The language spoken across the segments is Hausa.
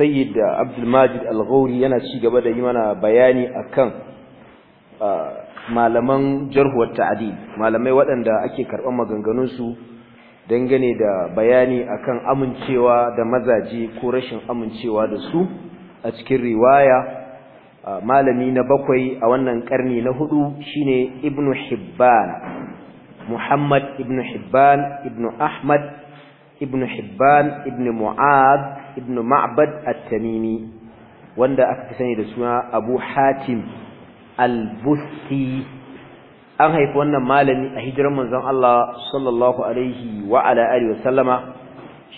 سيد abdulmajid الماجد الغوري yana ci gaba da yi mana bayani akan malaman jarhuwar ta'dil malamai waɗanda ake karɓar maganganunsu dangane da bayani akan amincewa da mazaje ko rashin amincewa da su a cikin riwaya malami na bakwai a wannan karni na hudu shine ibnu hibban muhammad ibnu hibban ibnu ahmad ibn Hibban ibn Mu'ad ibn Ma'bad at-Tamimi wanda aka fi sani da suna Abu Hatim al-Busti an haifi wannan malami a hijirar manzon Allah sallallahu alaihi wa ala alihi wa sallama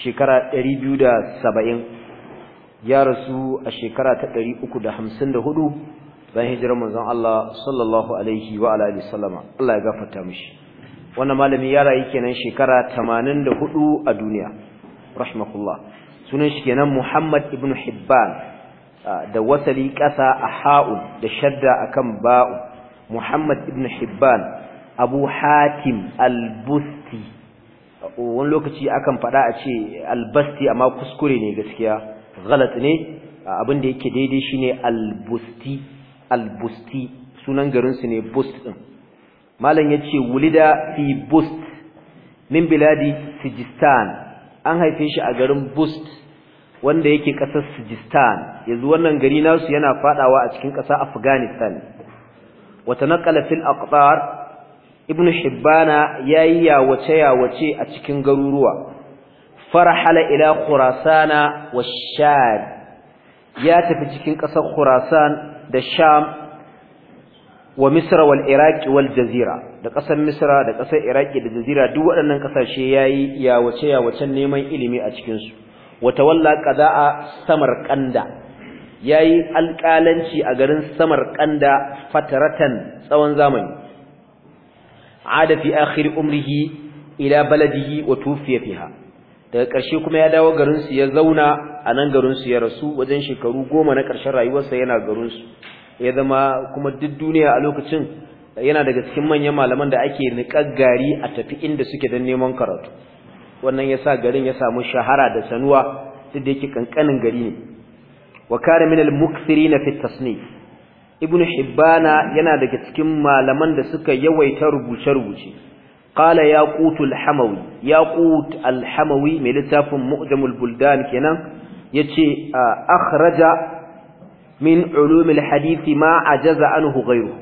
shekara 270 ya rasu a shekara ta 354 bayan hijirar manzon Allah sallallahu alaihi wa ala alihi wa sallama Allah ya gafarta mishi wannan malami ya rayu kenan shekara 84 a duniya rahmatullah sunan shi kenan Muhammad ibn Hibban ah, da wasali ƙasa a ha'u da shadda akan ba'u Muhammad ibn Hibban Abu Hatim al-Busti wani lokaci akan fada a ce al busti amma kuskure ne gaskiya galat ne ah, abin da yake daidai shine al-Busti al-Busti sunan garin su ne Bust din malam ce wulida fi bust min biladi sijistan an haife shi a garin bust wanda yake kasar sijistan yanzu wannan gari nasu yana fadawa a cikin ƙasa afghanistan Wata nakalafin fil aqtar ibn ya yi yawace yawace a cikin garuruwa farhala ila khurasana wash ya tafi cikin kasar khurasan da sham wa misra wal iraqi wal jazira da kasar misra da kasar iraqi da jazira duk waɗannan kasashe yayi ya wace ya wace neman ilimi a cikin su wa tawalla qada'a samarqanda yayi alƙalanci a garin samarqanda fataratan tsawon zamani ada fi akhir umrihi ila baladihi wa tufiya fiha daga ƙarshe kuma ya dawo garin su ya zauna a nan garin su ya rasu wajen shekaru 10 na ƙarshen rayuwarsa yana garin su ya zama kuma duk duniya a lokacin yana daga cikin manyan malaman da ake niƙar gari a tafi inda suke don neman karatu wannan ya sa garin ya samu shahara da sanuwa duk da yake ƙanƙanin gari ne wa kare min al-mukthirina Fitas ne, ibnu hibbana yana daga cikin malaman da suka yawaita rubuce-rubuce qala yaqut al-hamawi yaqut al-hamawi mai littafin mu'jamul buldan kenan yace akhraja min ulumil hadisi ma ajaza anhu ghayru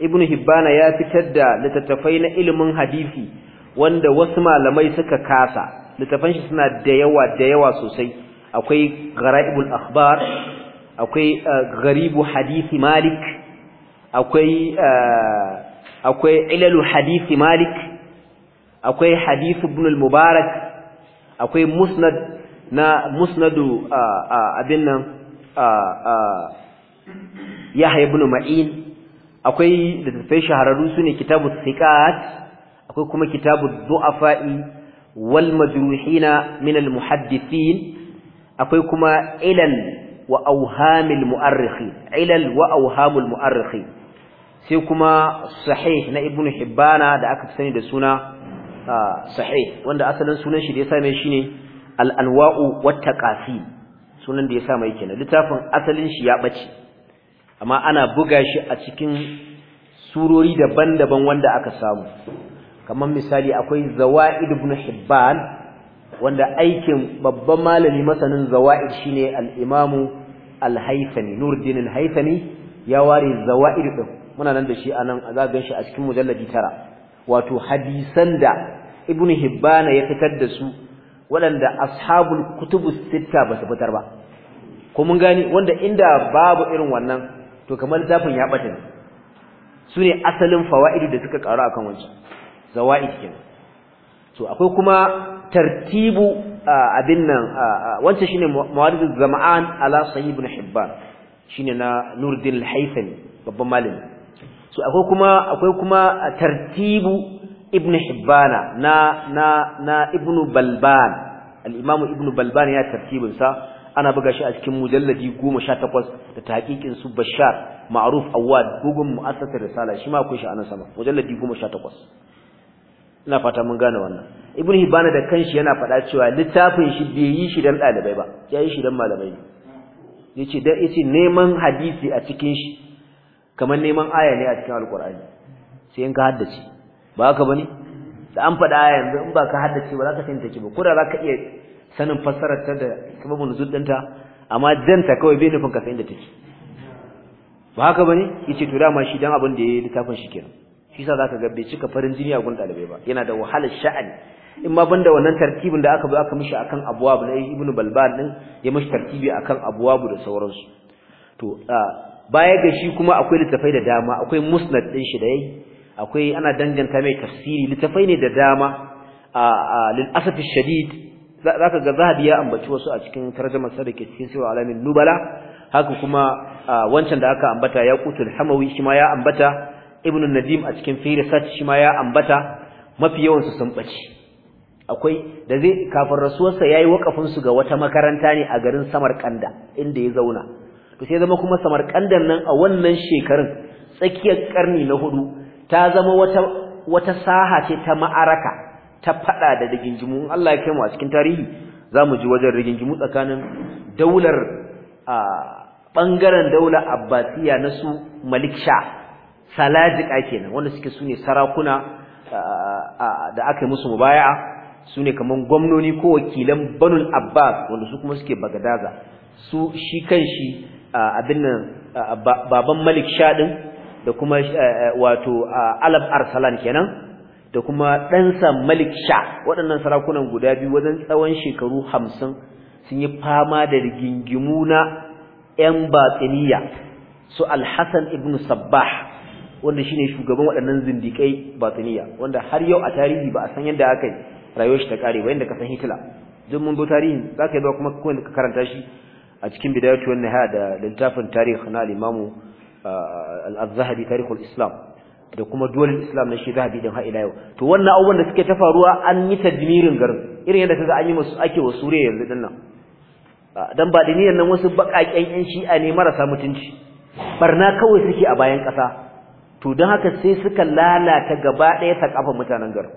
ibnu hibbana ya fitar da littattafai na ilimin hadisi wanda wasu malamai suka kasa littafan shi suna da yawa da yawa sosai akwai garaibul akhbar akwai uh, garibu hadisi malik akwai uh, akwai ilalu hadisi malik akwai hadith ibn al-mubarak akwai musnad na musnadu uh, abin nan Yahya ibn Ma'in akwai littattafai shahararru sune kitabu thiqat akwai kuma kitabu du'afa'i wal majruhina min al muhaddithin akwai kuma ilal wa awhamil mu'arrikhin ilal wa awhamul mu'arrikhin sai kuma sahih na ibnu hibbana da aka sani da suna sahih wanda asalin sunan shi da ya same shi ne al anwa'u wat taqasim sunan da ya sa mai kenan littafin asalin shi ya bace amma ana buga shi a cikin surori daban-daban wanda aka samu kamar misali akwai zawaid ibn hibban wanda aikin babban malami masanin zawaid shine al-imamu al-haythami nuruddin al-haythami ya ware zawaid din muna nan da shi anan za ga shi a cikin mujalladi tara wato hadisan da ibn hibban ya fitar da su waɗanda ashabul kutubu sitta ba su fitar ba ko mun gani wanda inda babu irin wannan to kamar zafin ya bata ne su ne asalin fawaidu da suka karu akan wancan zawaid kenan to akwai kuma tartibu abin nan wancan shine mawadu zama'an ala sahih ibn hibban shine na nuruddin al-haythami babban malami so akwai kuma akwai kuma tartibu ibn hibbana na na na ibn balban al-imam ibn balban ya tartibin sa ana buga shi a cikin mujalladi 18 da tahqiqin su bashar ma'ruf awad bugun mu'assasar risala shi ma akwai shi anan sama mujalladi 18 ina fata mun gane wannan ibn Hibana da kanshi yana faɗa cewa littafin shi bai yi shi dan ɗalibai ba ya yi shi dan malamai ne yace dan yace neman hadisi a cikin shi kamar neman aya ne a cikin alqur'ani sai in ka haddace ba haka bane da an aya yanzu in ba ka ce ba za ka fahimta ba ko za ka iya sanin fassarar ta da sababun nuzul ɗinta amma danta kawai bai nufin ka fahimta take ba haka bane yace to dama shi dan abin da yayi littafin shi kenan shi yasa zaka ga bai cika farin jini a gun dalibai ba yana da wahalar sha'ani in ma banda wannan tartibin da aka bi aka mishi akan abwab na ibn balban din ya mishi tartibi akan abwabu da sauransu to baya ga shi kuma akwai littafai da dama akwai musnad din shi da yayi akwai ana danganta mai tafsiri Littattafai ne da dama a lil shadid zaka ga zahabi ya ambaci wasu a cikin tarjumar sa da ke cikin sura alamin nubala haka kuma wancan da aka ambata ya kutul hamawi shi ma ya ambata ibnu nadim a cikin firisat shi ma ya ambata mafi yawan su sun bace akwai da zai kafin rasuwarsa yayi wakafin su ga wata makaranta ne a garin Samarkanda inda ya zauna to sai zama kuma Samarkandan nan a wannan shekarun tsakiyar karni na hudu ta zama wata wata saha ce ta ma'araka ta fada da rigingimu Allah ya kai mu a cikin tarihi zamu ji wajen rigingimu tsakanin daular a bangaren daular Abbasiya na su Malik Shah Salajika kenan wanda suke sune sarakuna da aka yi musu mubaya'a sune kaman gwamnoni ko wakilan Banul Abbas wanda su kuma suke Bagadaza su shi kanshi abin nan baban Malik Shah din da kuma eh, eh, wato alab arsalan kenan da kuma ɗansa malik sha waɗannan sarakunan guda biyu wajen tsawon shekaru hamsin sun yi fama da rigingimu na 'yan batsiniya su alhassan ibn sabbah wanda shine shugaban waɗannan zindikai batiniya wanda har yau a tarihi ba a san yadda aka yi rayuwar shi ta kare ba yadda ka san Hitler duk mun bi tarihin zaka yi ba kuma ka karanta shi a cikin bidayatu wannan nihaya da littafin tarihi na al al-zahabi tarihul islam da kuma dole islam na shi zahabi din har ila yau to wannan abubuwan da suke ta faruwa an yi tadmirin garin irin yadda kaga an yi musu ake wa suriya yanzu din nan dan ba diniyar nan wasu bakaken yan shi'a ne marasa mutunci barna kawai suke a bayan kasa to don haka sai suka lalata gaba ɗaya kafa mutanen garin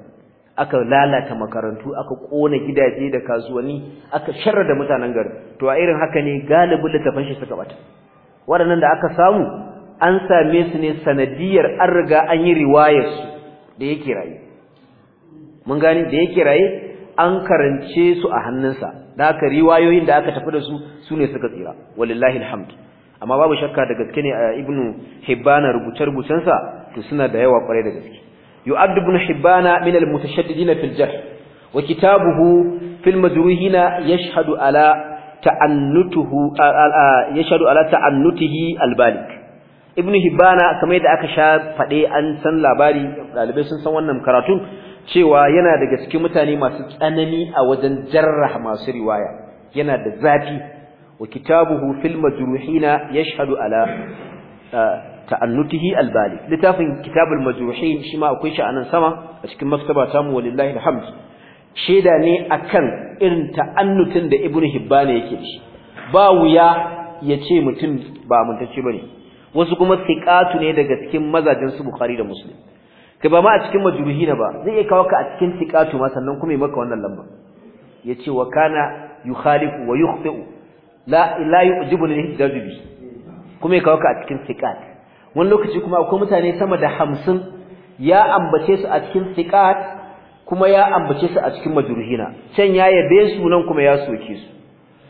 aka lalata makarantu aka kona gidaje da kasuwanni aka sharra da mutanen garin to a irin haka ne galibin littafin shi suka bata waɗannan da aka samu an same su ne sanadiyar an riga an yi riwayar su da yake raye mun gani da yake raye an karance su a hannunsa da aka riwayoyin da aka tafi da su su ne suka tsira walillahi alhamd amma babu shakka da gaske ne a eh, ibnu hibbana rubuce-rubucensa to suna da yawa kwarai da gaske yu'addu ibnu hibbana min almutashaddidina fil jarh wa kitabuhu fil madruhina yashhadu ala ta'annutuhu yashhadu ala ta'annutihi albalik ibnu hibana kamar yadda aka sha fade an san labari dalibai sun san wannan karatun cewa yana daga cikin mutane masu tsanani a wajen jarrah masu riwaya yana da zafi wa kitabuhu fil majruhina yashhadu ala ta'annutihi albali littafin kitabul majruhin shi ma akwai shi sama a cikin maktaba ta mu walillahi alhamd sheda ne akan irin ta'annutin da ibnu Hibbana yake da shi ba wuya ya ce mutum ba ba bane wasu kuma thiqatu ne daga cikin mazajin su bukhari da muslim kai ba ma a cikin majruhina ba zai iya kawo ka a cikin thiqatu ma sannan kuma yi maka wannan lamba yace wa kana yukhalifu wa yukhti'u la la yujibu lil ihtijaj bi kuma ya kawo ka a cikin thiqat wani lokaci kuma akwai mutane sama da 50 ya ambace su a cikin thiqat kuma ya ambace su a cikin majruhina can ya yabe su nan kuma ya soke su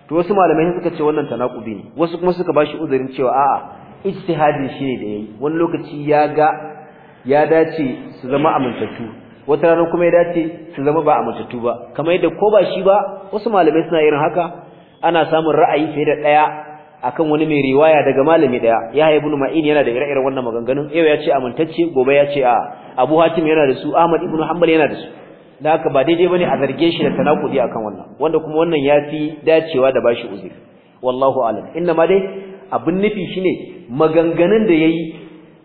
to wasu malamai suka ce wannan tanakubi ne wasu kuma suka bashi uzurin cewa a'a ijtihadin shi ne da yayi wani lokaci ya ga ya dace su zama amintattu wata ranar kuma ya dace su zama ba amintattu ba kamar yadda ko ba shi ba wasu malamai suna irin haka ana samun ra'ayi fiye da daya akan wani mai riwaya daga malami daya Yahaya ibn Ma'in yana da ire-iren wannan maganganun yau ya ce amintacce gobe ya ce a Abu Hatim yana da su Ahmad ibn Hanbal yana da su da haka ba daidai bane a zarge shi da tanakudi akan wannan wanda kuma wannan yafi dacewa da bashi uzuri wallahu alam inna ma dai abin nufi shine maganganun da ya yi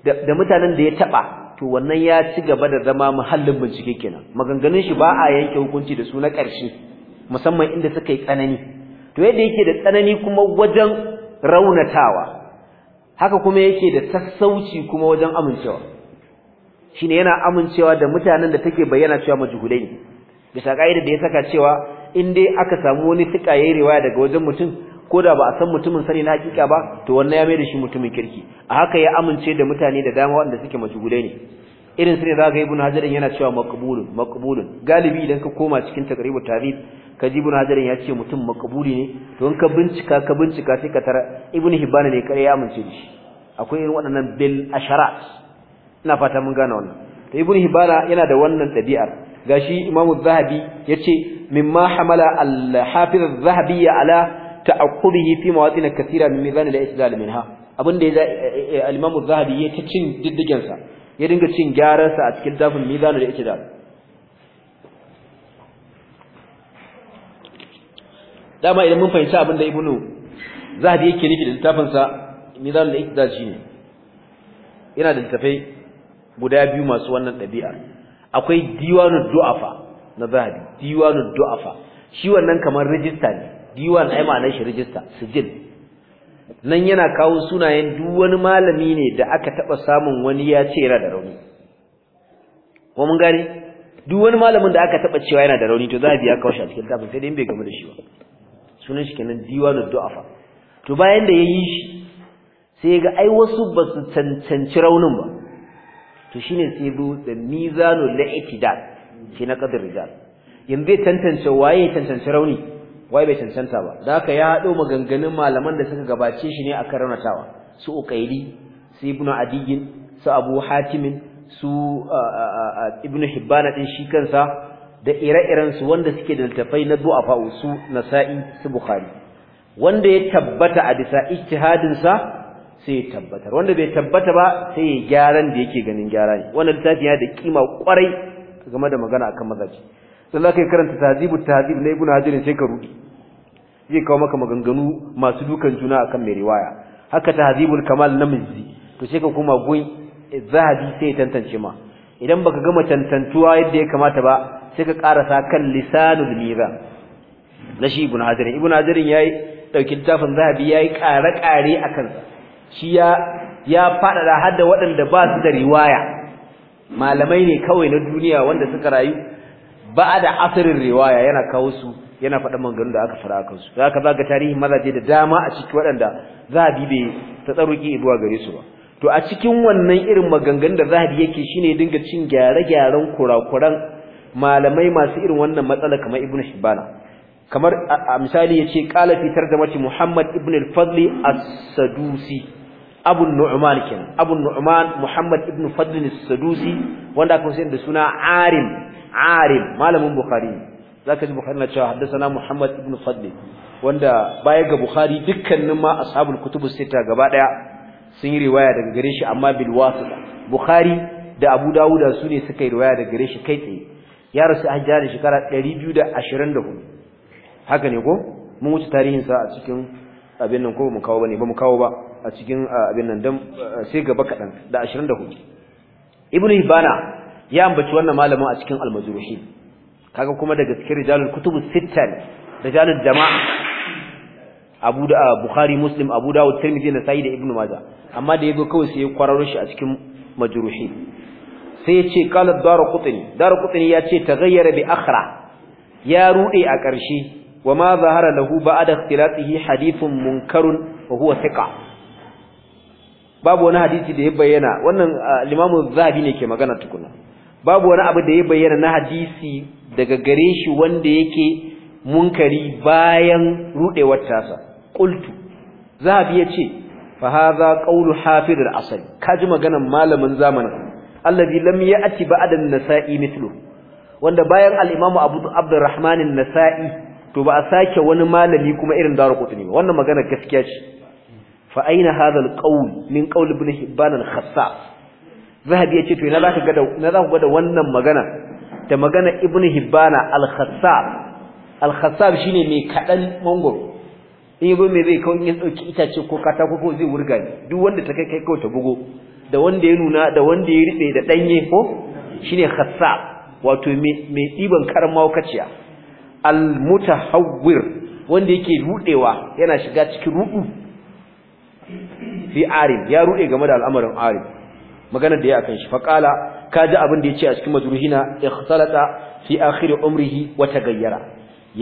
da mutanen da ya taɓa, to wannan ya ci gaba da zama muhallin bincike kenan maganganun shi ba a yanke hukunci da su na ƙarshe musamman inda suka yi tsanani to yadda yake da tsanani kuma wajen raunatawa haka kuma yake da sassauci kuma wajen amincewa shine yana amincewa da mutanen da take bayyana cewa majhulai ne bisa ka'idar da ya saka cewa in dai aka samu wani tuka yayi riwaya daga wajen mutum ko da ba a san mutumin sani na hakika ba to wannan ya mai da shi mutumin kirki a haka ya amince da mutane da dama waɗanda suke majugule ne irin su ne za ka yi ibn hajarin yana cewa maqbulun maqbulun galibi idan ka koma cikin takribu tarif ka ji ibn hajarin ya ce mutum maqbuli ne to in ka bincika ka bincika sai ka tara ibn hibban ne kare ya amince da shi akwai irin waɗannan bil asharat ina fata mun gane wannan to ibn hibban yana da wannan ɗabi'ar gashi imamu zahabi yace mimma hamala al-hafiz az-zahabi ala ta'akkulihi fi mawatin kathira min mizan al-istidlal minha abinda ya eh, eh, al-imam az-zahabi ya ta cin diddigen sa ya dinga cin gyaran sa a cikin dafin mizan al-istidlal dama idan mun fahimci da ibnu zahabi yake nufi da littafin sa mizan al-istidlal shine Ina da littafai guda biyu masu wannan dabi'a akwai diwanu du'afa na zahabi diwanu du'afa shi wannan kamar rijista ne diwan ai ma'anar shi rijista sijil nan yana kawo sunayen duk wani malami ne da aka taba samun wani ya ce yana da rauni ko mun gane duk wani malamin da aka taba cewa yana da rauni to za a biya kawo shi a cikin tafin sai dai bai gamu da shi ba sunan shi kenan diwanul du'afa to bayan da yayi shi sai ga ai wasu ba su cancanci raunin ba to shine sai zo da mizanul li'tidal shi na qadar rijal yanzu tantance waye tantance rauni wai bai cancanta ba da haka ya haɗo maganganun malaman da suka gabace shi ne a raunatawa su uqaili su ibnu adiyin su abu hatimin su ibnu hibbana din shi kansa da ire-iren su wanda suke da tafai na du'afa su nasa'i su bukhari wanda ya tabbata a bisa ijtihadin sa sai ya tabbatar wanda bai tabbata ba sai ya gyaran da yake ganin gyara ne wannan littafi da kima kwarai game da magana akan mazaji sannan kai karanta tazibu tazib na ibnu hajar sai ka rudi zai kawo maka maganganu masu dukan juna akan mai riwaya haka tahzibul kamal na mizzi to sai ka kuma gun zahabi sai tantance ma idan baka gama tantantuwa yadda ya kamata ba sai ka karasa kan lisanul mizan na shi ibnu hajar ibnu hajar yayi dauki littafin zahabi yayi kare-kare akan shi ya ya fadada waɗanda ba su da riwaya malamai ne kawai na duniya wanda suka rayu ba da asirin riwaya yana kawo su yana faɗa maganganun da aka fara akan su za ka zaga tarihi mazaje da dama a ciki waɗanda zahabi bai tsaruki zuwa gare su ba to a cikin wannan irin maganganun da zahabi yake shine dinga cin gyare-gyaren kurakuran malamai masu irin wannan matsala kamar ibnu Shibana, kamar a misali yace qala fi tarjamati muhammad ibn al-fadli as-sadusi abu nu'man kenan abu nu'man muhammad ibn fadl al sadusi wanda aka san da suna arim arim malamin bukhari zaka ji bukhari na cewa haddathana muhammad ibn fadl wanda baya ga bukhari dukkanin ma ashabul kutubu sita gaba daya sun yi riwaya daga gare shi amma bil wasita bukhari da abu Dawud su ne suka yi riwaya daga gare shi kai tsaye ya rasu a hijira da shekara 224 haka ne ko mun wuce tarihin sa a cikin abin nan ko mu kawo bane ba mu kawo ba a cikin abin nan dan eh, sai gaba kadan da 24 ibnu hibana ya ambaci wannan malamin a cikin al-majruhi kaga kuma daga cikin rijalul kutubus sitta rijalul jama'a abu da eh, bukhari muslim abu dawud tirmidhi da sahih da ibnu majah amma da yabo kawai sai ya kwararo shi a cikin majruhi sai ya ce qala daruqutni daruqutni ya ce taghayyara bi akhra ya rude a ƙarshe wa ma zahara lahu ba'da ikhtilatihi hadithun munkarun wa huwa thiqa babu wani hadisi da ya bayyana wannan limamu zahabi ne ke magana tukuna babu wani abu da ya bayyana na hadisi daga gare shi wanda yake munkari bayan rudewar tasa qultu ya yace fa hadha qawlu hafidh al-asli kaji maganan malamin zamanin allazi lam ya'ti ba'da an-nasa'i mithlu wanda bayan al-imamu abu abdurrahman an-nasa'i to ba a sake wani malami kuma irin daru qutni wannan magana gaskiya ce fa aina hadha alqawl min qawl ibn hibban al-khassas zahabi yace to ina zaka ga ina wannan magana da magana ibn hibban al-khassas al shine mai kadan mangoro in yabo mai zai kawai ya dauki itace ko katako ko zai wurga duk wanda ta kai kai kawai ta bugo da wanda ya nuna da wanda ya ribe da danye ko shine khassa wato mai diban karma wakaciya al mutahawwir wanda yake rudewa yana shiga cikin rudu fi arin ya rude game da al'amarin arin maganar da ya akan shi faqala kaji abin da yace a cikin majruhina ikhtalata fi akhir umrihi wa tagayyara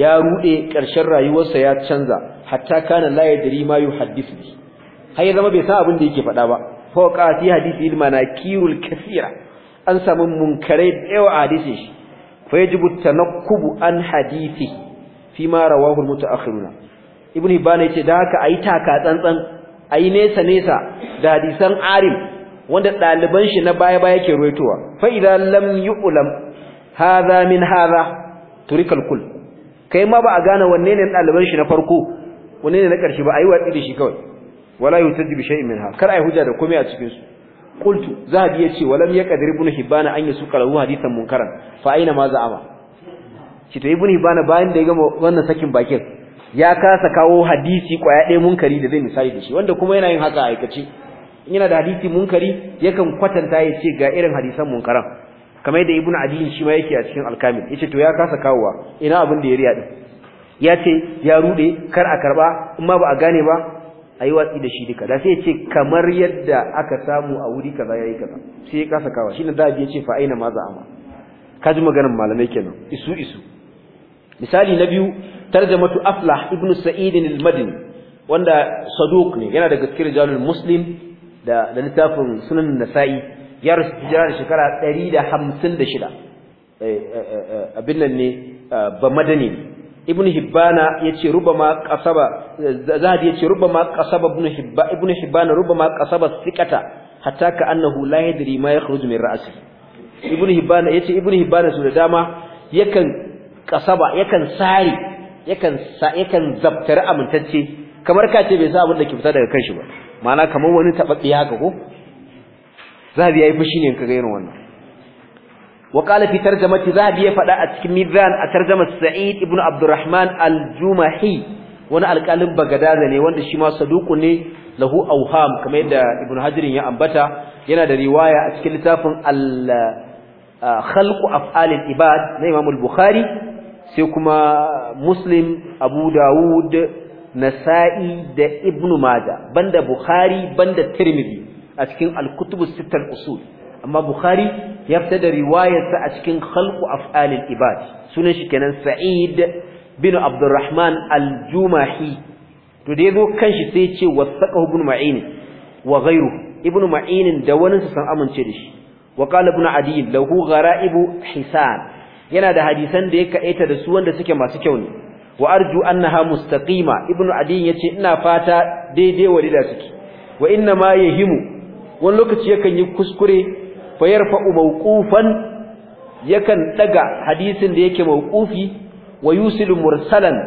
ya rude karshen rayuwarsa ya canza hatta kana la yadri ma yuhaddithu har zama bai san abin da yake faɗa ba fawqa fi hadisi ilma kirul kaseera an samu munkarai da yawa a hadisin shi fa na tanakkubu an hadisi fi ma rawahu al mutaakhiruna ibn hibban yace da haka ayi taka tsantsan Ayi nesa nesa da hadisan arim wanda ɗaliban shi na baya baya ke ruwaitowa fa idza lam yu'lam hadha min hadha turikal kul kai ma ba a gane wanne ne ɗaliban shi na farko wanne ne na ƙarshe ba a yi shi kawai wala yutaji bi shay'in minha kar ai hujja da komai a cikin su qultu zahabi yace walam yaqdir ibn hibban an yasuka lahu hadithan munkaran fa aina ma za'ama ci to ibn hibban bayan da ya gama wannan sakin bakin ya kasa kawo hadisi kwaya ɗaya munkari da zai misali da shi wanda kuma yana yin haka aikace in yana da hadisi munkari yakan kwatanta ya ce ga irin hadisan munkaran kamar yadda ibnu adi shi ma yake a cikin alkamil yace to ya kasa kawowa ina abin da ya riya din ya ce ya rude kar a karba in ma ba a gane ba ayi watsi da shi duka da sai ya ce kamar yadda aka samu a wuri kaza yayi kaza sai ya kasa kawowa ne da ya ce fa aina ma za'ama kaji maganar malamai kenan isu isu misali na biyu tarjamatu aflah ibnu sa'id al-madini wanda saduq ne yana daga cikin rijalul muslim da da littafin sunan nasa'i ya rasu hijira da shekara 156 eh, eh, eh, abin nan ne ba madani ibnu hibbana yace rubama qasaba zahabi yace rubama qasaba ibnu hibba ibnu hatta ka annahu la yadri ma yakhruju min ra'si ibnu hibbana yace ibnu hibbana su da dama yakan qasaba yakan yakan yakan amintacce kamar ka ce bai sa abin da ke fita daga kanshi ba ma'ana kamar wani tababbi haka ko zahabi yayi fushi ne kaga irin wannan wa qala fi tarjamati zahabi ya fada a cikin mizan a tarjamar sa'id ibnu abdurrahman al-jumahi wani alƙalin bagadaza ne wanda shi ma saduku ne lahu awham kamar yadda ibnu hajirin ya ambata yana da riwaya a cikin littafin al ah, khalqu af'alil ibad na imam al-bukhari sai kuma muslim abu dawud nasa'i da ibnu maja banda bukhari banda tirmidhi a cikin al-kutubu sittal usul amma bukhari ya fita da riwayarsa a cikin khalqu af'alil ibad sunan shi kenan sa'id bin abdurrahman al-jumahi to da yazo kanshi sai ya ce wasaqahu ibn ma'in wa ghayruhu ibn ma'in da wani san amince da shi wa qala ibn adi lahu ghara'ibu hisan yana da hadisan da ya kaita da su wanda suke masu kyau ne wa arju annaha mustaqima ibnu adi yace ina fata daidai wadida suke wa inna ma yahimu wani lokaci yakan yi kuskure fa yarfa mawqufan yakan daga hadisin da yake mawqufi wa yusilu mursalan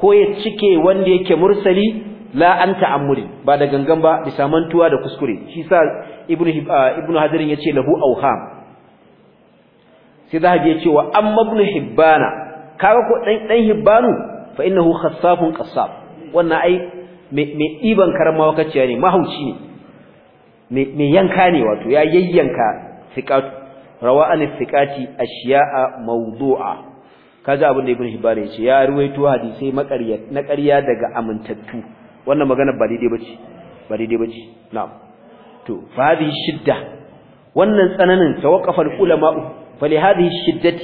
ko ya cike wanda yake mursali la anta amuri ba da gangan ba bisa mantuwa da kuskure shi sa ibnu ibnu hadirin yace lahu awham sai zahabi ya ce wa an mabnu hibbana kaga ko dan dan hibbanu fa innahu khassafun qassab wannan ai mai iban karamawa kaciya ne mahauci ne mai yanka ne wato ya yayyanka thiqatu rawa an thiqati ashiya'a mawdu'a kaza abin da ibn hibban yace ya ruwaito hadisi makariya na ƙarya daga amintattu wannan magana ba daidai bace ba daidai bace na'am to fa shidda wannan tsananin tawaqqafa ulama'u فلهذه الشدة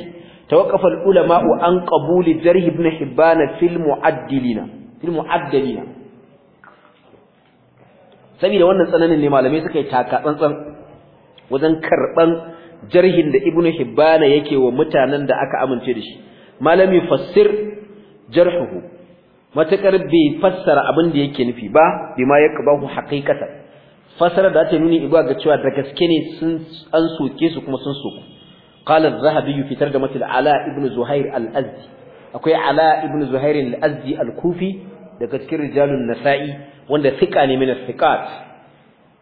توقف العلماء عن قبول جرح ابن حبان في المعدلين في المعدلين saboda wannan tsananin ne malamai suka yi taka tsantsan wajen karɓan jarhin da ibn hibbana yake wa mutanen da aka amince da shi malami fassir jarhuhu matakar bai fassara abin da yake nufi ba bima yaqbahu haqiqatan fasara da ta nuni ibuwa ga cewa da gaske ne sun an soke su kuma sun soku قال الذهبي في ترجمة العلاء ابن زهير الأزدي أكوي علاء ابن زهير الأزدي الكوفي لكتكر رجال النسائي وان ثقاني من الثقات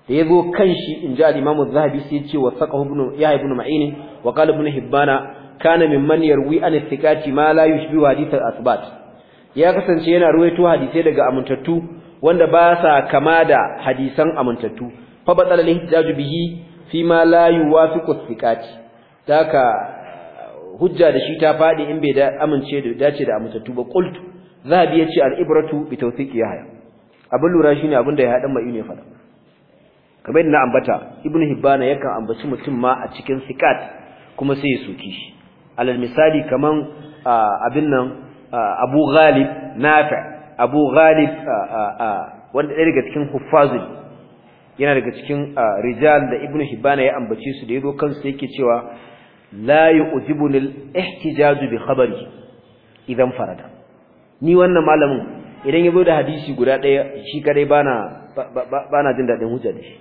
يذو كنشي إن جاء الإمام الذهبي سيتي وثقه ابن يحيى بن معين وقال ابن هبان كان ممن يروي عن الثقات ما لا يشبه حديث الأثبات ya kasance yana ruwaito hadisai daga amintattu wanda ba sa kama da hadisan amintattu fa batsala lihtajju bihi fi ma la yuwafiqu thiqati daka hujja da shi ta faɗi in bai amince da dace da amintattu ba qultu zabi yace al-ibratu bi tawfiqi yahya abin lura shine abin da ya hadan mai ne fada kamar inda na ambata ibnu hibbana yakan ambaci mutum ma a cikin sikat kuma sai ya soki shi alal misali kaman abin nan abu ghalib nafi abu ghalib wanda ɗaya daga cikin huffazul yana daga cikin rijal da ibnu hibbana ya ambace su da yazo kansu yake cewa la yu'jibuni al-ihtijaj bi khabari idan farada ni wannan malamin idan yazo da hadisi guda daya shi kadai bana bana jin dadin hujja da shi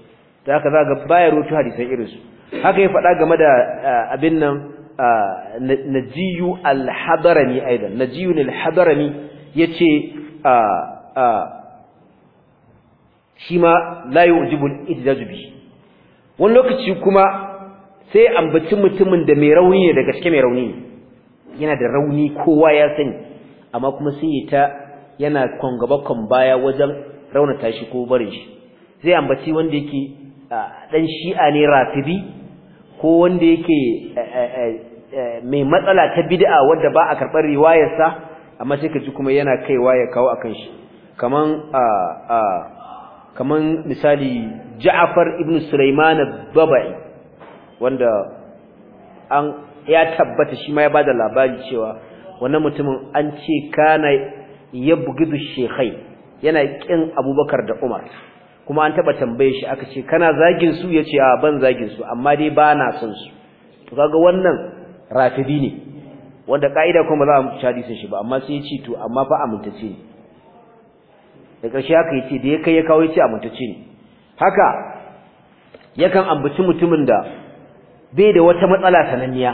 ta haka za ga baya roto hadisan irin su haka ya faɗa game da abin nan najiyu al-hadarani aidan najiyu al-hadarani yace shi ma la yu'jibu al-ihtijaj bi wani lokaci kuma sai ambaci mutumin da mai rauni ne da gaske mai rauni yana da rauni kowa ya sani amma kuma sun yi ta yana kwangaba kwan baya wajen raunata shi ko barin shi Sai ambaci wanda yake dan shi'a ne rafidi ko wanda yake mai matsala ta bid'a wanda ba a karɓar riwayarsa amma sai ka ji kuma yana kaiwa ya kawo a kan shi kaman misali Ja'far ibn Sulaiman babai wanda an ya tabbata shi ma ya bada labari cewa wannan mutumin an ce kana da shekai yana kin Abubakar da Umar kuma an taba tambaye shi aka ce kana zagin su yace a ban zagin su amma dai ba na son su to kaga wannan rafidi ne wanda kaida kuma za mu hadisin shi ba amma sai ya ce to amma fa amintace ne da ƙarshe haka yace da ya ya kawo yace ne haka yakan ambaci mutumin da bai da wata matsala sananniya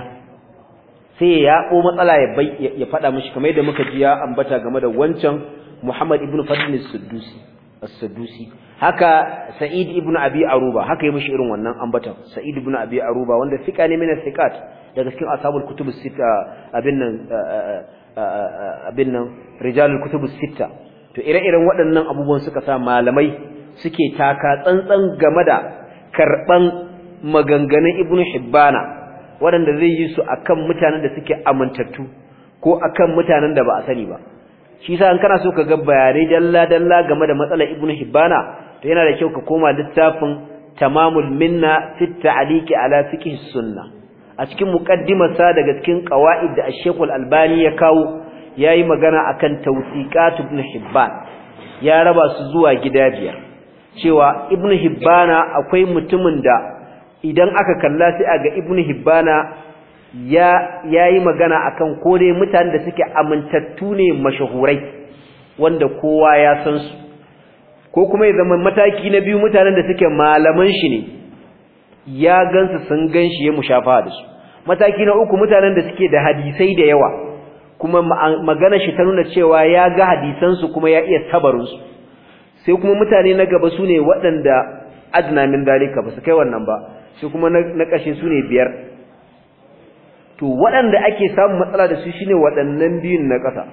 sai ya ko matsala ya bai ya fada mishi kamar yadda muka ji ya ambata game da wancan Muhammad ibn Fadl al suddusi al haka Sa'id ibn Abi Aruba haka yi mishi irin wannan ambatan Sa'id ibn Abi Aruba wanda fika ne minas thiqat daga cikin asabul kutub sita abin nan abin nan rijalul kutub sita to ire-iren waɗannan abubuwan suka sa malamai suke taka tsantsan game da karban maganganun ibn hibbana waɗanda zai yi su akan mutanen da suke amintattu ko akan mutanen da ba a sani ba shi yasa in kana so ka ga bayanai dalla dalla game da matsalar ibn hibbana to yana da kyau ka koma littafin tamamul minna fi ta'liq ala fiqh sunnah a cikin muqaddimarsa daga cikin qawaid da Sheikh Al-Albani ya kawo yayi magana akan tawsiqat Ibn Hibban ya raba su zuwa gida biyar cewa Ibn Hibbana akwai mutumin da idan aka kalla sai a ga ibn hibbana ya yayi magana akan ko dai mutanen da suke amintattu ne mashahurai wanda kowa ya san su ko kuma ya zama mataki na biyu mutanen da suke malaman shi ne ya gansu sun ganshi ya mushafa da su mataki na uku mutanen da suke da hadisai da yawa kuma magana shi ta nuna cewa ya ga hadisan su kuma ya iya tabarin su sai kuma mutane na gaba sune waɗanda adna min dalika ba su kai wannan ba su kuma na ƙashe su ne biyar to waɗanda ake samun matsala da su shine waɗannan biyun na ƙasa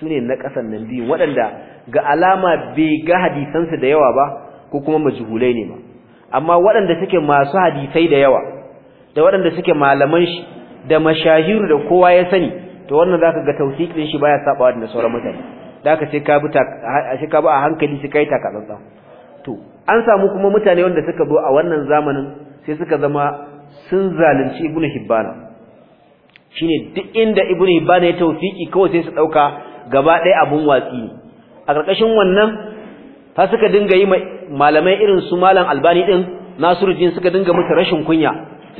su ne na ƙasan nan biyun waɗanda ga alama bai ga hadisansu da yawa ba ko kuma majihulai ne ma amma waɗanda suke masu hadisai da yawa da waɗanda suke malaman shi da mashahiru da kowa ya sani to wannan za ka ga tawfiqin shi baya sabawa da sauran mutane da aka ce ka bi a hankali shi kai takatsantsan an samu kuma mutane wanda suka zo a wannan zamanin sai suka zama sun zalunci ibnu hibbana shine duk inda ibnu hibbana ya tawfiki kawai sai su dauka gaba ɗaya abun watsi a ƙarƙashin wannan fa suka dinga yi malamai irin su malam albani din nasiruddin suka dinga musu rashin kunya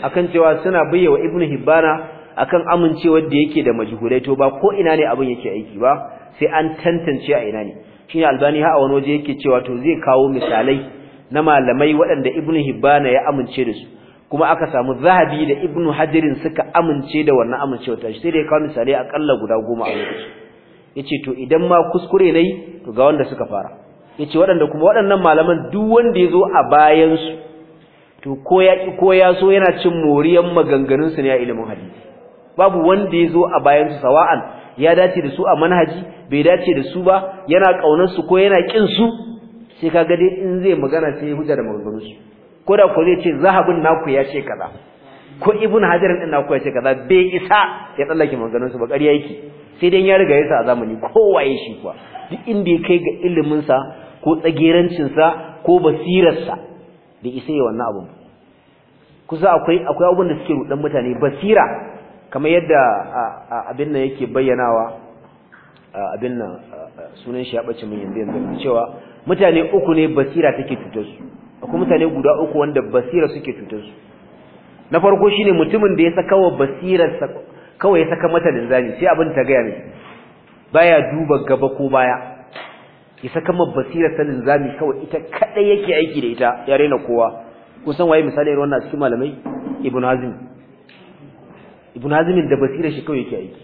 akan cewa suna bayyawa ibnu hibbana akan amincewar da yake da majhulai to ba ko ina ne abin yake aiki ba sai an tantance a ina ne shine albani ha a wani waje yake cewa to zai kawo misalai na malamai waɗanda ibnu hibbana ya amince da su kuma aka samu zahabi da ibnu hajirin suka amince da wannan amincewa ta shi sai dai kawo a akalla guda goma a lokaci yace to idan ma kuskure nayi to ga wanda suka fara yace waɗanda kuma waɗannan malaman duk wanda yazo a bayan su to ko ya ko ya so yana cin moriyan maganganun su ne a ilimin hadisi babu wanda yazo a bayan su sawa'an ya dace da su a manhaji bai dace da su ba yana kaunar su ko yana kin su sai kaga dai in zai magana sai hujja da maganganunsu ko da ko zai ce zahabun naku ya ce kaza ko ibnu hajar din naku ya ce kaza bai isa ya tsallake maganganunsu su ba ƙarya yake sai dai ya riga yasa a zamani kowaye shi kuwa duk inda ya kai ga ilimin sa ko tsagerancin sa ko basirar sa bai isa ya wannan abun kusa akwai akwai abubuwan da suke rudan mutane basira kamar yadda abin nan yake bayyanawa abin nan sunan shi ya bace min yanzu yanzu cewa mutane uku ne basira take cutar su akwai mutane guda uku wanda basira suke cutar su na farko shine mutumin da ya saka wa basirar sa kawai ya saka mata linzami sai abin ta gaya mai. baya duba gaba ko baya ya saka ma basirar sa linzami kawai ita kadai yake aiki da ita ya rena kowa san waye misali irin wannan cikin malamai ibnu hazm ibnu hazm da basirar shi kawai yake aiki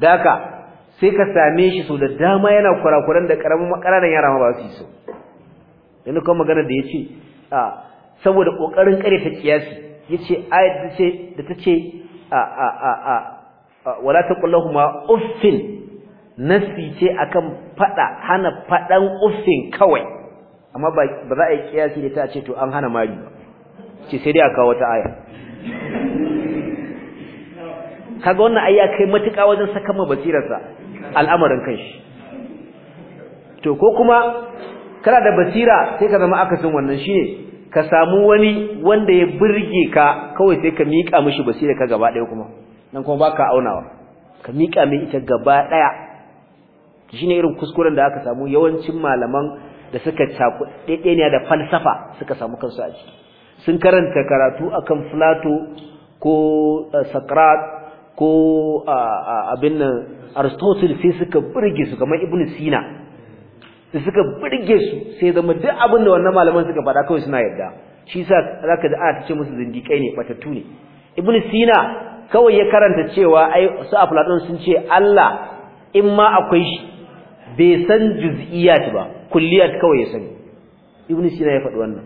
da haka sai ka same shi so da dama yana kurakuran da karamin makaranan yara ma ba su yi so yana kuma magana da yace a saboda kokarin kare ta kiyasi ya da ce da ta a a a a wala uffin nasi ce akan fada hana fadan uffin kawai amma ba ba za a yi kiyasi da ta ce to an hana mari ba ce sai dai a kawo wata aya kaga wannan ayya kai matuƙa wajen saka ma basirarsa al'amarin kanshi to ko kuma kana da basira sai ka zama akasin wannan ne ka samu wani wanda ya birge ka kawai sai ka miƙa mishi basira ka gaba ɗaya kuma nan kuma ba ka aunawa ka miƙa mai ita gaba ɗaya shi ne irin kuskuren da aka samu yawancin malaman da suka caku ɗaiɗaya da falsafa suka samu kansu a ciki sun karanta karatu akan filato ko eh, sakrat ko abin nan aristotle sai suka burge su kamar ibn sina sai suka burge su sai zama duk abin da wannan malaman suka faɗa kawai suna yarda shi sa ka ji ana ce musu zindiƙai ne batattu ne ibn sina kawai ya karanta cewa ai su platon sun ce Allah in ma akwai shi bai san juz'iyyat ba kulliyat kawai ya sani ibn sina ya faɗi wannan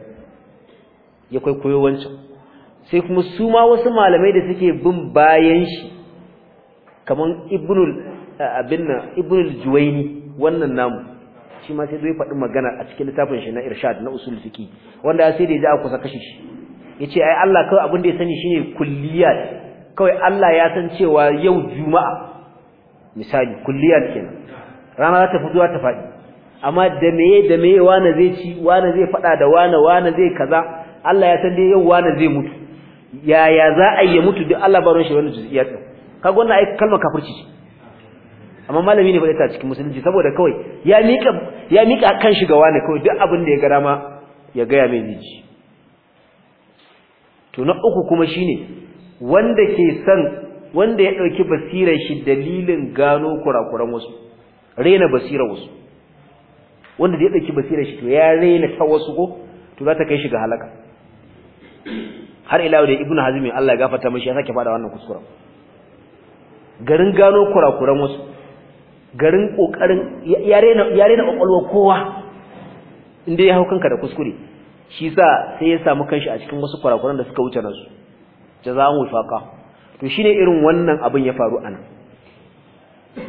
ya kwaikwayo wancan sai kuma su ma wasu malamai da suke bin bayan shi kaman ibnul eh, abinna ibnul juwaini wannan namu shi ma sai zai faɗi magana a cikin littafin shi na irshad na usul fiqi wanda sai da ya aka kusa kashe shi yace ai Allah kawai abin da ya sani shine kulliyat kawai Allah ya san cewa yau juma'a misali kulliyat kenan rana za ta fito ta faɗi amma da meye da meye wani zai ci wani zai faɗa da wani wani zai kaza Allah ya san dai yau wani zai mutu yaya za a yi mutu duk Allah baron shi wani juz'iyat din kaga wannan ai kalmar kafirci ce amma malami ne faɗa ta cikin musulunci saboda kawai ya mika ya mika kan shi ga wani kawai duk abin da ya ga dama ya ga ya mai miji to na uku kuma shine wanda ke san wanda ya dauki basirar shi dalilin gano kurakuran wasu rena basirar wasu wanda ya dauki basirar shi to ya rena ta wasu ko to za ta kai shi ga halaka har ila da ibnu hazim Allah ya gafarta mishi ya sake fada wannan kuskuren garin gano kurakuran wasu garin kokarin ya rena ya kowa inda ya hau kanka da kuskure shi sa sai ya samu kanshi a cikin wasu kurakuran da suka wuce nasu mu wifaqa to shi ne irin wannan abin ya faru nan,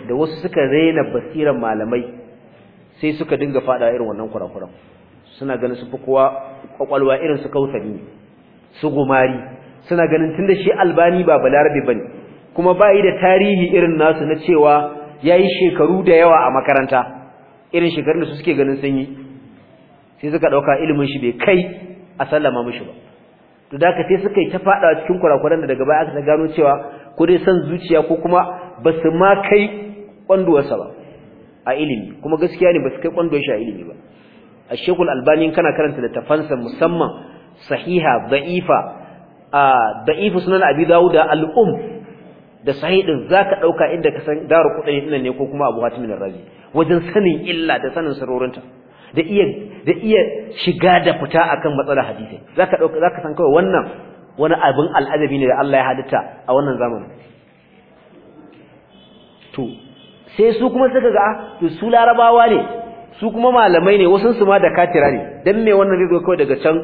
da wasu suka rena basiran malamai sai suka dinga fada irin wannan kurakuran suna ganin su fi kowa kwakwalwa irin su kautani su gumari suna ganin tun da shi albani ba balarabe ne. kuma bai da tarihi irin nasu na cewa yayi shekaru da yawa a makaranta irin shekarun da su suke ganin sun yi sai suka dauka ilimin shi bai kai a sallama mishi ba to da sai suka yi ta fada cikin kurakuran da daga baya aka gano cewa ko dai san zuciya ko kuma basu ma kai kwanduwarsa ba a ilimi kuma gaskiya ne basu kai kwanduwar shi a ilimi ba a shekul albani kana karanta da tafansa musamman sahiha da'ifa a da'ifu sunan abi dawuda al-um da sahih din zaka dauka inda ka san daru kudain din ne ko kuma Abu Hatim al-Razi wajen sanin illa da sanin sarorinta da iya da iya shiga da fita akan matsalar hadisi zaka dauka zaka san kawai wannan wani abin al'adabi ne da Allah ya halitta a wannan zamanin to sai su kuma suka ga ah, to su larabawa ne su kuma malamai ne wasu su ma da katira ne dan me wannan zai zo kawai daga can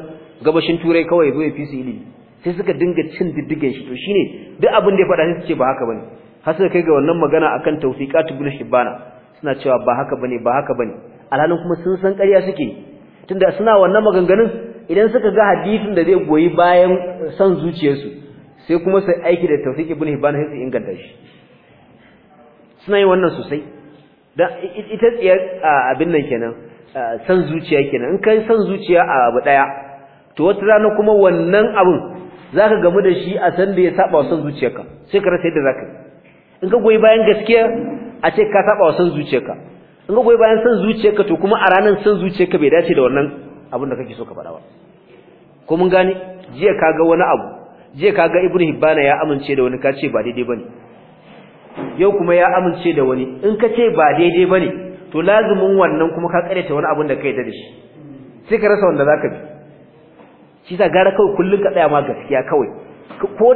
gabashin turai kawai zo ya fi su ilimi sai suka dinga cin diddigen shi to shine duk abin da ya faɗa sai ce ba haka bane har sai kai ga wannan magana akan tawfiqatu bil shibana suna cewa ba haka bane ba haka bane alhalin kuma sun san ƙarya suke tunda suna wannan maganganun idan suka ga hadisin da zai goyi bayan son zuciyarsu sai kuma sai aiki da tawfiq ibn hibana sai su inganta shi suna yin wannan sosai dan ita tsiyar abin nan kenan san zuciya kenan in kai san zuciya a abu daya to wata rana kuma wannan abun zaka gamu da shi a san da ya saba wa san zuciyarka sai ka rasa yadda zaka in ka goyi bayan gaskiya a ce ka saba wa san zuciyarka in ka goyi bayan san zuciyarka to kuma a ranar san zuciyarka bai dace da wannan abin da kake so ka faɗa ba ko mun gane jiya ka ga wani abu jiya ka ga ibnu hibbana ya amince da wani ka ce ba daidai bane yau kuma ya amince da wani in ka ce ba daidai bane to lazumin wannan kuma ka ta wani abin da ka yarda da shi sai ka rasa wanda zaka bi shi sa gara kawai kullun ka tsaya ma gaskiya kawai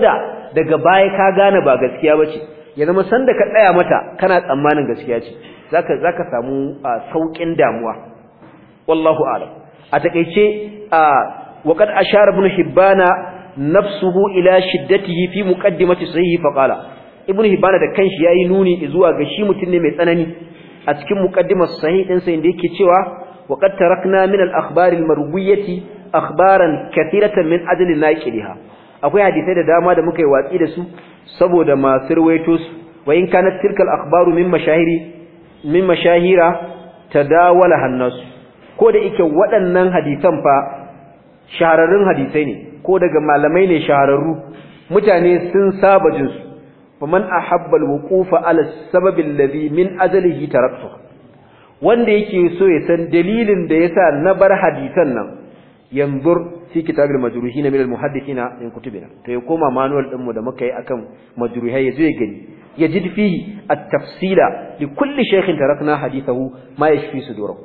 da daga baya ka gane ba gaskiya bace ya zama san da ka tsaya mata kana tsammanin gaskiya ce zaka zaka samu saukin damuwa wallahu a'lam a takeice waqad ashara ibn hibbana nafsuhu ila shiddatihi fi muqaddimati sahihi fa qala ibn hibbana da kanshi ya yi nuni zuwa ga shi mutun ne mai tsanani a cikin muqaddimar sahih din sa inda yake cewa waqad tarakna min al-akhbar al akhbaran kathiratan min ajli naqiliha akwai hadisai da dama da muka yi watsi da su saboda masu ruwaito su wa in kanat tilka akhbaru min mashahiri min mashahira tadawala hannasu ko da yake waɗannan hadisan fa shahararrun hadisai ne ko daga malamai ne shahararru mutane sun saba jin su faman ahabbal wuqufa ala sababi alladhi min ajlihi taraktu wanda yake so ya san dalilin da yasa na bar hadisan nan yanzur fi kitabil majruhin min al muhaddithina min kutubina to ya koma manual din mu da muka yi akan majruhai yazo ya gani yajid fihi at tafsila li kulli shaykhin tarakna hadithahu ma yashfi sudurahu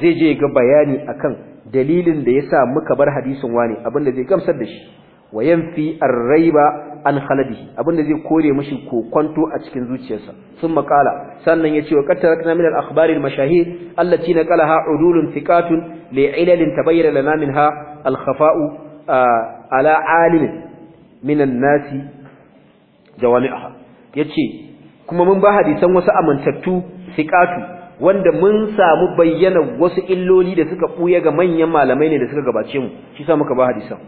zai je ga bayani akan dalilin da yasa muka bar hadisin abin da zai gamsar da shi wa yanfi ar-raiba an abin abinda zai kore mishi kokonto a cikin zuciyarsa sun makala sannan yace wa qatarakna min al-akhbari al-mashahir allati naqalaha udulun thiqatun li'ilalin tabayyana lana minha al-khafa'u ah, ala alim min an-nasi jawami'aha yace kuma mun ba hadisan wasu amintattu thiqatu wanda mun samu bayyana wasu illoli da suka buya ga manyan malamai ne da suka gabace mu shi sa muka ba hadisan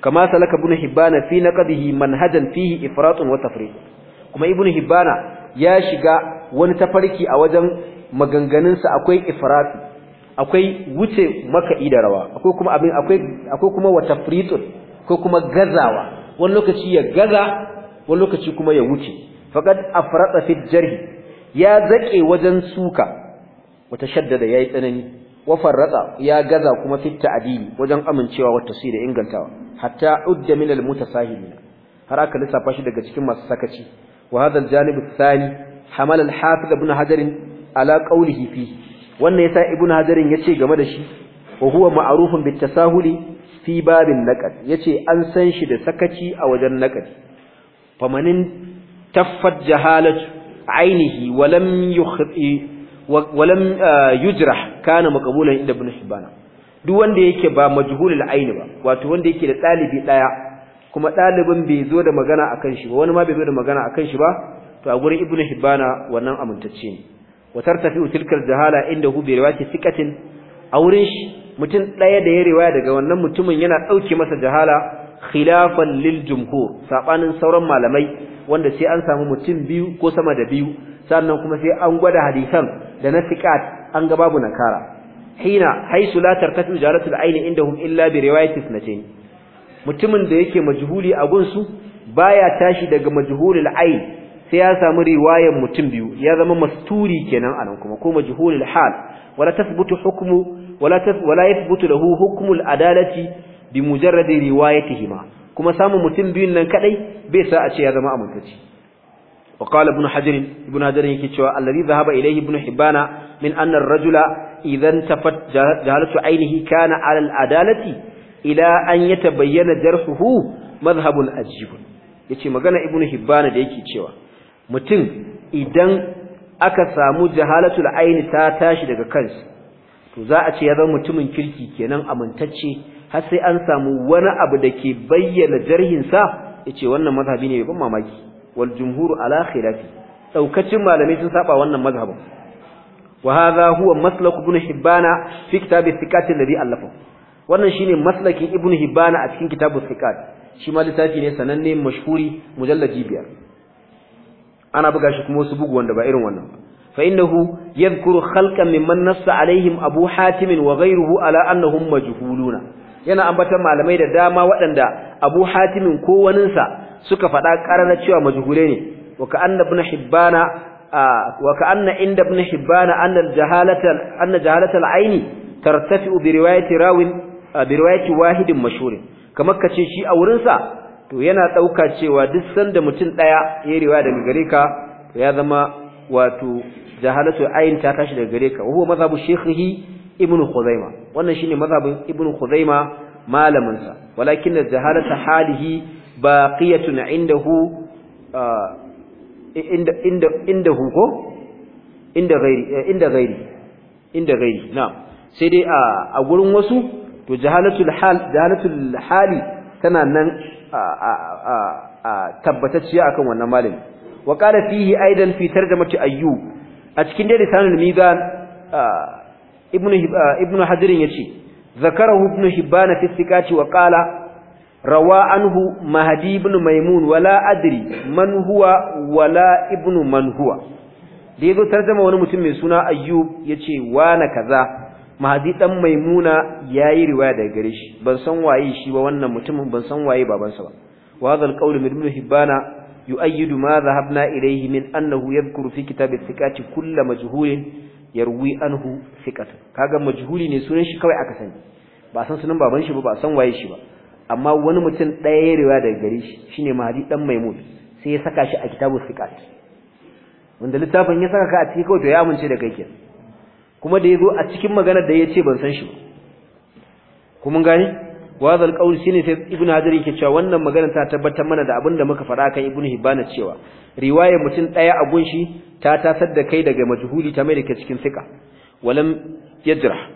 kama salaka ibn hibban fi naqdihi manhajan fihi ifratun wa tafriq kuma ibn hibana ya shiga wani tafarki a wajen maganganun sa akwai ifrati akwai wuce maka'i da rawa akwai kuma abin akwai akwai kuma wa tafritun ko kuma gazawa wani lokaci ya gaza wani lokaci kuma ya wuce faqad afrata fi ya zake wajen suka wata shaddada yayi tsanani wa farrada ya gaza kuma fitta ta'dili wajen amincewa wa tafsir da ingantawa hatta udda min al mutasahilin har aka lissafa shi daga cikin masu sakaci wa hadha al janib al thani hamal al hafiz ibn hajar ala qawlihi fi wannan yasa ibn hajar yace game da shi wa huwa ma'rufun bit tasahuli fi babin naqad yace an san shi da sakaci a wajen naqad famanin taffat jahalatu ainihi wa lam yukhti walam ah, yujrah kana maqbulan inda ibn hibana duk wanda yake ba majhulul aini ba wato wanda yake da dalibi daya kuma dalibin bai zo da magana akan shi ba wani ma bai zo da magana akan shi ba to a gurin ibn hibana wannan amintacce ne wa tartafi tilkal jahala inda hu bi riwayati thiqatin a wurin shi mutum daya da ya riwaya daga wannan mutumin yana dauke masa jahala khilafan lil jumhur sabanin sauran malamai wanda sai an samu mutum biyu ko sama da biyu sannan kuma sai an gwada hadisan da na siqat an ga babu nakara hina haisu la tartatu jaratul aini indahum illa bi riwayatis sunnatin mutumin da yake majhuli a gunsu baya tashi daga majhulul ain sai ya samu riwayar mutum biyu ya zama masturi kenan anan kuma ko majhulul hal wala tathbutu hukmu wala wala yathbutu lahu hukmul adalati bi mujarradi riwayatihima kuma samun mutum biyun nan kadai bai sa a ce ya zama amintaci. وقال ابن حجر ابن حجر يكتشوا الذي ذهب إليه ابن حبان من أن الرجل إذا انتفت kana عينه كان على العدالة إلى أن يتبين جرحه مذهب أجيب yace magana ibnu hibban da yake cewa mutum idan aka samu jahalatul aini ta tashi daga kansa to za a ce ya zama mutumin kirki kenan amintacce har sai an samu wani abu da ke bayyana jarhin sa wannan mazhabi ne ban mamaki Waljumhuru jumhur ala ɗaukacin malamai sun saba wannan mazhabin wa hadha huwa maslak ibn hibbana fi kitab thiqat alladhi allafa wannan shine maslakin ibn hibbana a cikin kitab thiqat shi ma littafi ne sananne mashhuri mujalladi biyar ana buga shi kuma wasu bugu wanda ba irin wannan ba فإنه يذكر خلقا ممن نص Abu أبو wa وغيره ala أنهم مجهولون yana ambata malamai da dama waɗanda Abu Hatimin ko waninsa suka faɗa ƙarana cewa majhulai ne wa ka anna ibn hibbana wa ka anna inda ibn hibbana anna jahalata anna jahalata al-aini tartafi'u bi riwayati rawin bi riwayati wahidin mashhur kamar kace shi a wurin sa to yana dauka cewa duk sanda mutum daya ya riwaya daga gare ka ya zama wato jahalatu ayin ta tashi daga gare ka wa huwa mazhabu shaykhihi Kuzaima. khuzaima wannan shine mazhabin ibnu khuzaima malamin sa walakin jahalatu halihi baqiyatun indahu uh, inda inda indahu ko inda gairi eh, inda gairi inda gairi na'am sai dai uh, a gurin wasu to jahalatul hal jahalatul hali tana nan a uh, tabbatacciya akan wannan malami wa qala fihi aidan fi tarjamati ayyub a cikin dai lisanul mizan ibnu ibnu hadirin yace zakarahu ibnu hibban fi thiqati wa qala rawa anhu mahdi ibn maimun wala adri man huwa wala ibn man huwa da yazo wani mutum mai suna ayyub yace wana kaza mahadi dan maimuna yayi riwaya daga gare shi ban san waye shi ba wannan mutumin ban san waye babansa ba wa hadha alqawl ibn hibbana yu'ayyidu ma dhahabna ilayhi min annahu yadhkuru fi kitab al-thiqati kull majhul yarwi anhu thiqatu kaga majhuli ne sunan shi kawai aka sani ba san sunan baban shi ba ba san waye shi ba amma wani mutum ɗaya ya riwa daga gare shi shine mahadi dan maimun sai ya saka shi a kitabus siqat wanda littafin ya saka ka a cikin kawai to ya amince da kai ke. kuma da ya zo a cikin maganar da ya ce ban san shi ba kuma gani wazal qaul shine sai ibnu hajar yake cewa wannan maganar ta tabbatar mana da abin da muka fara kan ibnu hibana cewa riwayar mutum ɗaya a gunshi ta tasar da kai daga majhuli ta mai da cikin sika walam yajrah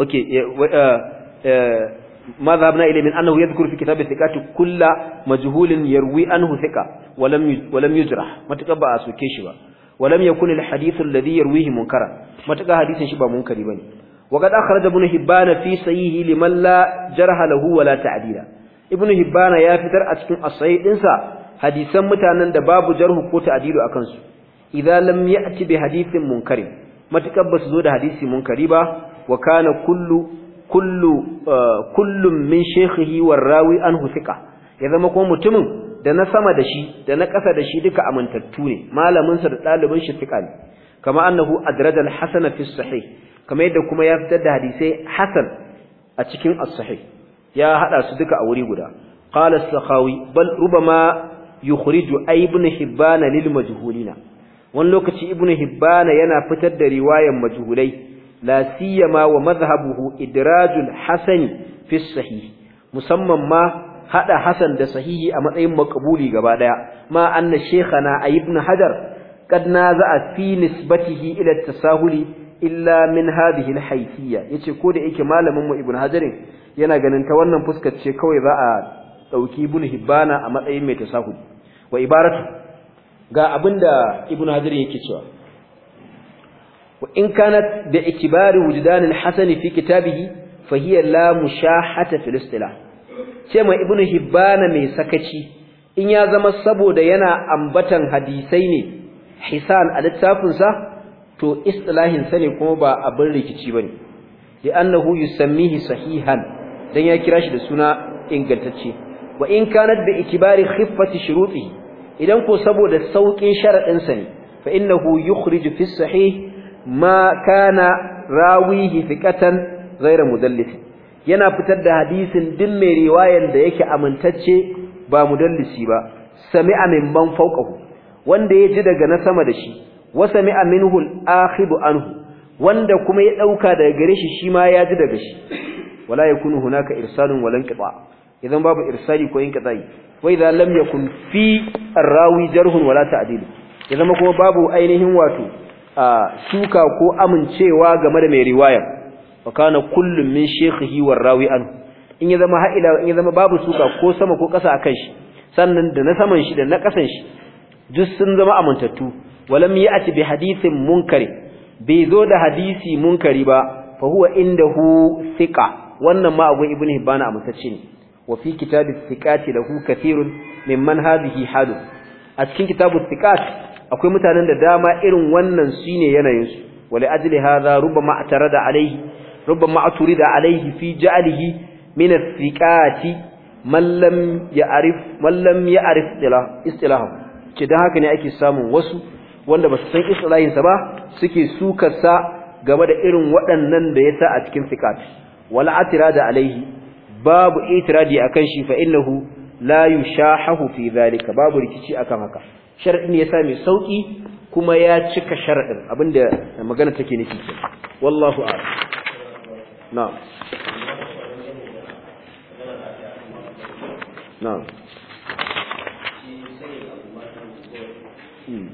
okay eh, eh, eh, ما ذهبنا إليه من أنه يذكر في كتاب الثقات كل مجهول يروي أنه ثقة ولم ولم يجرح ما تقبع سوكيشبا ولم يكن الحديث الذي يرويه منكرا ما تقبع حديث شبا منكر بني وقد أخرج ابن هبان في سيه لمن لا جرح له ولا تعديل ابن هبان يا فتر أتكن الصحيح إنسا حديثا متانا دباب جرح كوت أديل أكنس إذا لم يأتي بحديث منكر ما تقبع سزود حديث منكر با وكان كل kullu uh, kullum min shaykhihi warrawi anhu husika. ya zama ko mutumin da na sama da shi da na ƙasa da shi duka amintattu ne Malaminsa da ɗalibin shi thiqa ne kama annahu adrada al fi sahih kama yadda kuma ya fitar da hadisai hasan a cikin as-sahih ya hada su duka a wuri guda qala as-sakhawi bal rubama yukhriju ibn hibban lil majhulina wani lokaci ibn hibban yana fitar da riwayan majhulai la siyama wa madhhabuhu idrajul hasani fi sahih musamman ma haɗa Hassan da sahihi a matsayin makabuli gaba daya ma anna shaykhana ibn hajar qad naza'a fi nisbatihi ila at-tasahuli illa min hadhihi al-haythiyya yace ko da yake malamin mu ibn hajar yana ganin ta wannan fuskar ce kawai za a ɗauki ibn hibana a matsayin mai tasahuli wa ibaratu ga abinda ibn hajar yake cewa وإن كانت باعتبار وجدان الحسن في كتابه فهي لا مشاحة في الاصطلاح كما ابن هبان من سكتي إن يازم السبو دينا أنبتا حديثين حسان على التافنسة تو اصطلاح سنة كما با أبرلي كتبني لأنه يسميه صحيحا دين يكراش لسنا إن قلتتي وإن كانت باعتبار خفة شروطه إذن كو سبو دا سوق شرع إنساني فإنه يخرج في الصحيح ma kana راويه ثقه غير مدلس yana fitar da hadisin din mai riwayan da yake amintacce ba mudallisi ba sami'a min ban fawqahu wanda ya ji daga na sama da shi wa sami'a minhu al akhib anhu wanda kuma ya dauka daga gare shi shi ma ya ji daga shi wala yakunu hunaka irsalun wala inqita idan babu irsali ko inqita wa idan lam yakun fi ar-rawi jarhun wala ta'dil idan kuma babu ainihin wato suka ko amincewa game da mai riwaya wa kana kullum min shekhihi wa rawi an in ya zama ha'ila in ya zama babu suka ko sama ko kasa akan shi sannan da na saman shi da na kasan shi duk sun zama amintattu walam ya'ti bi hadithin munkari bai zo da hadisi munkari ba fa huwa indahu thiqa wannan ma abu ibnu hibban amintacce ne wa fi kitabis thiqati lahu kathirun mimman hadhihi halu a cikin kitabu thiqati akwai mutanen da dama irin wannan shine yanayin su wali ajli hadha rubama atarada alaihi rubama aturida alaihi fi ja'alihi min athiqati man lam ya'rif man lam ya'rif istilah ke dan haka ne ake samun wasu wanda ba su san istilahin sa ba suke sukar sa game da irin waɗannan da ya sa a cikin thiqat wala atirada alaihi babu itiradi akan shi fa innahu la yushahahu fi dhalika babu rikici akan haka sharaɗin ya sa mai sauƙi kuma ya cika sharaɗin abinda magana take nufi wallahu a'lam na'am na'am hmm.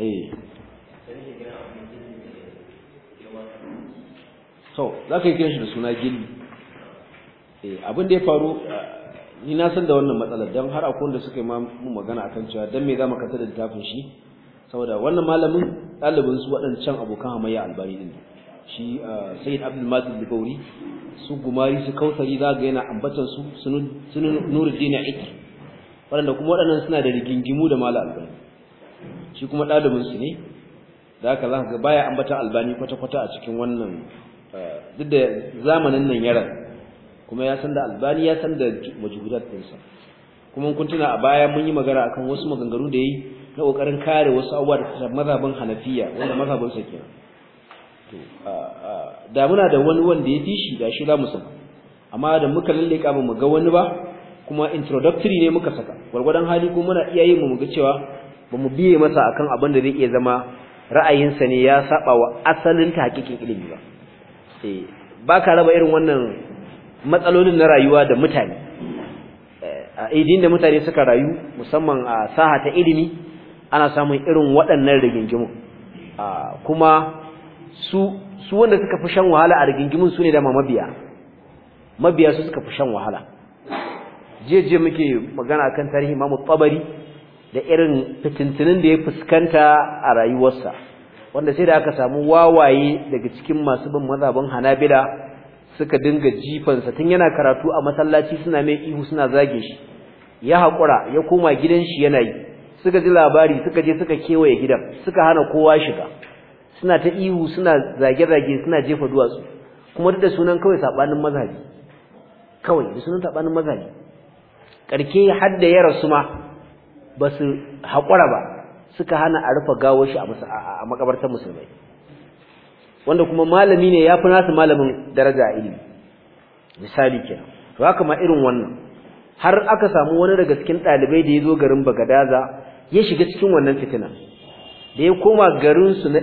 eh. to za ka yi kiran shi da suna gilli eh, abin da ya faru ni na san da wannan matsalar don har akwai da suka yi mu magana akan cewa don me za mu kasa da littafin shi saboda wannan malamin ɗalibin su waɗancan abokan hamayya albani din shi ah, sayyid abdul mazid libauri su gumari su kautari za ga yana ambatan su sunun nuruddin ikir waɗanda kuma waɗannan suna da rigingimu da malam albani shi kuma ɗalibin su ne da haka za ka ga baya ambatan albani kwata-kwata a cikin wannan duk da zamanin nan yaran kuma ya san da albani ya san da majhudat dinsa kuma kun tuna a baya mun yi magana akan wasu maganganu da yi na kokarin kare wasu abubuwa da mazhabin hanafiya wanda mazhabin sa kenan to da muna da wani wanda ya fi shi da shi za mu amma da muka lalle ba mu ga wani ba kuma introductory ne muka saka gwargwadon hali kuma muna iya yin mu ga cewa ba mu biye masa akan abin da zai iya zama ra'ayinsa ne ya saba wa asalin ta hakikin ilimi ba Eh, ba ka raba irin wannan matsalolin na rayuwa da mutane eh, a idin da mutane suka rayu musamman a saha ta ilimi ana samun irin waɗannan rigingimu ah, kuma su su wanda suka fi shan wahala a rigingimu su ne dama mabiya mabiya su suka fi shan wahala jeje muke magana akan tarihi mamu tsabari da irin fitintunin da ya fuskanta a rayuwarsa wanda sai da aka samu wawaye daga cikin masu bin mazhabin Hanabila suka dinga jifansa tun yana karatu a masallaci suna mai ihu suna zage shi ya haƙura ya koma gidan shi yana yi suka ji labari suka je suka kewaye gidan suka hana kowa shiga suna ta ihu suna zage-zage suna jefa duwatsu kuma duk da sunan kawai sabanin mazhabi kawai da sunan sabanin mazhabi karke hadda ya rasu ma ba su haƙura ba suka hana a rufe gawar shi a makabartar musulmai wanda kuma malami ne ya fi nasu malamin daraja a ilimi misali kenan to haka ma irin wannan har aka samu wani daga cikin dalibai da ya zo garin Bagadaza ya shiga cikin wannan fitina da ya koma garin su na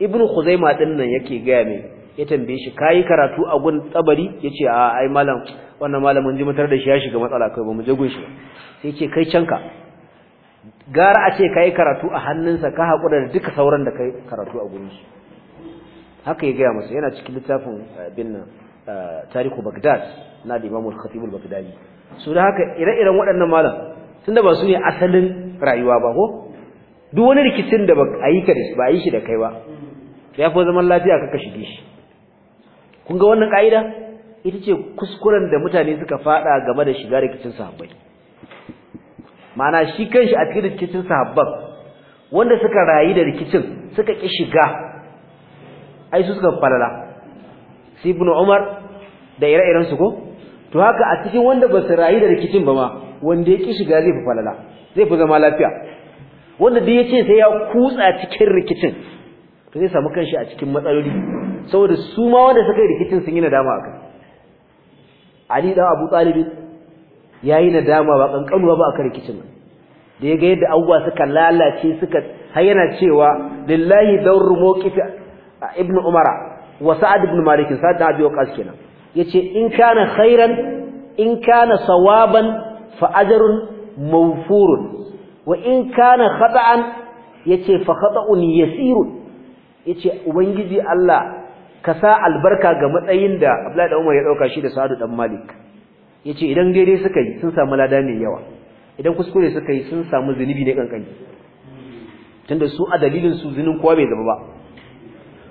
Ibn Kuzaima din nan yake gaya mai ya tambaye shi kai karatu a gun tsabari yace a ai malam wannan malamin jimatar da shi ya shiga matsala kai ba mu je gun shi sai yace kai canka gara a ce kai karatu a hannunsa ka haƙura da duka sauran da kai karatu a gurin shi haka ya gaya masa yana cikin littafin eh, bin eh, tarihu bagdad na limamul khatibul bagdadi su da haka ire-iren waɗannan malam da ba su ne asalin rayuwa ba ko duk wani rikicin da ba a yi ka da ba a yi shi da kai ba ya fi zaman lafiya kaka shige shi kun ga wannan ka'ida ita ce kuskuren da mutane suka faɗa game da shiga rikicin sahabbai ma'ana shi kanshi a cikin rikicin sahabban wanda suka rayu da rikicin suka ki shiga ai su suka falala si ibnu umar da ire-iren su ko to haka a cikin wanda ba su rayu da rikicin ba ma wanda ya ki shiga zai fi falala zai fi zama lafiya wanda duk yace sai ya kutsa cikin rikicin to zai samu kanshi a cikin matsaloli saboda su ma wanda suka yi rikicin sun yi nadama akai Ali da Abu Talib yayi nadama ba kankanuwa ba aka rikicin da ya yaga yadda abubuwa suka lalace suka har cewa lillahi dawru a ibn umara wa sa'ad ibn malik sa'ad da abi waqas kenan yace in kana khairan in kana sawaban fa ajrun mawfurun wa in kana khata'an yace fa khata'un yasirun yace ubangiji Allah ka sa albarka ga matsayin da Abdullahi da Umar ya ɗauka shi da Sa'ad dan Malik yace idan daidai suka yi sun samu lada mai yawa idan kuskure suka yi sun samu zunubi ne kankani tunda su a dalilin su zunin kowa bai zama ba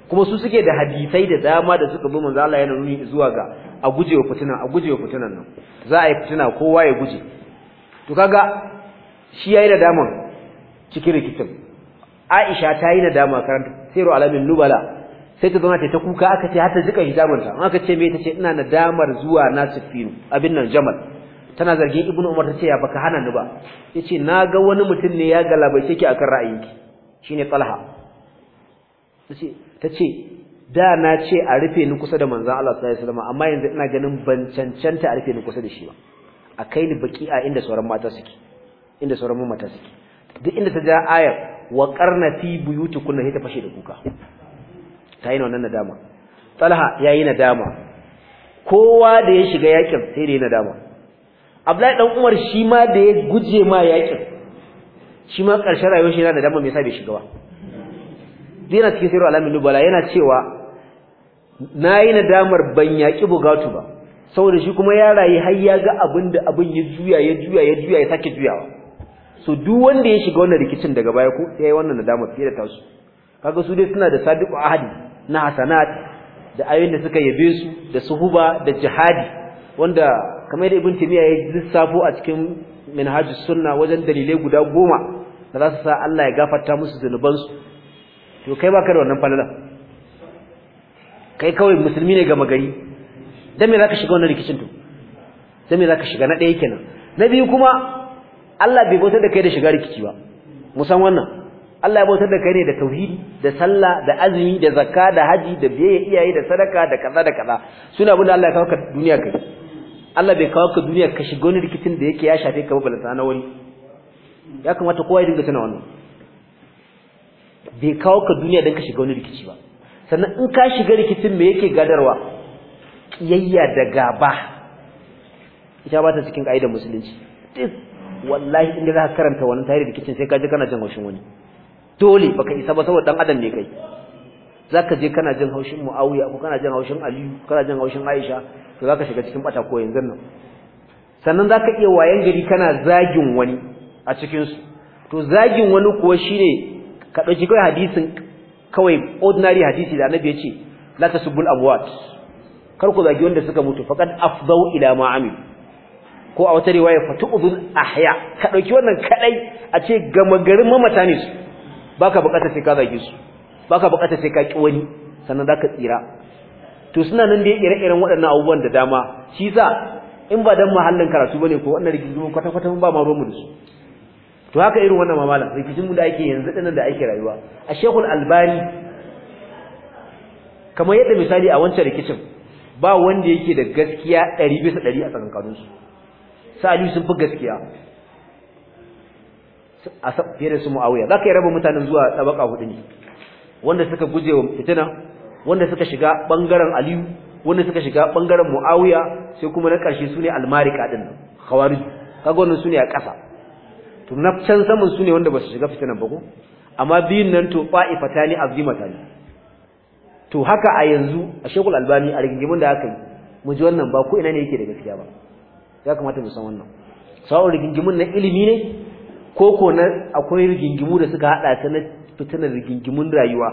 kuma su suke da hadisai da dama da suka bi manzo Allah yana nuni zuwa ga a gujewa fitina a gujewa fitinan nan za a yi fitina kowa ya guje to kaga shi yayi da daman cikin rikicin Aisha ta yi nadama karanta sayru alamin nubala sai ta zauna ta ta kuka aka ce har ta jika hijabinta an aka ce me ta ce ina nadamar zuwa na sifinu abin nan jamal tana zargin ibnu umar ta ce ya baka hana ni ba yace na ga wani mutum ne ya galabaice ki akan ra'ayinki shine talha tace tace da na ce a rufe ni kusa da manzon Allah sallallahu alaihi wasallam amma yanzu ina ganin ban cancanta a rufe ni kusa da shi ba a kai ni a inda sauran mata suke inda sauran mata suke duk inda ta ja ayar wa qarnati fi hita sai ta fashe da kuka ta yi wannan nadama talha ya yi nadama kowa da ya shiga yakin sai da ya nadama abdullahi dan umar shi ma da ya guje ma yakin shi ma ƙarshen rayuwar shi yana nadama me yasa bai shiga ba dina cikin sirru alamin nubala yana cewa na yi nadamar ban yaki bugatu ba saboda shi kuma ya rayu har ya ga abin da abin ya juya ya juya ya juya ya sake juyawa so duk wanda ya shiga wannan rikicin daga baya ko sai wannan nadama fiye da tasu kaga su dai suna da sadiqu ahadi na hasanat da ayoyin da suka yabe su da suhuba da jihadi wanda kamar da ibn timiya ya lissafo a cikin minhajus sunna wajen dalilai guda goma da za su sa Allah ya gafarta musu zunubansu to kai ba ka da wannan falala kai kawai musulmi ne gama gari dan me zaka shiga wannan rikicin to dan me zaka shiga na ɗaya kenan na biyu kuma Allah bai bautar da kai da shiga rikici ba musan wannan Allah ya bautar da kai ne da tauhidi da sallah da azumi da zakka da haji da biyayya iyaye da sadaka da kaza da kaza suna bin Allah ya kawo ka duniya kai Allah bai kawo ka duniya ka shiga wani rikicin da yake ya shafe ka ba na wani ya kamata kowa ya dinga tana wannan bai kawo ka duniya don ka shiga wani rikici ba sannan in ka shiga rikicin me yake gadarwa kiyayya da gaba ita ba ta cikin ka'idar musulunci wallahi in za ka karanta wannan tare rikicin sai ka ji kana jin haushin wani dole baka isa ba saboda dan adam ne kai zaka je kana jin haushin Muawiya ko kana jin haushin Aliyu kana jin haushin Aisha to zaka shiga cikin bata ko yanzu nan sannan zaka iya wayan gari kana zagin wani a cikin su to zagin wani kuwa shine ka dauki kai hadisin kawai ordinary hadisi da Annabi ya ce la tasubul abwat kar ku zagi wanda suka mutu faqad afdau ila ma amil ko a wata riwaya fatu'udul ahya ka dauki wannan kadai a ce gama garin mamata ne su baka bukatar sai ka zage su baka bukatar sai ka ki wani sannan zaka tsira to suna nan da ire-iren waɗannan abubuwan da dama shi sa in ba dan mahallin karatu bane ko wannan rigingimin kwata-kwata mun ba ma ruwan mu da su to haka irin wannan mamala rikicin mu da ake yanzu dinnan da ake rayuwa a Sheikhul Albani kamar yadda misali a wancan rikicin ba wanda yake da gaskiya 100 bisa 100 a tsakankanin su sai sun fi gaskiya fiye da su muawiya ka yi raba mutanen zuwa tsabaka hudu ne wanda suka guje wa fitina wanda suka shiga bangaren aliyu wanda suka shiga bangaren muawiya sai kuma na karshe ne almarika din khawarij kaga wannan su ne a kasa to na can saman ne wanda ba su shiga fitinan ba ko amma biyun nan to fa'ifatani azimatani to haka a yanzu a shekul albani a rigingimin da aka yi mu ji wannan ba ko ina ne yake da gaskiya ba ya kamata mu san wannan sawon rigingimin na ilimi ne ko ko na akwai rigingimu da suka hada ta na fitinar rigingimun rayuwa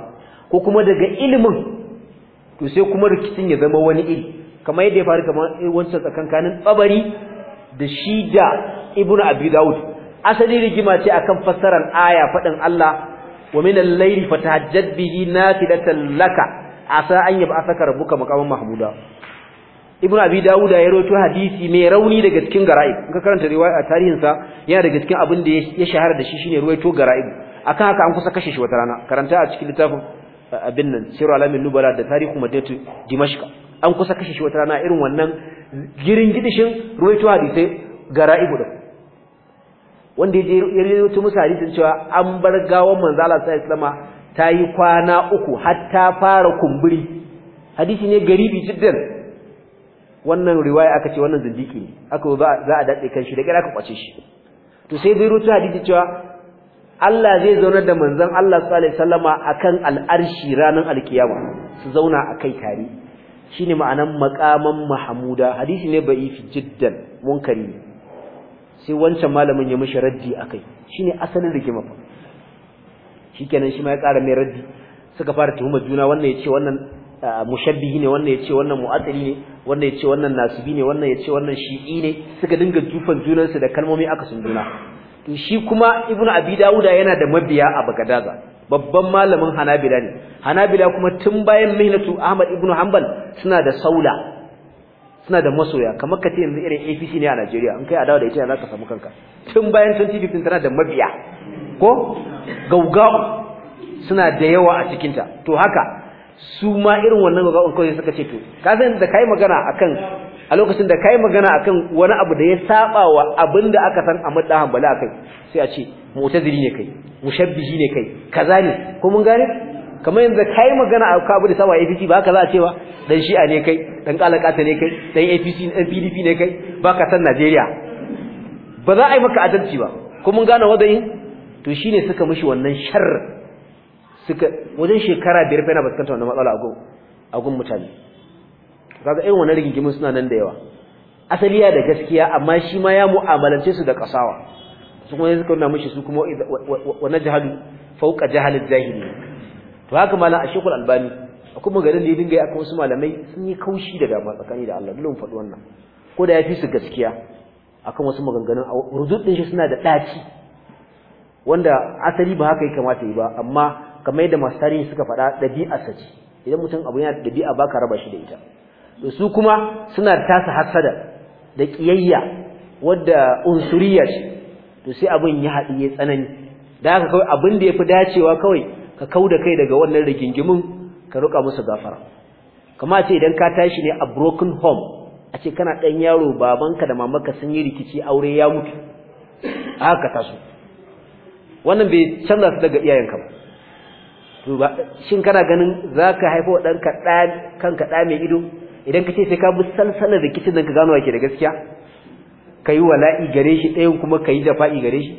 ko kuma daga ilimin to sai kuma rikicin ya zama wani iri kamar yadda ya faru kamar wancan tsakankanin tsabari da shi da ibnu abi daud asali rigima ce akan fassarar aya fadin Allah wa min al-layli fatahajjad bihi nafilatan laka asa an yab'athaka rabbuka maqaman mahmuda ibn abi dauda ya rawaito hadisi mai rauni daga cikin gara'ib in ka karanta riwaya tarihin sa yana daga cikin abin da ya shahara da shi shine rawaito gara'ib akan haka an kusa kashe shi wata rana karanta a cikin littafin abin nan sirru alamin nubala da tarihu madatu dimashq an kusa kashe shi wata rana irin wannan girin gidishin rawaito hadisi gara'ib da wanda ya rawaito musu hadisin cewa an bar gawan manzo Allah sallallahu alaihi wasallam ta yi kwana uku har ta fara kumburi hadisi ne garibi jiddan wannan riwaya aka ce wannan zindiki ne aka za a dade kan shi da kira aka kwace shi to sai dai rutu hadisi cewa Allah zai zaunar da manzon Allah sallallahu alaihi wasallama akan al'arshi ranar alkiyama su zauna akai tare shine ma'anan maqaman mahmuda hadisi ne bai fi jiddan munkari ne sai wancan malamin ya mishi raddi akai shine asalin rigima fa shikenan shi ma ya ƙara mai raddi suka fara tuhuma juna wannan ya ce wannan mushabbihi ne wannan yace wannan mu'attili ne wannan yace wannan nasibi ne wannan yace wannan shi'i ne suka dinga jufan junansu da kalmomi aka sun juna to shi kuma ibnu abi dauda yana da mabiya a bagadaza babban malamin hanabila ne hanabila kuma tun bayan mihnatu ahmad ibnu hanbal suna da saula suna da masoya kamar kace yanzu irin APC ne a Najeriya in kai adawa da ita za ka samu kanka tun bayan 2015 tana da mabiya ko gaugau suna da yawa a cikin ta to haka su ma irin wannan roƙon kawai suka ce to ka san da kai magana akan a lokacin da kai magana akan wani abu da ya saba wa abin aka san a madda hanbali akai sai a ce mu'tazili ne kai mushabbihi ne kai kaza ne ko mun gane kamar yanzu kai magana a kabu da saba APC ba ka za a ce ba dan shi'a ne kai dan kalakata ne kai dan APC dan PDP ne kai ba ka san Najeriya ba za a yi maka adalci ba ko mun gane wadayin to ne suka mishi wannan shar. suka wajen shekara biyar fa yana fuskantar wannan matsala a gun a gun mutane kaga irin wannan rigingimin suna nan da yawa asali ya da gaskiya amma shi ma ya mu'amalance su da kasawa su kuma suka nuna mishi su kuma wa najhalu fawqa jahal al-jahili to haka malam ashekul albani akwai maganar da ya dinga yi akan wasu malamai sun yi kaushi da dama tsakani da Allah dole faɗi wannan ko da ya fi su gaskiya akan wasu maganganun rududdin shi suna da ɗaci wanda asali ba haka ya kamata yi ba amma kamar da masu tarihi suka faɗa sa ce idan mutum abu yana da ɗabi'a ka raba shi da ita to su kuma suna da tasa hasada da ƙiyayya wadda unsuriya ce to sai abin ya haɗu ya tsanani da aka kawai abin da ya fi dacewa kawai ka kau da kai daga wannan rigingimin ka ruka musu gafara kama ce idan ka tashi ne a broken home a ce kana ɗan yaro babanka da mamanka sun yi rikici aure ya mutu a haka taso wannan bai canza su daga iyayenka ba shin kana ganin za ka haifo ɗanka kanka ɗa mai ido idan ka ce sai ka bi salsalar rikicin nan ka gano wake da gaskiya ka yi wala'i gare shi ɗayan kuma ka yi fa'i gare shi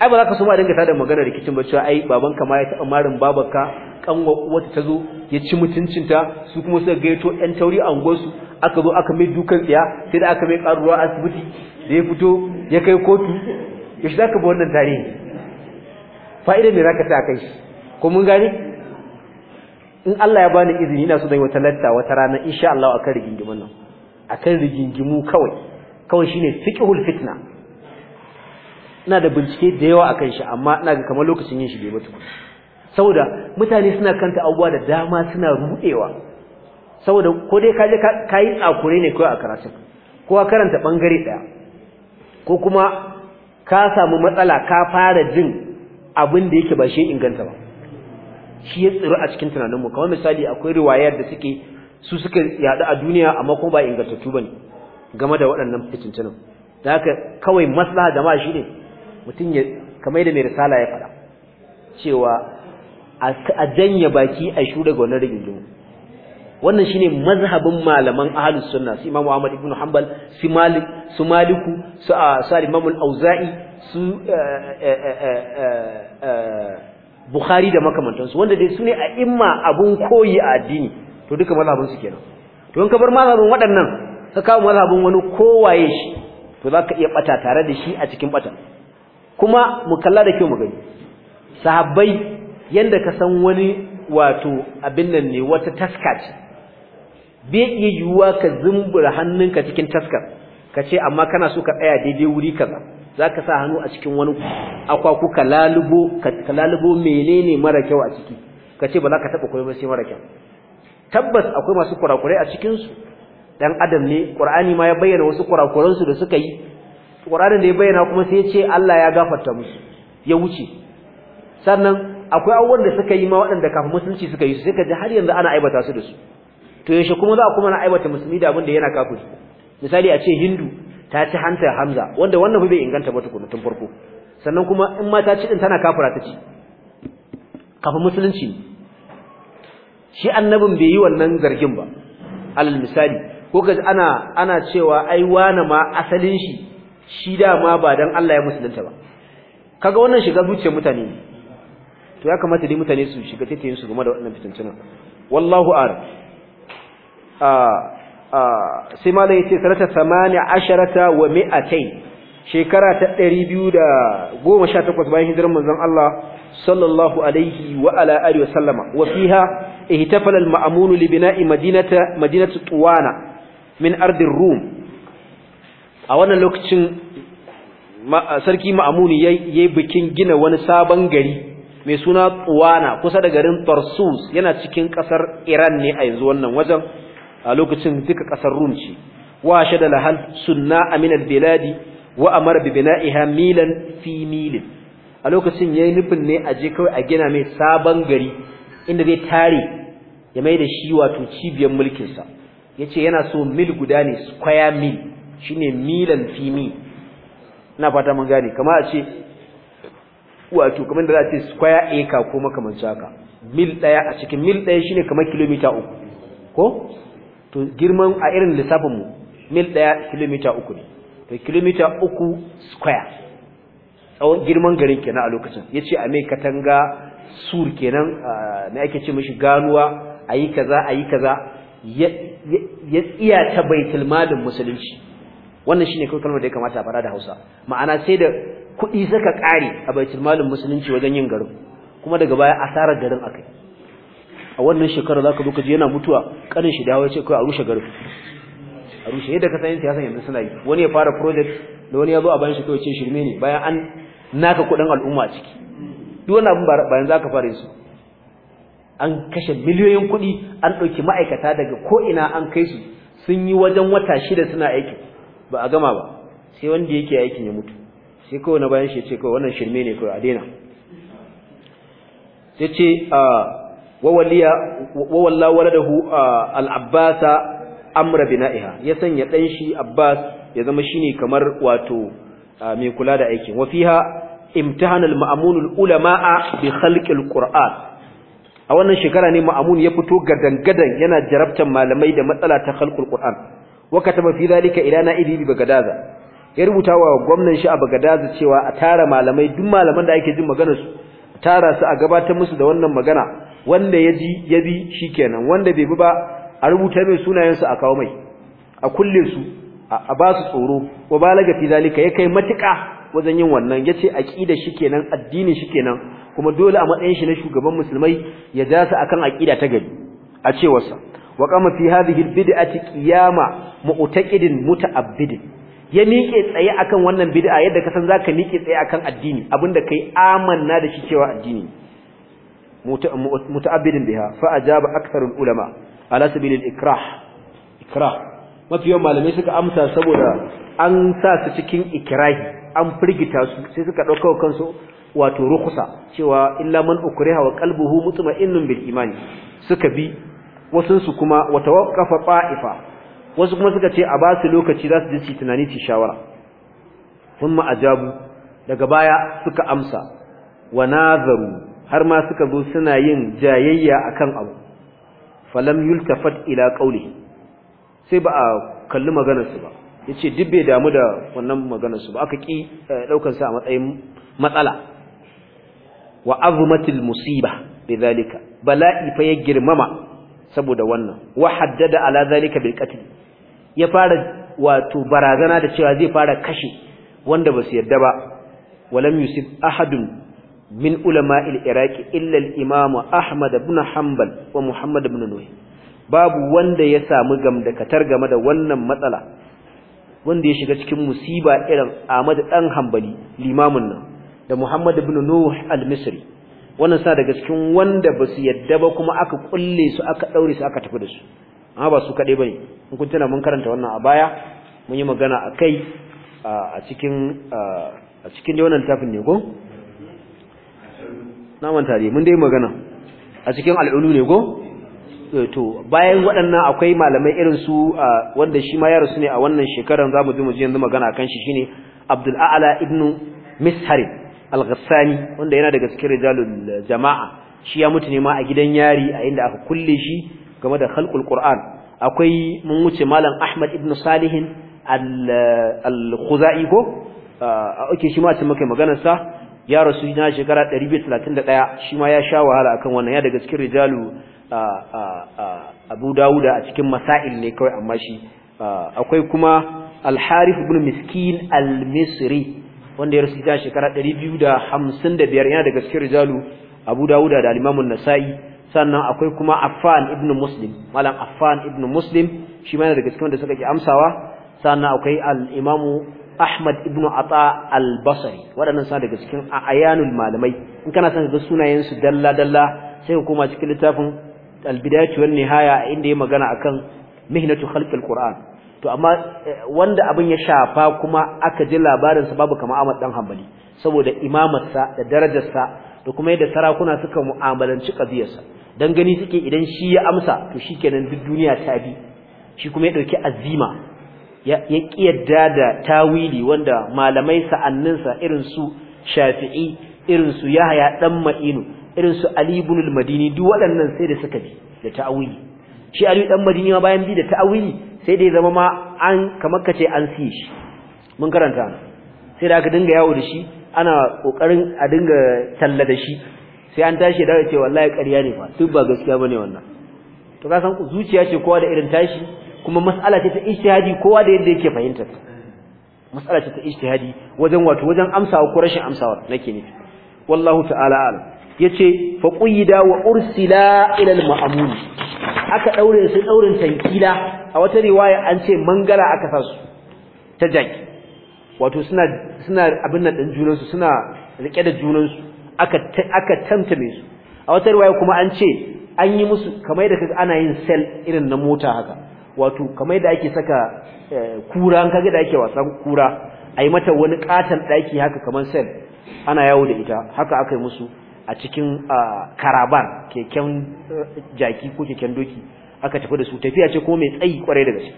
ai ba za ka so ma dinga tada magana rikicin ba cewa ai ka ma ya taɓa marin babanka kanwa wata ta zo ya ci mutuncinta su kuma suka gaito ɗan tauri a unguwarsu aka zo aka mai dukan tsiya sai da aka mai ƙaruwa asibiti da ya fito ya kai kotu yaushe za ka bi wannan tarihi fa'idar mai za ka ta kai shi ko mun gane in Allah ya bani izini ina so zan yi wata latta wata rana insha Allah akan rigingimun nan akan rigingimu kawai kawai shine fiqhul fitna ina da bincike da yawa akan shi amma ina ga kamar lokacin yin shi bai mutu saboda mutane suna kanta abuwa da dama suna rudewa saboda ko dai kaje ka yi tsakure ne ko a karatu ko a karanta bangare daya ko kuma ka samu matsala ka fara jin abin da yake ba shi inganta ba shi ya tsiru a cikin tunaninmu kamar misali akwai riwayar da suke su suka yaɗu a duniya amma kuma ba ingantattu ne game da waɗannan fitintunan da haka kawai maslaha jama'a shine mutum ya kamar da mai risala ya faɗa cewa a janye baki a shu daga wannan rigingimu wannan shine mazhabin malaman ahlus sunna su imamu ahmad ibn hanbal su maliku su a imamu mamul auzai su bukhari da makamantansu wanda dai su ne a imma abun koyi a addini to duka mazhabin su kenan to in ka bar mazhabin waɗannan ka kawo mazhabin wani kowaye shi to za iya bata tare da shi a cikin bata kuma mu kalla da kyau mu gani sahabbai yanda ka san wani wato abin nan ne wata taska ce bai iya yiwuwa ka zumbura hannunka cikin taskar ka ce amma kana so ka tsaya daidai wuri kaza Za ka sa hannu a cikin wani akwaku ka lalubo ka lalubo menene mara kyau a ciki Ka ce ba za ka taba koyo ba sai mara kyau tabbas akwai masu kurakurai a cikin su dan adam ne qur'ani ma ya bayyana wasu kurakuran su da suka yi qur'ani da ya bayyana kuma sai ya ce Allah ya gafarta musu ya wuce sannan akwai abubuwan da suka yi ma waɗanda kafin musulunci suka yi su sai ka ji har yanzu ana aibata su da su to yaushe kuma za a kuma na aibata musulmi da abin da yana kafiri misali a ce hindu ta ci hanta hamza wanda wannan bai inganta ba tukuna tun farko sannan kuma in ma ta ci din tana kafura ta ci kafin musulunci shi annabin bai yi wannan zargin ba alal misali ko ga ana ana cewa ai wani ma asalin shi shi dama ba dan Allah ya musulunta ba kaga wannan shiga zuciyar mutane ne to ya kamata dai mutane su shiga taitayin su game da wannan fitintunan wallahu a'lam ah, sai malam yace sanata 18 wa 200 shekara ta 218 bayan hijiran manzon Allah sallallahu alaihi wa ala alihi Wafiha, wa fiha ihtafala al-ma'mun li bina'i madinata madinatu tuwana min ardi rum a wannan lokacin sarki ma'amuni yayi bikin gina wani sabon gari mai suna tuwana kusa da garin tarsus yana cikin kasar Iran ne a yanzu wannan wajen a lokacin duka kasar rum ce wa shada lahal sunna Amina biladi wa amara bi bina'iha milan fi milin a lokacin yayin nufin ne a je kawai a gina mai sabon gari inda zai tare ya mai da shi wato cibiyar mulkin sa yace yana so mil guda ne square mil shine milan fi mil ina fata mun gane kamar a ce wato kamar da za a ce square acre ko makamancin haka mil daya a cikin mil daya shine kamar kilomita uku ko to girman a irin lissafin mu mil daya kilomita uku ne to kilomita uku square tsawon girman garin kenan a lokacin yace a mai katanga sur kenan me ake ce mishi ganuwa ayi kaza ayi kaza ya tsiya ta baitul malin musulunci wannan shine kawai kalmar da ya kamata a fara da Hausa ma'ana sai da kuɗi saka ƙare a baitul malin musulunci wajen yin garin kuma daga baya asarar garin akai a wannan shekarar ka zo ka ji yana mutuwa Ƙanin shi dawo ce kawai a rushe garin a rushe yadda ka san siyasan yanzu suna yi wani ya fara project da wani ya zo a bayan shi kawai ce shirme ne bayan an naka kudin al'umma ciki duk wani abin bayan ka fara yin su an kashe miliyoyin kuɗi an ɗauki ma'aikata daga ko ina an kai su sun yi wajen wata shida suna aiki ba a gama ba sai wanda yake aikin ya mutu sai kawai na bayan shi ce kawai wannan shirme ne kawai a daina sai ce a. Ah, Wawaliya walla waladahu al-abbas amra bina'iha ya sanya dan shi abbas ya zama shine kamar wato mai kula da aikin wa fiha imtihana ulama bi khalqi quran a wannan shekara ne ma'mun ya fito gadangadan yana jarabtan malamai da matsala ta khalqul qur'an wa kataba fi dhalika ila na'idi bi bagadaza ya rubuta wa gwamnan shi a bagadaza cewa a tara malamai duk malaman da ake jin maganar su tara su a gabatar musu da wannan magana wanda ya ji ya bi shikenan wanda bai bi ba a rubuta mai sunayensu a kawo mai a kulle su a ba su tsoro wa balaga fi zalika ya kai matuƙa wajen yin wannan yace aqida shikenan addini kenan, kuma dole a matsayin shi na shugaban musulmai ya dasa akan aqida ta gari a sa, wa qama fi hadhihi albid'ati qiyama mu'taqidin muta'abbidin ya miƙe tsaye akan wannan bid'a yadda ka san zaka miƙe tsaye akan addini abinda kai amanna da shi cewa addini متأبد بها فأجاب أكثر العلماء على سبيل الإكراه إكراه ما في يوم malamai suka amsa saboda an sa su cikin ikrahi an firgita su sai suka dauka kansu wato rukhsa cewa illa man ukriha wa qalbuhu mutma'innun bil imani suka bi wasun su kuma wa tawaqqafa ta'ifa wasu kuma suka ce a basu lokaci za su ji tunani ci shawara thumma ajabu daga baya suka amsa wa nazaru har ma suka zo suna yin jayayya akan abu falam yultafat ila qawli sai ba a kalli maganar su ba yace duk bai damu da wannan maganar su ba aka ki daukar eh, sa a matsayin matsala wa azmatil musiba bidhalika bala'i fa ya girmama saboda wannan wa haddada ala zalika bil qatl ya fara wato barazana da cewa zai fara kashe wanda ba su yarda ba walam yusib ahadun min ulama'il iraki illa imamu ahmad ibn hanbal wa muhammad ibn nuh babu wanda ya samu gamdakatar game da wannan matsala wanda ya shiga cikin musiba irin ahmad dan hanbali limamin nan da muhammad ibn nuh al-misri wannan sa daga cikin wanda basu yadda ba kuma aka kulle su aka daure su aka tafi da su amma ba su kadai bane in kun tana mun karanta wannan a baya mun yi magana akai a cikin a cikin wannan tafin ne ko na manta mun dai magana a cikin al'ulu ne go eh, to bayan waɗannan akwai malamai irin su wanda shi ma ya rasu ne a wannan shekaran za mu ji yanzu magana akan shi shine Abdul A'la ibn Mishari Al-Ghassani wanda yana daga cikin rijalul jama'a shi ya mutu ne ma a gidan yari a inda aka kulle shi game da khalqul Qur'an akwai mun wuce malam Ahmad ibn Salihin al-Khuzai ko ake shi ma ce cikin maganar sa ya rasu na shekara 131 shi ma ya sha wahala akan wannan ya daga cikin rijalu Abu Dawud a cikin masail ne kawai amma shi akwai kuma Al-Harith ibn Miskin Al-Misri wanda ya rasu da shekara 255 yana daga cikin rijalu Abu Dawud da Imam an nasai sannan akwai kuma Affan ibn Muslim malam Affan ibn Muslim shi ma yana daga cikin wanda suka ki amsawa sannan akwai al-Imam Ahmad ibn Ata al-Basri waɗannan suna daga cikin ayanul malamai in kana son ga sunayen su dalla dalla sai ka koma cikin littafin al-bidayatu wan nihaya inda ya magana akan mihnatu al qur'an to amma eh, wanda abin ya shafa kuma aka ji labarin sa babu kamar Ahmad dan Hanbali saboda imamarsa da darajarsa da kuma yadda sarakuna suka mu'amalanci kabiyarsa dan gani suke idan shi ya amsa to shikenan duk duniya ta bi shi kuma ya dauki azima ya kiyarda da tawili wanda malamai sa'anninsa irin su shafi'i irin su yahya dan ma'inu irin su ali ibn al-madini duk waɗannan sai da suka bi da ta'awili shi ali dan madini ma bayan bi da ta'awili sai da ya zama ma an kamar kace an si shi mun karanta sai da aka dinga yawo da shi ana kokarin a dinga talla da shi sai an tashi da ce wallahi ƙarya ne fa duk ba gaskiya bane wannan to ka san zuciya ce kowa da irin tashi kuma mas'ala ce ta ijtihadi kowa da yadda yake fahimtar mas'ala ce ta ijtihadi wajen wato wajen amsawa ko rashin amsawa nake nufi wallahu ta'ala alam yace fa quyida wa ursila ila al-ma'mun aka daure su daurin tankila a wata riwaya an ce mangara aka sa su ta jaki wato suna suna abin nan din junansu suna rike da junansu aka aka tantame su a wata riwaya kuma an ce an yi musu kamar da kaga ana yin sel irin na mota haka wato kamar yadda ake saka eh, kura an kaga da ake wasan kura ai mata wani katan daki haka kamar sel ana yawo da ita haka aka yi musu a cikin karaban keken eh, jaki ko keken doki aka tafi da su tafiya ce ko mai tsayi kwarai da gaske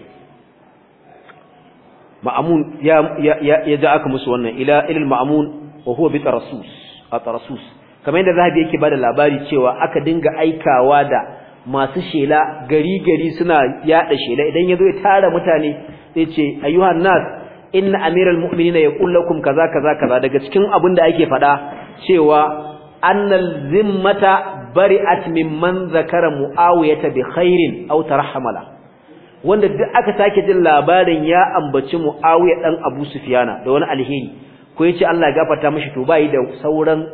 ma'amun ya ya ya ja aka musu wannan ila ilal ma'amun wa huwa bi tarasus a tarasus kamar yadda zahabi yake bada labari cewa aka dinga aikawa da masu shela gari gari suna yada shela idan ya zo ya tara mutane sai ce ayyuhan nas inna amiral mu'minina yaqul kum kaza kaza kaza daga cikin abin da ake fada cewa annal zimmata bari'at mimman zakara muawiyata bi khairin aw tarhamala wanda duk aka sake jin labarin ya ambaci muawiya dan abu sufyana da wani alheri ko ce, Allah ya gafarta mishi to bai da sauran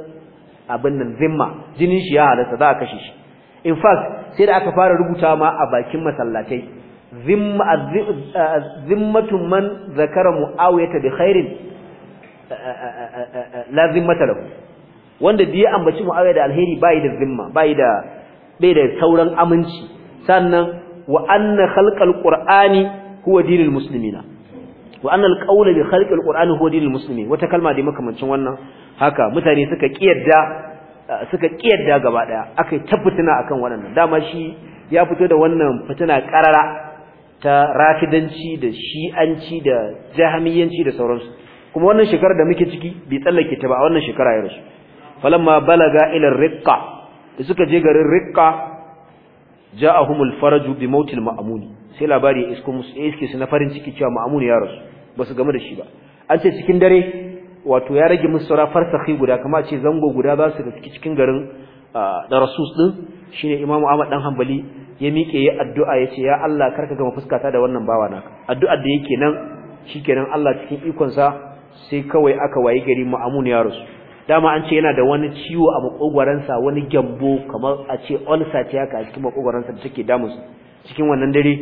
abin nan zimma jinin shi ya halatta za a kashe shi in fact sai da aka fara rubuta ma a bakin masallatai zimmatu man zakara muawiyata bi khairin la zimmata lahu wanda biya ambaci muawiya da alheri bai da zimma bai da bai da sauran aminci sannan wa anna khalqal qur'ani huwa dinul muslimina wa anna alqawla bi khalqil qur'ani huwa dinul muslimin wata kalma da makamancin wannan haka mutane suka kiyarda suka kiyarda gaba daya akai tabbatina akan waɗannan dama shi ya fito da wannan fituna karara ta rafidanci da shi'anci da jahmiyanci da sauransu kuma wannan shekarar da muke ciki bai tsallake ta ba a wannan shekara ya rasu ma balaga ila riqqa da suka je garin riqqa humul faraju bi mautil ma'muni sai labari ya isko musu iske su na farin ciki cewa ma'muni ya rasu basu game da shi ba an ce cikin dare wato ya rage musu saura farsakhi guda kama ce zango guda za su gaske cikin garin da rasus din shine imamu ahmad dan hanbali ya mike ya addu'a ya ce ya Allah kar ka gama fuskata da wannan bawa naka addu'a da yake nan shikenan Allah cikin ikon sa sai kawai aka wayi gari amun ya rasu dama an ce yana da wani ciwo a makogwaransa wani gyambo kamar a ce ulcer ce haka a cikin makogwaransa da take damus cikin wannan dare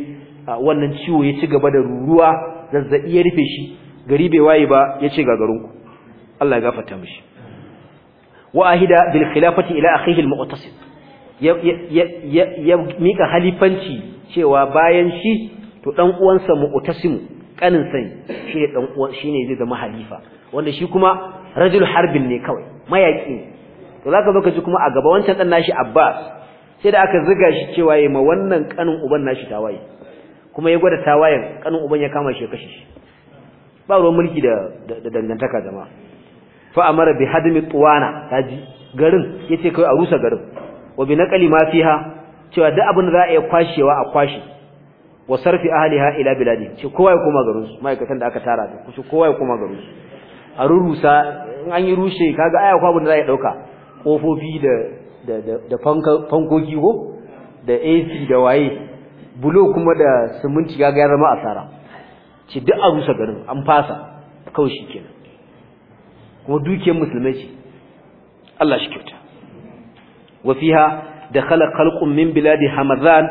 wannan ciwo ya ci gaba da ruruwa zazzabi ya rufe shi gari bai waye ba ya ce garinku Allah ya gafarta mishi wa ahida bil khilafati ila akhihi al mu'tasim ya mika halifanci cewa bayan shi to dan uwansa mu'tasim kanin sani shi dan uwan shi ne zai zama halifa wanda shi kuma rajul harbin ne kawai mayaki to zaka zo ka ji kuma a gaba wancan dan nashi Abbas sai da aka ziga shi cewa yayi ma wannan kanin uban nashi tawaye kuma ya gwada tawayen kanin uban ya kama shi ya kashe shi ba ruwan mulki da dangantaka jama'a fa amara bi hadmi tuwana kaji garin yace kai a rusa garin wa bi naqali ma fiha cewa duk abin da za a iya kwashewa a kwashe wa sarfi ahliha ila biladi ce kowa ya koma garin su ma'aikatan da aka tara da kusa kowa ya koma garin su a rurusa in an yi rushe kaga aya kwa abin da za a dauka kofofi da da da fankoki ko da AC da waye bulo kuma da siminti kaga ya zama asara ce duk a rusa garin an fasa kawai shikenan kuma dukiyar musulmai ce Allah shi kyauta wa fiha dakhala khalqun min biladi hamazan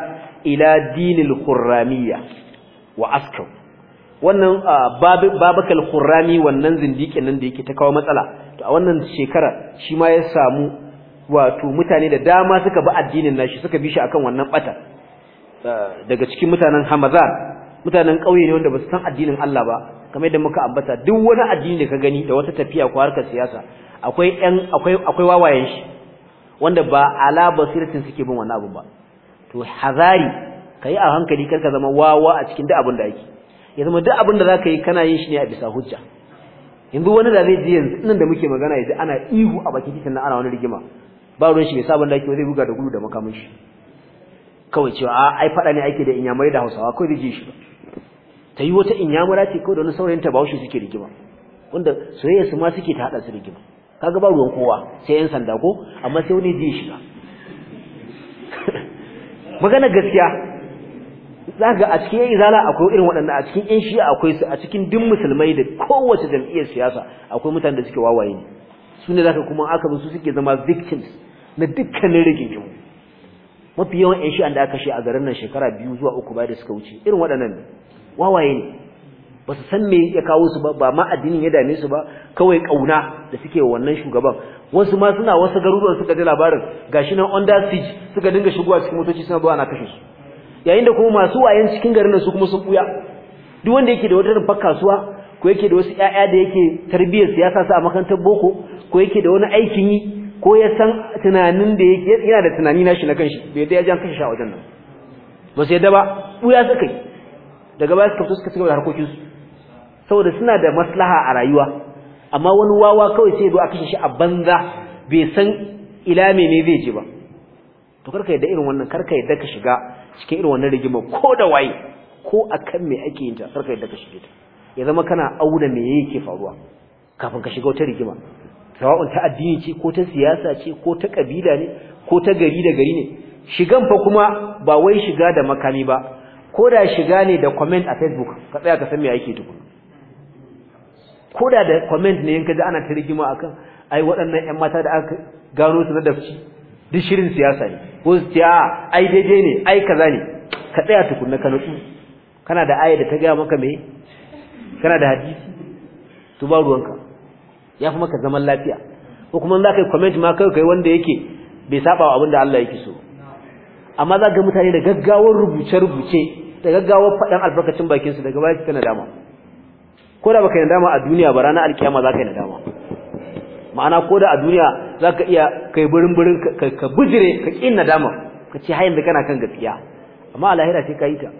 ila dinil khurramiyya wa askaw wannan babakal khurrami wannan zindiki nan da yake ta kawo matsala to a wannan shekara shi ma ya samu wato mutane da dama suka bi addinin nashi suka bi shi akan wannan bata daga cikin mutanen hamazan mutanen ƙauye ne wanda ba su san addinin Allah ba kamar yadda muka ambata duk wani addini da ka gani da wata tafiya ko harkar siyasa akwai ɗan akwai akwai wawayen shi wanda ba ala basiratin suke bin wannan abu ba to hazari kai a hankali karka zama wawa a cikin duk abin da yake ya zama duk abin da zaka yi kana yin shi ne a bisa hujja yanzu wani da zai je yanzu nan da muke magana yanzu ana ihu a bakin titin nan ana wani rigima ba ruwan shi bai sabon da yake zai buga da gudu da makamin shi kawai cewa ai fada ne ake da inyamari da Hausawa kawai zai ji shi ba ta yi wata inyamura ce kawai da wani saurayin ta bahaushe suke rigima wanda soyayya su ma suke ta hada su rigima kaga ba ruwan kowa sai yan sanda ko amma sai wani zai shiga magana gaskiya zaka a cikin yan izala akwai irin waɗannan a cikin yan shi'a akwai su a cikin duk musulmai da kowace jam'iyyar siyasa akwai mutanen da suke wawaye ne su ne zaka kuma aka su suke zama victims na dukkanin rigingimu mafi yawan yan shi'an da aka shi a garin nan shekara biyu zuwa uku bayan da suka wuce irin waɗannan ne wawaye ne ba su san me ya kawo su ba ba ma addinin ya dame su ba kawai kauna da suke wannan shugaban wasu ma suna wasu garuruwan suka ji labarin gashi nan under siege suka dinga shigowa cikin motoci suna zuwa na kashe su yayin da kuma masu wayan cikin garin su kuma sun buya duk wanda yake da wata fakka kasuwa ko yake da wasu ƴaƴa da yake tarbiyyar siyasa su a makarantar boko ko yake da wani aikin yi ko ya san tunanin da yake yana da tunani nashi na kanshi bai da ya jan kashe shi a wajen nan ba su yadda ba buya suka yi daga baya suka fito suka cigaba da harkokinsu saboda suna da maslaha a rayuwa amma wani wawa kawai sai zo a kashe shi a banza bai san ila mene zai je ba to karka yadda irin wannan karka yadda ka shiga cikin irin wannan rigima ko da waye ko akan me ake yin ta karka yadda ka shige ta ya zama kana auna me yake faruwa kafin ka shiga wata rigima sawa'un ta addini ce ko ta siyasa ce ko ta kabila ne ko ta gari da gari ne shigan fa kuma ba wai shiga da makami ba ko da shiga ne da comment a Facebook ka tsaya ka san me ake tukun ko da da comment ne in ka ji ana tarjuma akan ai waɗannan ƴan mata da aka gano su na dafci duk shirin siyasa ne ko siya ai daidai ne ai kaza ne ka tsaya tukunna ka nutsu kana da aya da ta gaya maka me kana da hadisi to ba ruwanka ya fi maka zaman lafiya ko kuma za ka yi comment ma kai kai wanda yake bai saba wa abin da Allah yake so amma za ga mutane da gaggawar rubuce-rubuce da gaggawar faɗan albarkacin bakinsu daga baya suka nadama ko da baka yi nadama a duniya ba ranar alkiyama za ka yi nadama ma'ana ko da a duniya za ka iya kai birin birin ka bijire ka ƙin nadama ka ce hayan da kana kan gaskiya amma a lahira sai ka yi ta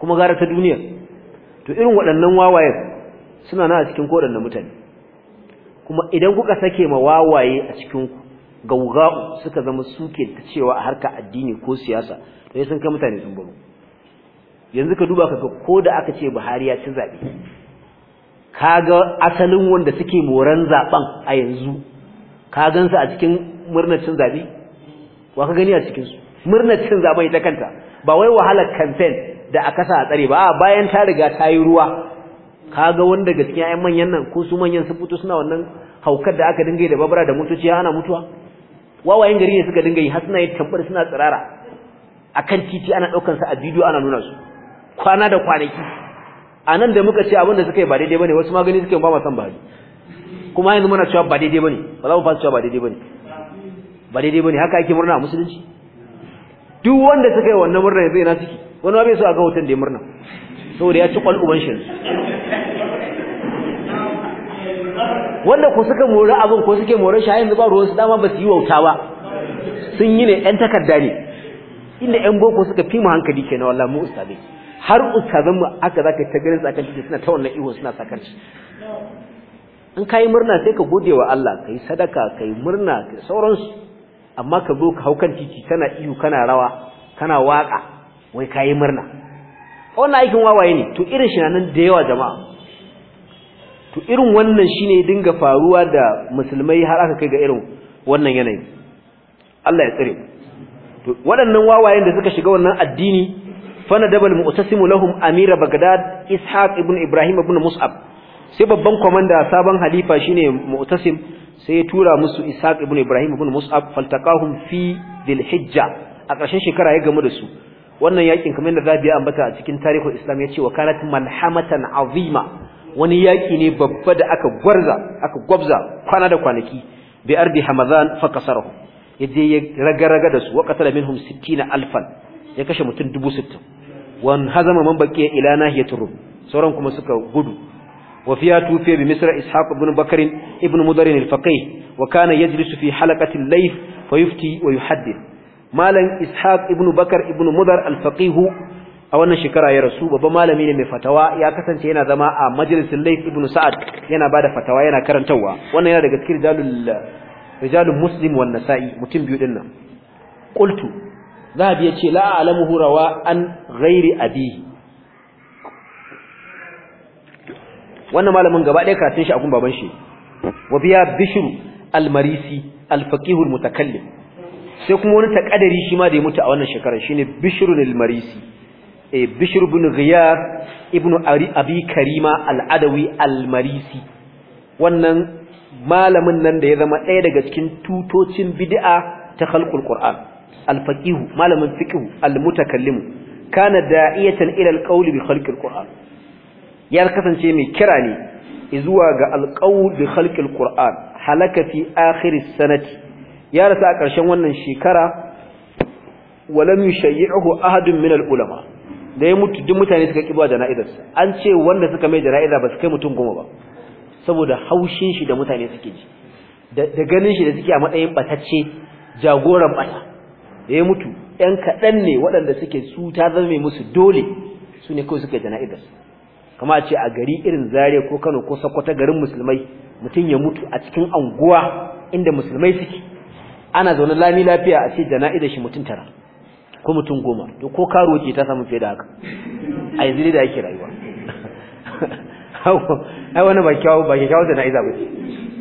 kuma gara ta duniya to irin waɗannan wawayen suna na a cikin koɗannan mutane kuma idan kuka sake ma wawaye a cikin gauga'u suka zama suke ta cewa a harka addini ko siyasa to sai sun kai mutane sun baro yanzu ka duba kaga ko da aka ce Buhari ya ci zabe kaga asalin wanda suke moran zaben a yanzu ka gansu a cikin murnar cin zabe wa ka gani a cikin su murnar cin zaben ita kanta ba wai wahalar campaign da aka sa a tsare ba bayan ta riga ta yi ruwa kaga wanda gaskiya ai manyan nan ko su manyan sun fito suna wannan haukar da aka dinga yi da babura da motoci ana mutuwa wawayen gari ne suka dinga yi har suna yi tambar suna tsirara akan titi ana daukar sa a bidiyo ana nuna su kwana da kwanaki a nan da muka ce abin da suka yi ba daidai bane wasu magani suke ba ma san ba kuma yanzu muna cewa ba daidai bane ba za mu fasa cewa ba daidai bane ba daidai bane haka ake murna a musulunci duk wanda suka yi wannan murna yanzu yana ciki wani ma bai so a ga hoton da ya murna saboda ya ci kwal shi wanda ku suka mori abin ko suke mori shi yanzu ba ruwan su dama ba su yi wauta ba sun yi ne yan takarda ne inda yan boko suka fi mu hankali kenan wallahi mu ustadai har ustazan mu aka zaka ta ganin tsakan ciki suna ta wannan ihun suna sakarci in kai murna sai ka gode wa Allah kai sadaka kai murna kai sauransu amma ka zo ka hau kan titi kana iyo kana rawa kana waka wai kai murna wannan aikin wawaye ne to irin shi nan da yawa jama'a to irin wannan shine dinga faruwa da musulmai har aka kai ga irin wannan yanayi Allah ya tsare to waɗannan wawayen da suka shiga wannan addini fanadaba al-mu'tasimu lahum amira bagdad ishaq ibn ibrahim ibn sai babban komanda sabon halifa shine mu'tasim sai ya tura musu ishaq ibn ibrahim ibn mus'ab faltaqahum fi hijja a ƙarshen shekara ya gamu da su wannan yakin kamar da zabiya ambata a cikin tarihin islam yace wa kanat malhamatan azima wani yaki ne babba da aka gwarza aka gwabza kwana da kwanaki bi ardi hamadan fa kasarahu yaje ya raga raga da su wa qatala minhum alfan. ya kashe mutum dubu sittin wan hazama man baqiya ila nahiyatir rum sauran kuma suka gudu wa fiya tufiya bi misra ishaq ibn bakr ibn mudar al-faqih wa kana yajlisu fi halaqati al-layth fa yufti wa yuhaddith malan ishaq ibn bakr ibn mudar al a wannan shekara ya rasu babban malami ne mai fatawa ya kasance yana zama a majalisin Layth ibn Sa'ad yana bada fatawa yana karantawa wannan yana daga cikin rijalul rijalul muslim wan nasa'i mutum biyu dinnan qultu Za zahabi biya ce alamuhu hurawa an ghairi abihi wannan malamin gaba ɗaya karatun shi a kun baban shi wa biya bishru al-marisi al-faqih al-mutakallim sai kuma wani takadari shi ma da ya mutu a wannan shekarar shine bishru al-marisi eh bishru bin ghiyar ibn abi karima al-adawi al-marisi wannan malamin nan da ya zama ɗaya daga cikin tutocin bid'a ta khalqul qur'an alfaqihu malamin fiqhu almutakallimu kana da'iyatan ila alqawli bi khalqi alquran ya kasance mai kira ne zuwa ga alqawl bi khalqi alquran halaka fi akhir sanati ya rasa a ƙarshen wannan shekara walam yushayyihu ahadun min alulama da ya mutu duk mutane suka kiba jana'izarsa an ce wanda suka mai jana'iza ba su kai mutum goma ba saboda haushin shi da mutane suke ji da ganin shi da suke a matsayin batacce jagoran bata da ya mutu ɗan kaɗan ne waɗanda suke su ta zama musu dole su ne kawai suka jana'izar kama ce a gari irin zare ko kano ko sakwata garin musulmai mutum ya mutu a cikin anguwa inda musulmai suke ana zaune lami lafiya a ce jana'izar shi mutum tara ko mutum goma to ko karo ce ta samu fiye da haka a yanzu da ake rayuwa ai wani ba kyawu ba kyawu jana'iza ba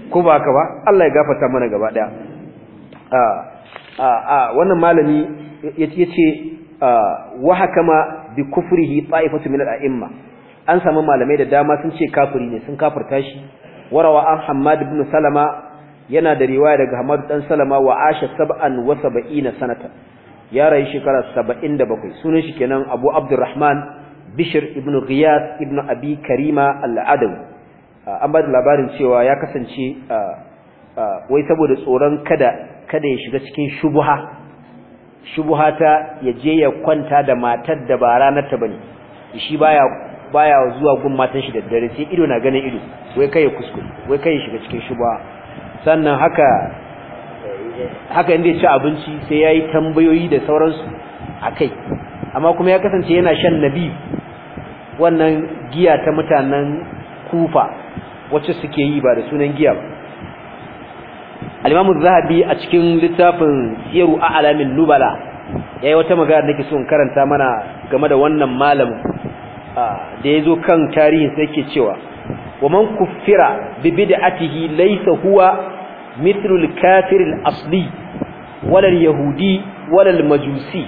ko ba haka ba Allah ya gafarta mana gaba ɗaya. Ah, wannan malami ce wa wahakama bi kufrihi ta'ifatu min al-a'imma an samu malamai da dama sun ce kafuri ne sun kafirta shi warawa an Hammad ibn Salama yana da riwaya daga Hamadu dan Salama wa Aisha na sanata ya rayu shekara 77 sunan shi kenan Abu Abdurrahman Bishir ibn Ghiyas ibn Abi Karima al-Adawi an ba da labarin cewa ya kasance wai saboda tsoron kada kada ya shiga cikin shubuha shubuha ta ya je ya kwanta da matar da ba ranar ta bane shi baya baya zuwa gun matan shi da dare sai ido na ganin ido wai kai ya kuskure wai kai ya shiga cikin shubuha sannan haka haka inda ya ci abinci sai yayi tambayoyi da sauransu a kai amma kuma ya kasance yana shan nabi wannan giya ta mutanen kufa wacce suke yi ba da sunan giya ba al zahabi a cikin littafin a A'lamin Nubala yayi wata magana da nake son karanta mana game da wannan malamin da ya zo kan tarihin sai yake cewa wa man kuffira bi bid'atihi laysa huwa mithlu al-kafir al-asli wala al-yahudi wala al-majusi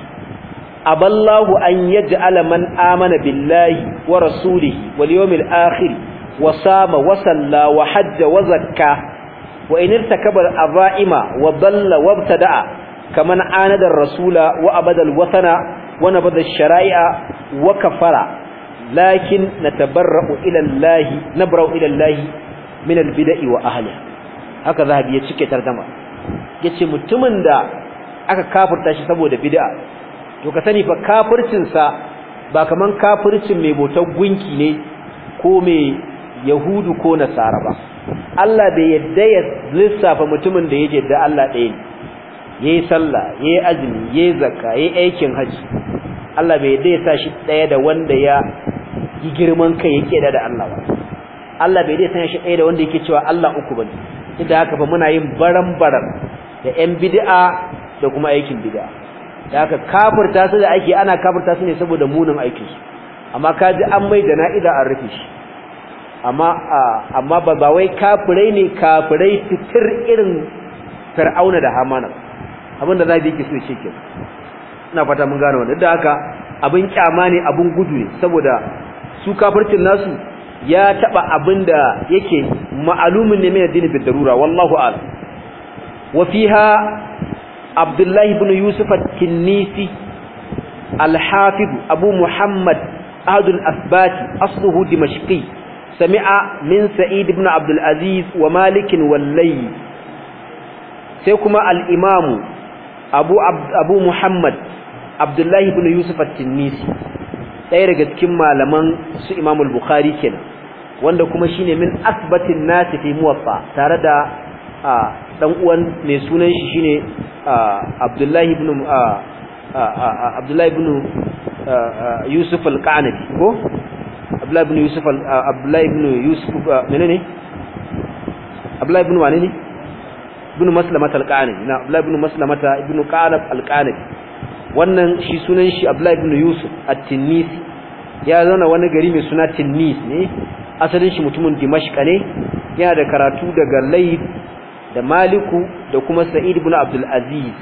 aballahu an yaj'ala alaman amana billahi wa rasulihi wal yawmil akhir wa sama wa salla wa hajja wa zakka wa in abaima wa dalla kamar kaman anada rasula wa abadal wasana wa nabada shari'a wa kafara lakin natabarra'u ila Allah nabra'u ila Allah min albida'i wa ahliha haka zahabi ya cike targama yace mutumin da aka kafirta shi saboda bid'a to ka sani fa kafircin sa ba kaman kafircin mai botar gunki ne ko mai yahudu ko nasara ba Allah bai yadda ya lissafa mutumin da yake da Allah ɗaya ne yayi sallah yayi azumi yayi zakka yayi aikin haji Allah bai yadda ya sa shi ɗaya da wanda ya yi girman kai yake da Allah ba Allah bai yadda ya sa shi ɗaya da wanda yake cewa Allah uku bane ne. da haka fa muna yin baran baran da ƴan bid'a da kuma aikin bid'a da haka kafirta su da ake ana kafirta su ne saboda munin aikin su amma kaji an mai da na'ida an rufe shi amma amma ba ba wai kafirai ne kafirai fitir irin fir'auna da hamana abin da zabi yake so shi ke ina fata mun gane wannan da haka abin kyama ne abin gudu ne saboda su kafircin nasu ya taba abin da yake ma'alumin ne mai addini bid darura wallahu a'lam wa fiha abdullahi ibn yusuf at-tinnisi al-hafid abu muhammad ahad al asluhu dimashqi sami'a min sa'id ibn abdul wa malikin wallahi sai kuma al'imamu imam abu abu muhammad abdullahi ibn yusuf at ɗaya daga cikin malaman su Imamul al-bukhari kenan wanda kuma shine min asbatin nasi fi muwatta tare da ɗan uwan mai sunan shi shine abdullahi abdullahi ibn yusuf al ko abdullahi ibn yusuf uh, abdullahi ibn yusuf uh, menene abdullahi ibn wane ne ibn maslamata alqanabi na abdullahi ibn maslamata ibn qalab al alqanabi wannan shi sunan shi abdullahi ibn yusuf at-tinisi ya zauna wani gari mai suna tinis ne asalin shi mutumin Dimashq ne yana da karatu daga layth da maliku da kuma sa'id ibn abdul aziz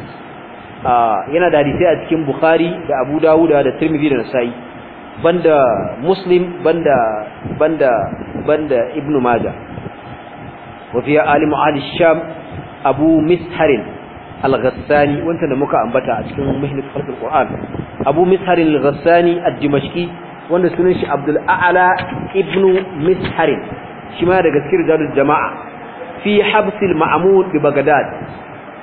ah, yana da hadisi a cikin bukhari da abu Dawud da tirmidhi da nasa'i banda muslim banda banda banda ibnu majah wa fi alimu al-sham abu misharin al-ghassani wanda da muka ambata a cikin muhimmin farkon qur'an abu misharin al-ghassani ad-dimashqi wanda sunan shi abdul a'la ibnu misharin shi ma daga cikin rijalul jama'a fi habsil ma'mun bi bagdad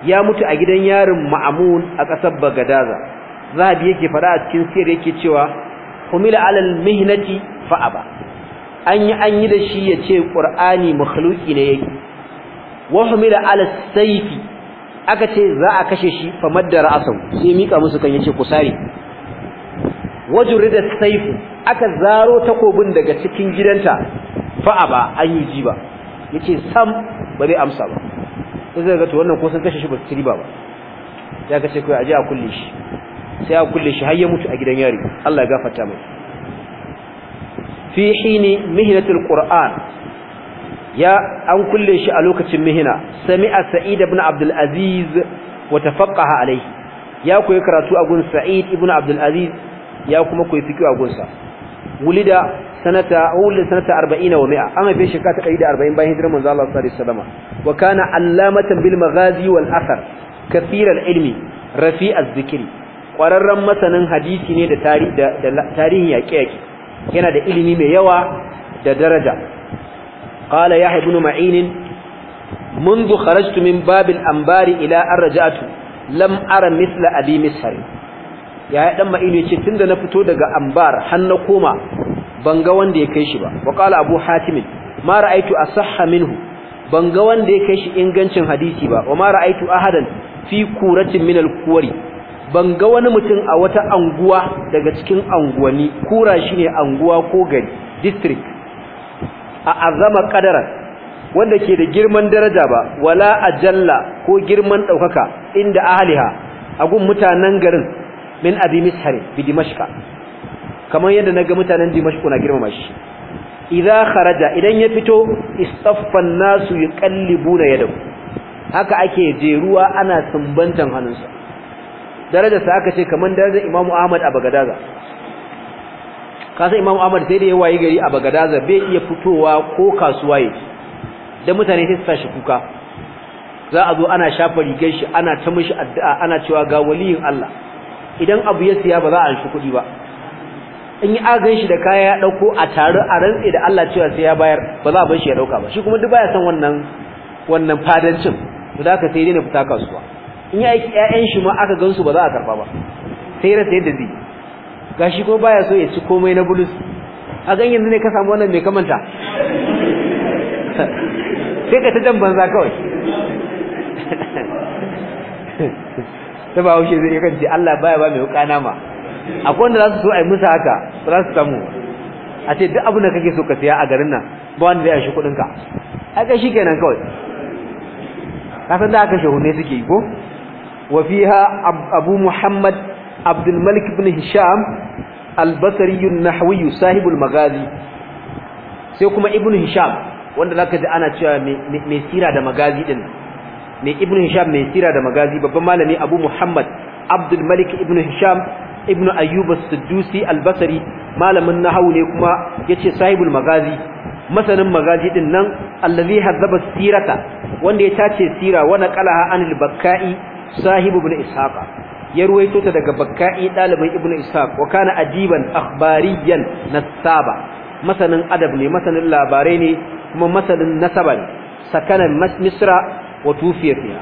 ya mutu a gidan yarin ma'mun a kasar bagdadaza zahabi yake fada a cikin sirri yake cewa humila alal mihnati aba an yi an yi da shi ya ce qur'ani makhluki ne yake wa humila alal sayfi aka ce za a kashe shi fa madda ra'asahu sai mika musu kan yace ku sare wajurida sayfu aka zaro takobin daga cikin gidanta aba an yi jiba yace sam ba amsa ba sai ga to wannan ko sun kashe shi ba su riba ba ya kace kai aje a kulle shi sai a kulle shi har ya mutu a gidan yari Allah ya gafarta mai fi hini mihnatul qur'an ya an kulle shi a lokacin mihna sami'a sa'id ibn abdul aziz wa tafaqqaha alayhi ya koyi karatu a gun sa'id ibn abdul aziz ya kuma koyi fiqh a gunsa wulida sanata wulida sanata 40 wa 100 an haife shi ka ta 140 bayan hijirar manzo Allah sallallahu alaihi wasallam wa kana allamatan bil maghazi wal athar kathira al ilmi rafi az-zikri kwararren masanin hadisi ne da tarihin yaƙe-yaƙe yana da ilimi mai yawa da daraja ƙala ya haifu na ma'inin mun zu kharajtu min babin ambari ila an raja'atu lam ara misla abi misari ya ɗan ma'inu ce tun da na fito daga ambar har koma ban ga wanda ya kai shi ba wa ƙala abu hatimin ma ra'aitu a sahha minhu ban ga wanda ya kai shi ingancin hadisi ba wa ma a ahadan fi kuratin min alkuwari ban ga wani mutum a wata anguwa daga cikin anguwanni kura shi ne anguwa ko gari district a azama kadara wanda ke da girman daraja ba wala ajalla ko girman daukaka inda ahliha gun mutanen garin min abi mishari bi dimashqa kamar yadda naga mutanen Dimashku na girmama shi idza kharaja idan ya fito istaffan nasu yuqallibuna yadahu haka ake jeruwa ana sumbantan hannunsa darajar sa aka ce kaman darajar Imam Ahmad a Bagadaza san Imam Ahmad sai da ya waye gari a Bagadaza bai iya fitowa ko kasuwa yi da mutane sai su tashi kuka za a zo ana shafa rigar shi ana ta mishi addu'a ana cewa ga waliyin Allah idan abu ya siya ba za a shi kuɗi ba in yi agan shi da kaya ya dauko a tare a rantsi da Allah cewa sai ya bayar ba za a bar shi ya dauka ba shi kuma duk baya san wannan wannan fadancin to da ka sai dai na fita kasuwa in ya aiki ƴaƴan shi ma aka gansu ba za a karba ba sai rasa yadda zai gashi ko baya so ya ci komai na bulus a gan yanzu ne ka samu wannan mai kamanta sai ka ta jan banza kawai ta ba haushe zai kan ce Allah baya ba mai wuƙa nama akwai wanda za su so a yi musa haka za su samu a ce duk abin da kake so ka siya a garin nan ba wanda zai shi kuɗinka aka shi kenan kawai ka san da shahu ne suke yi ko وفيها أبو محمد عبد الملك بن هشام البصري النحوي صاحب المغازي سيكما ابن هشام wanda zaka ji ana cewa mai sira da magazi din mai ibnu hisham mai sira da magazi babban malami abu muhammad abdul malik ibnu hisham ibnu ayyub as-siddusi malamin nahwu ne kuma yace sahibul magazi masanin magazi din nan allazi hazzaba wanda ya tace sira wa naqalaha anil bakka'i sahibu ibn ishaq ya ruwaito ta daga bakka'i dalibin ibn ishaq wa kana adiban akhbariyan nasaba masanin adab ne masanin labarai ne kuma masanin nasaba ne sakana misra wa tufiya fiha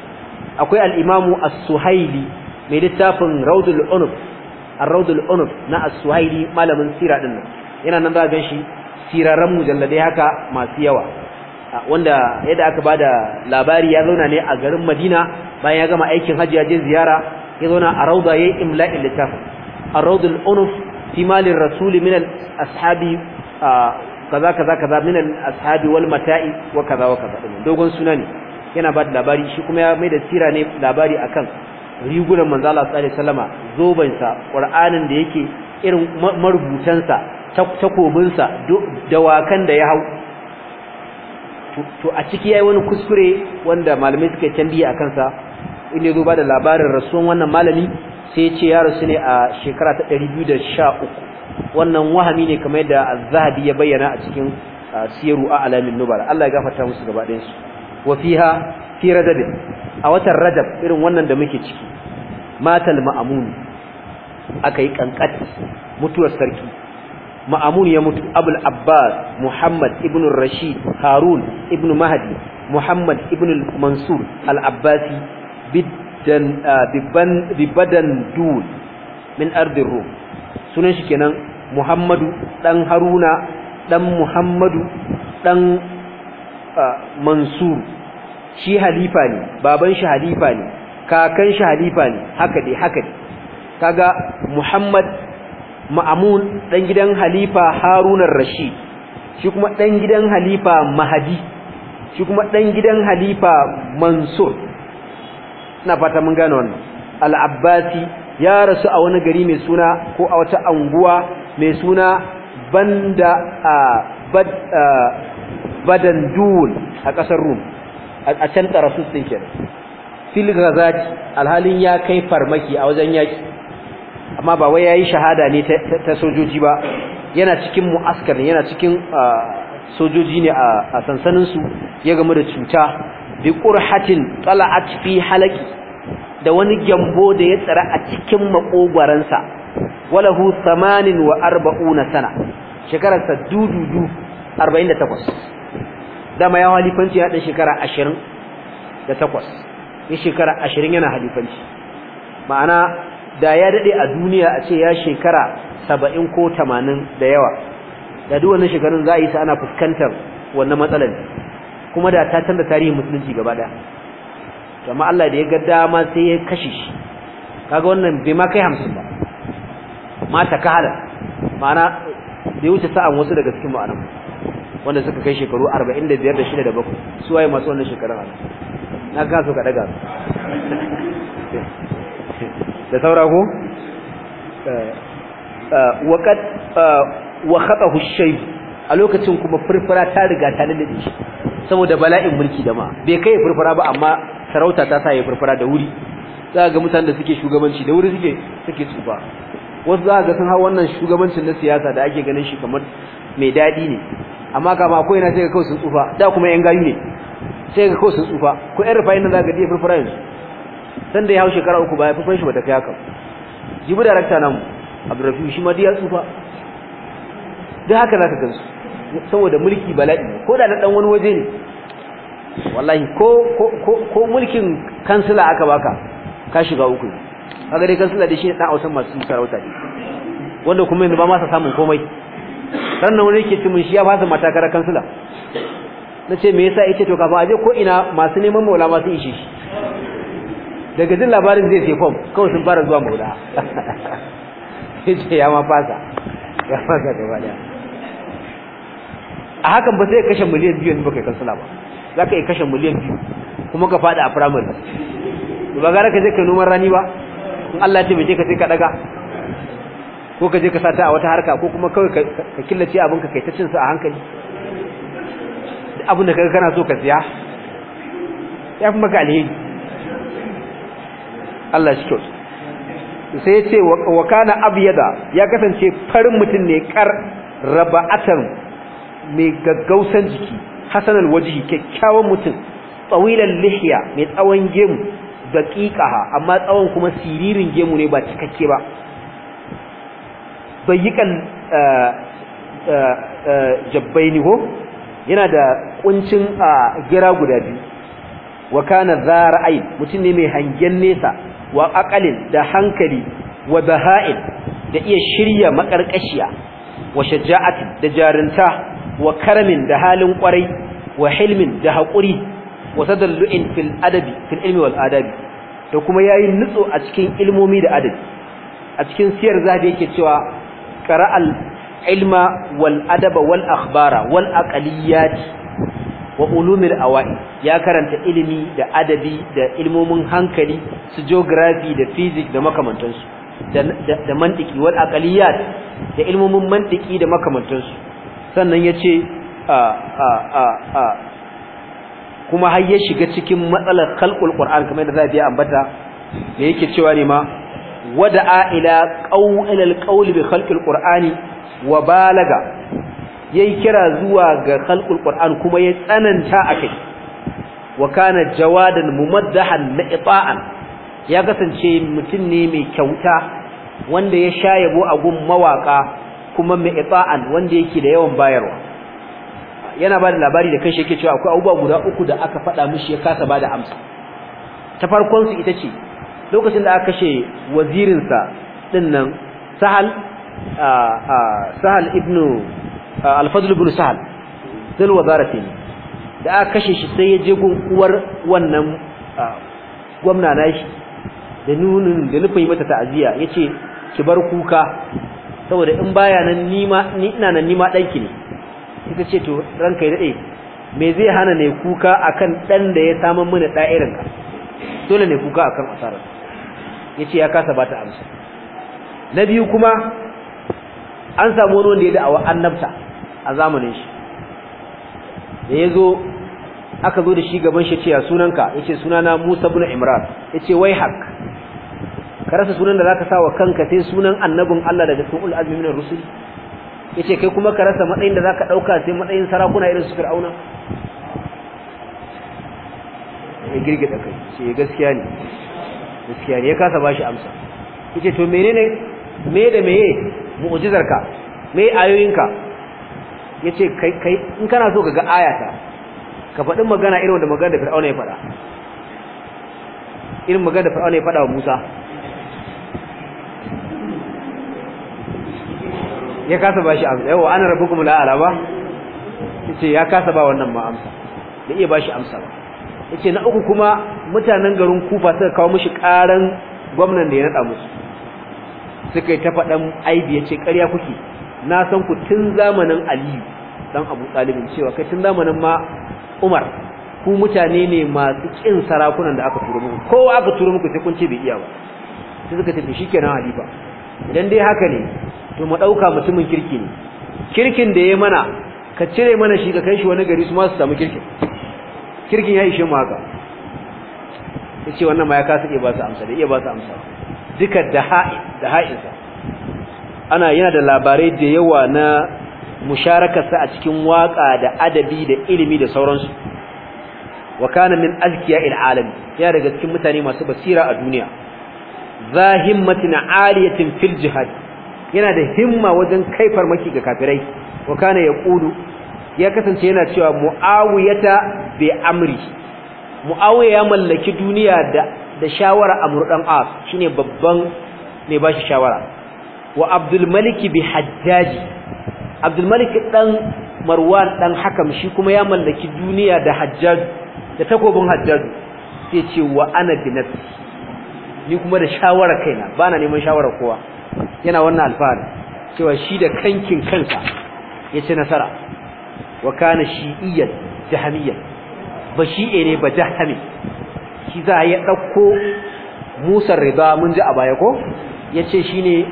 akwai al-imamu as-suhaili mai littafin raudul unuf ar-raudul unuf na as-suhaili malamin sira din yana nan da ga shi siraran mujalladai haka masu yawa wanda yadda aka ba da labari ya zauna ne a garin Madina bayan ya gama aikin hajji ya je ziyara ya zauna a rauda yayin imla'il littafin ar-raudul unuf fi malir rasul min al-ashabi kaza kaza kaza min ashabi wal mata'i wa kaza wa kaza dogon suna ne yana bada labari shi kuma ya mai da sira ne labari kan rigunan manzo Allah sallallahu alaihi sa qur'anin da yake irin marubutansa takobinsa dawakan da ya hau to a ciki yayi wani kuskure wanda malamai suka tambaye a kansa, inda zo ba da labarin rasuwan wannan malami sai ya ce ya rasu ne a shekara ta 213 wannan wahami ne kamar yadda az-zahabi ya bayyana a cikin siru a alamin nubala Allah ya gafarta musu gaba ɗayan su wa fiha fi radab a watan Rajab irin wannan da muke ciki matal ma'amun akai kankat mutuwar sarki ma'amun ya mutu abul abbas muhammad ibn rashid harun ibn mahdi muhammad ibn mansur al-abbasi bibadan ah, dul min ardin rum sunan shi kenan muhammadu dan haruna dan muhammadu dan ah, mansur shi halifa ne baban shi halifa ne kakan shi halifa ne haka dai haka dai kaga muhammad ma'amun dan gidan halifa harunar rashid shi kuma dan gidan halifa mahadi shi kuma dan gidan halifa mansur ina fata mun gane wannan al-abbasi ya rasu a wani gari mai suna ko a wata anguwa mai suna banda a bad badandul a kasar rum a can tarasus din kenan fil ghazati alhalin ya kai farmaki a wajen yaki amma ba wai yayi shahada ne ta sojoji ba yana cikin mu'askar yana cikin sojoji ne a sansanin su ya gamu da cuta bi qurhatin tala'at fi halaki da wani gyambo da ya tsara a cikin sa walahu 48 sana shekarar sa dududu 48 dama ya halifanci ya dan shekara 20 da 8 ni shekara 20 yana halifanci ma'ana da ya dade a duniya a ce ya shekara saba'in ko tamanin da yawa da duk wannan shekarun za a yi sa ana fuskantar wannan matsalar kuma da ta canza tarihin musulunci gaba ɗaya amma Allah da ya ga dama sai ya kashe shi kaga wannan bai ma kai hamsin ba ma mata kahala ma'ana bai wuce sa'an wasu daga cikin ma'anar wanda suka kai shekaru arba'in da biyar da 7 su waye masu wannan shekarun na ka so ka daga da saura ko eh, eh, eh, wa khatahu a lokacin kuma furfura ta riga ta lalle shi saboda bala'in mulki da ma bai kai furfura ba amma sarauta ta sa ya furfura da wuri za ga mutanen da suke shugabanci da wuri suke suke tsufa wasu za ga sun hau wannan shugabancin na siyasa da ake ganin shi kamar mai daɗi ne amma ma akwai na sai ga kawai sun tsufa da kuma yan gayu ne sai ga kawai sun tsufa ko yan rufayin nan za ga dai furfura yanzu sanda ya hau shekara uku baya fufan shi bata kai haka jibi darakta namu abdurrafi shi ma diya tsufa duk haka zaka gansu saboda mulki bala'i ko da na dan wani waje ne wallahi ko ko ko mulkin kansila aka baka ka shiga uku kaga dai kansila da shi dan autan masu sarauta ne wanda kuma yanzu ba ma sa samun komai sannan wani yake cimin shi ya fasa matakara kansila na ce me yasa ce to kafin aje ko ina masu neman maula ma sun ishe shi daga jin labarin zai sai fom kawai sun fara zuwa maula yace ya ma fasa ya fasa gaba daya a hakan ba sai kashe miliyan biyu ne kai kansula ba za ka yi kashe miliyan biyu kuma ka fada a firamare ba gara ka je ka noman rani ba in Allah ya ce mai je ka sai ka daga ko ka je ka sata a wata harka ko kuma kawai ka killace abin ka kai ta cin a hankali abin da kaga kana so ka siya ya fi maka alheri Allah shi kyautu sai ya ce wa kana abyada ya kasance farin mutum ne kar raba'atan mai gaggausan jiki hasan wajhi kyakkyawan mutum tsawilan lihiya mai tsawon gemu daqiqaha amma tsawon kuma siririn gemu ne ba cikakke ba bayyikan eh, eh, eh, jabbaini ho yana da kuncin ah, gira guda biyu wa kana za ra'ayi mutum ne mai hangen nesa wa aqalin da hankali wa baha'il da iya shirya makarkashiya wa shaja'atin da jarinta wa karamin da halin kwarai wa hilmin da haƙuri wa tadallu'in fil adabi fil ilmi wal adabi da kuma yayin nutso a cikin ilmomi da adabi a cikin siyar zabi yake cewa qara'al ilma wal adaba wal akhbara wal aqaliyati wa ulumil awai ya karanta ilimi da adabi da ilmomin hankali su geography da physics da makamantansu da mantiki wal aqaliyat da ilmomin mantiki da makamantansu sannan yace a a a a kuma har ya shiga cikin matsalar khalqul qur'an kamar yadda zabi ambata me yake cewa ne ma wada'a ila qawl al qawl bi khalqil qur'ani wa balaga yayi kira zuwa ga khalqul qur'an kuma ya tsananta akai wa kana jawadan mumaddahan ita'an ya kasance mutum ne mai kyauta wanda ya sha yabo a gun mawaka kuma mai ita'an wanda yake da yawan bayarwa yana bada labari da kanshi yake cewa akwai abubuwa guda uku da aka faɗa mishi ya kasa bada amsa ta farkon su ita ce lokacin da aka kashe wazirin sa dinnan sahal sahal ibnu al-fadl ibn sahal dal wazarati da aka kashe shi sai ya je gun wannan gwamna nashi da nunin da nufin mata ta'aziya yace ki bar kuka saboda in baya nan nima ni ina nan nima danki ne ita ce to ranka ya dade me zai hana ne kuka akan dan da ya samu mini da'irin ka dole ne kuka akan asarar yace ya kasa bata amsa na biyu kuma an samu wani wanda ya da'awa annabta a zamanin shi da ya zo aka zo da shi gaban shi ce ya sunanka ya ce sunana musa bin imran ya ce wai hak ka rasa sunan da za ka sa wa kanka sai sunan annabin allah daga sun ul'azmi minar rusul ya ce kai kuma ka rasa matsayin da za ka ɗauka sai matsayin sarakuna irin su fir'auna ya girgida kai ce eh, gaskiya ne gaskiya ne ya kasa ba shi amsa Ya ce to menene me da meye mu'jizarka me ayoyinka yace kai kai in kana so ka ga ayata ka faɗi magana irin da magana da Fir'auna ya faɗa irin magana da Fir'auna ya faɗa wa Musa ya kasa ba shi amsa yawa ana rabbukum la'ala ba yace ya kasa ba wannan ma amsa da iya ba shi amsa ba yace na uku kuma mutanen garin Kufa suka kawo mishi karan gwamnan da ya nada musu suka yi ta faɗan aibi yace ƙarya kuke na san ku tun zamanin aliyu dan abu talibin cewa kai tun zamanin ma umar ku mutane ne masu kin sarakunan da aka turo muku kowa aka turo muku sai kun ce bai iya ba sai suka tafi shikenan ba idan dai haka ne to mu dauka mutumin kirki ne kirkin da yayi mana ka cire mana shi ka kai shi wani gari su ma su samu kirkin kirkin ya ishe mu haka ce wannan ma ya kasa iya ba su amsa da iya ba su amsa duka da ha'i da ha'insa ana yana da labarai da yawa na musharakarsa a cikin waƙa da adabi da ilimi da sauransu wa kana min azkiya alami ya daga cikin mutane masu basira a duniya za himmatin aliyatin fil jihad yana da himma wajen kai farmaki ga kafirai wa kana yaqulu ya kasance yana cewa muawiyata bi amri muawiya ya mallaki duniya da da shawara amru dan as shine babban ne bashi shawara wa Abdul bi Hajjaji Abdul ɗan Marwan ɗan Hakam shi kuma ya mallaki duniya da Hajjaj da takobin Hajjaj sai ce wa ana bi ni kuma da shawarar kaina bana neman shawarar kowa yana wannan alfahari cewa shi da kankin kansa yace nasara wa kana shi'iyyan jahamiyyan ba shi ne ba jahami shi za ya ɗauko musar Rida mun ji a baya ko yace shine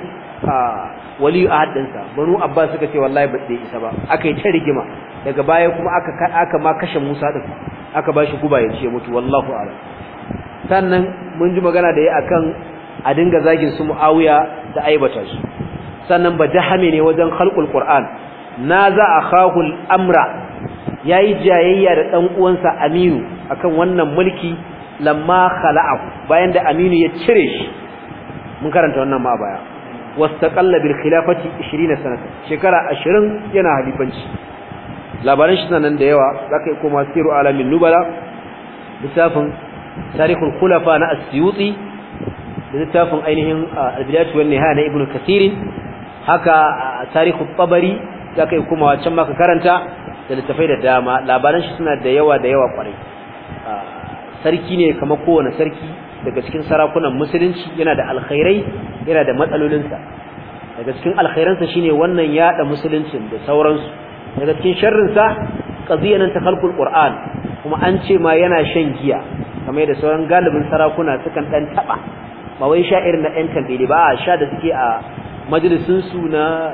waliyu a haddansa. banu abbas suka ce wallahi ba zai isa ba aka yi ta rigima daga baya kuma aka ma kashe musa din aka ba shi guba ya ce mutu wallahu a'lam sannan mun ji magana da yi akan a dinga zagin su muawiya da aibata su sannan ba jahame ne wajen khalqul qur'an na za a khahul amra yayi jayayya da dan uwansa aminu akan wannan mulki lamma khala'ahu bayan da aminu ya cire shi mun karanta wannan ma baya wastaqalla bil khilafati 20 sanatan shekara 20 yana halifanci labaran shi nan da yawa zaka yi koma siru alamin nubala littafin tarihul khulafa na as-siyuti littafin ainihin al-bidayatu wan nihaya na ibnu kathir haka tarihin tabari zaka yi koma can maka karanta da littafai da dama labaran shi suna da yawa da yawa kwarai sarki ne kamar kowane sarki daga cikin sarakunan musulunci yana da alkhairai yana da matsalolinsa daga cikin alkhairansa shine wannan yada musuluncin da sauransu daga cikin sharrinsa qadiyan ta khalqul qur'an kuma an ce ma yana shan giya kamar da sauran galibin sarakuna sukan dan taba ba wai sha'irin na ɗan tambili ba sha da suke a majalisun su na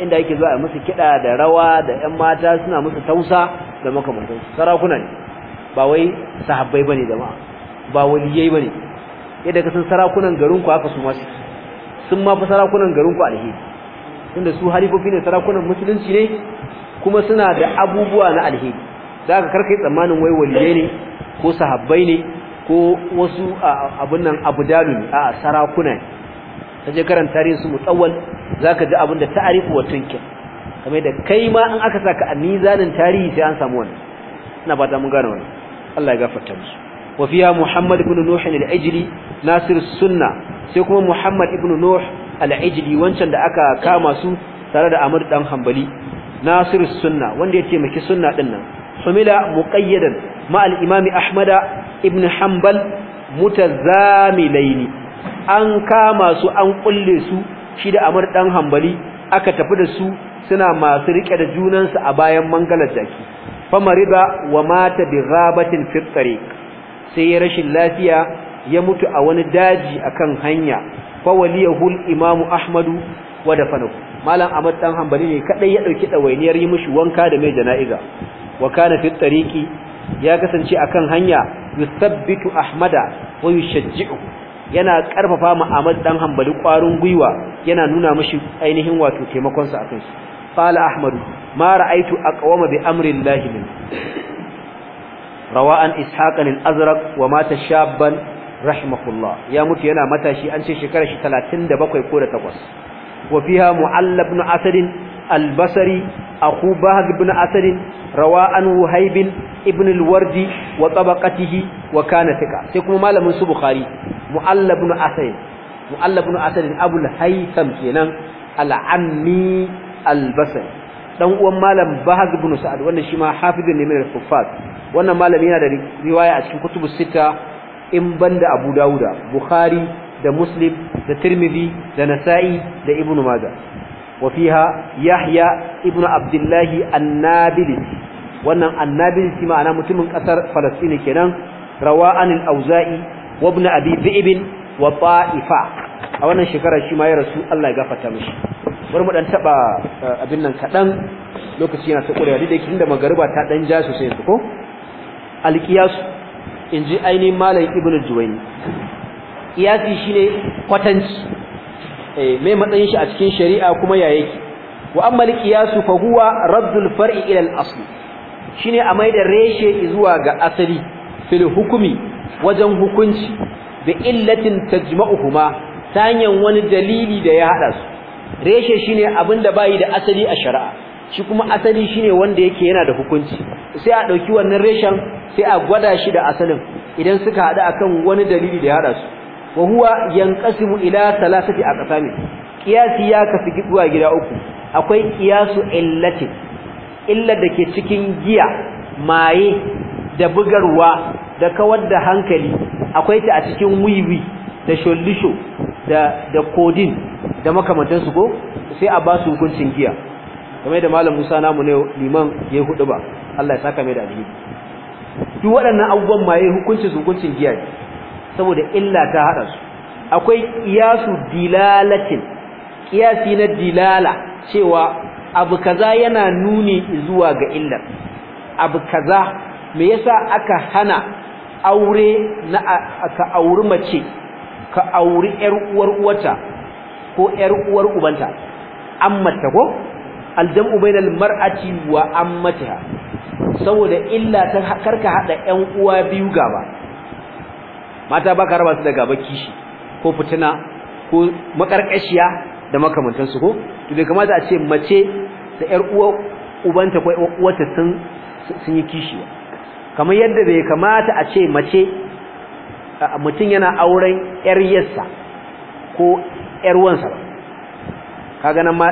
inda yake zuwa musu kiɗa da rawa da ƴan mata suna musu tausa da makamantansu sarakuna ne ba wai sahabbai bane jama'a ba waliyai bane yadda ka san sarakunan garin ku haka su masu sun ma fi sarakunan garin ku alheri tunda su halifofi ne sarakunan musulunci ne kuma suna da abubuwa na alheri za ka yi tsammanin wai waliyai ne ko sahabbai ne ko wasu abin nan dalu ne a sarakuna ne ta je karanta tarihin su za ka ji abin da arifu wa tunke kamar da kai ma in aka saka a mizanin tarihi sai an samu wani na ba ta mun gane wani, Allah ya gafarta musu وفيها محمد بن نوح العجلي ناصر السنة سيكون محمد بن نوح العجلي وانشان دا أكا كاماسو ترد أمر دان حنبلي ناصر السنة وان دي تيمكي سنة دنا حمل مقيدا مع الإمام أحمد بن حنبل متزاملين an kama su an kulle su shi da amur dan hambali aka tafi da su suna masu rike da junansu a bayan mangalar jaki famariba wa mata bi ghabatin fi tariq sai ya rashin lafiya ya mutu a wani daji akan hanya ya al imamu ahmadu wa dafanahu malam ahmad dan hanbali ne kadai ya ɗauki ɗawainiyar yi mishi wanka da mai jana'iza wa kana fi ya kasance akan hanya yusabbitu ahmada wa yushajji'u yana ƙarfafa mu ahmad dan hanbali kwarin gwiwa yana nuna mishi ainihin wato taimakon sa akan shi qala ahmadu mara aitu aqwama bi amrillahi llahi min rawa an ishaqan al-azraq wa mata shabban rahimahullah ya mutu yana matashi an ce shekarar shi 37 ko da 8 wa fiha mu'allab ibn asad al-basri akhu bahd ibn asad rawa an wahib ibn al-wardi wa tabaqatihi wa kana thiqa sai kuma malamin su bukhari mu'allab ibn asad mu'allab ibn asad abul haytham kenan al-ammi al-basri dan uwan malam bahd ibn sa'ad wannan shi ma hafizun ne min al-kuffar wannan malami yana da riwaya a cikin kutubu sita in banda Abu Dawuda Bukhari da Muslim da Tirmidhi da Nasa'i da Ibn Majah wa fiha Yahya ibn Abdullah An-Nabilisi wannan an ma'ana mutumin kasar Palestine kenan rawa anil Auza'i wa ibn Abi Dhi'b wa Ta'ifa a wannan shekarar shi ma ya rasu Allah ya gafarta mishi bari mu dan taba eh, abin nan kadan lokaci yana ta kurewa duk da kin da magariba ta dan ja sosai ko alqiyas in ji ainihin malam ibnu juwayni shi ne kwatanci eh, mai matsayin shi a cikin shari'a kuma ya yake wa amma alqiyasu fa huwa raddul far'i ila al shi shine a da reshe zuwa ga asali fil hukumi wajen hukunci bi illatin tajma'uhuma ta hanyar wani dalili da ya hada su reshe shine abin da bai da asali a shari'a shi kuma asali shine wanda yake yana da hukunci sai a ɗauki wannan reshen sai a gwada shi da asalin idan suka hada akan wani dalili da ya hada su wa huwa yanqasimu ila thalathati aqsami qiyasi ya kafi giduwa gida uku akwai qiyasu illati illa ke cikin giya maye da bugarwa da kawar da hankali akwai ta a cikin wiwi da sholisho da da kodin da makamantansu ko sai a ba su hukuncin giya kamar da malam Musa namu ne liman ya hudu ba Allah ya saka mai da alheri duk waɗannan abubuwan maye hukunci su hukuncin giya ne saboda illa ta hada su akwai qiyasu dilalatin qiyasi na dilala cewa abu kaza yana nuni zuwa ga illar abu kaza me yasa aka hana aure na aka auri mace ka auri yar uwar uwata ko yar uwar ubanta amma ta ko aljam'u bainal mar'ati wa ammatiha saboda illa ta karka hada yan uwa biyu gaba mata baka raba su da gaba kishi ko fitina ko makarkashiya da makamantan su ko to bai kamata a ce mace da ƴar uwa ubanta ko uwarta sun sun yi kishi kamar yadda bai kamata a ce mace mutum yana auren ƴar yarsa ko ƴar wansa ba kaga nan ma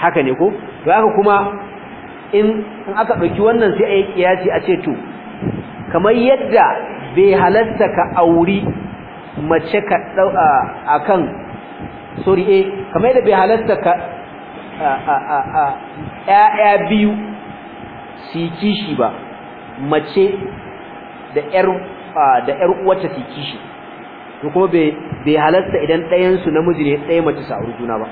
haka ne ko to haka kuma in aka dauki wannan sai a yi a ce to kamar yadda bai halatta ka auri mace ka ɗau a kan sorry eh kamar yadda bai halatta ka ‘ya'ya biyu su yi kishi ba mace da ‘yar uwata su yi kishi to kuma bai halatta idan ɗayansu namiji ne ɗaya mace sa auri juna ba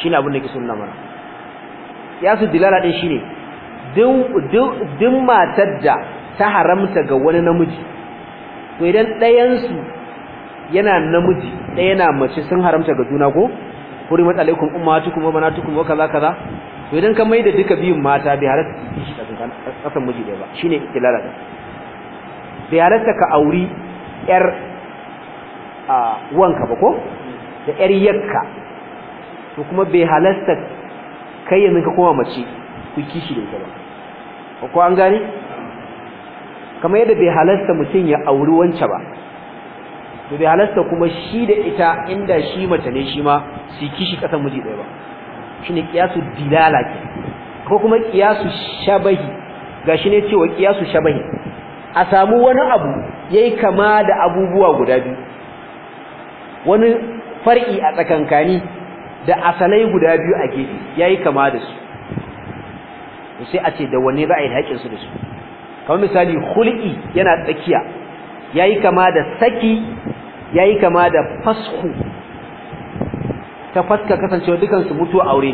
shine abin da yake sunna mana su dilala din shine duk matar da ta haramta ga wani namiji to idan ɗayan su yana namiji ɗaya yana mace sun haramta ga juna ko hurimat alaikum ummatukum wa banatukum wa kaza kaza to idan ka maida duka biyun mata bai halatta ki shi da kasan miji ɗaya ba shine dilala din bai haramta ka auri yar wanka ba ko da yar yakka to kuma bai halasta kai yanzu ka koma mace ku kishi da ita ba ko an gane kamar yadda bai halasta mutum ya auri wance ba to bai halasta kuma shi da ita inda shi mace ne shi ma su kishi kasan miji ɗaya ba shine qiyasu dilala ke ko kuma qiyasu shabahi gashi ne cewa qiyasu shabahi a samu wani abu yayi kama da abubuwa guda biyu wani far'i a tsakankani da asalai guda biyu a gefe yayi kama da su sai a ce da wanne za a haƙin da su kamar misali khul'i yana tsakiya yayi kama da saki yayi kama da fasku ta faska kasancewa dukan su mutu aure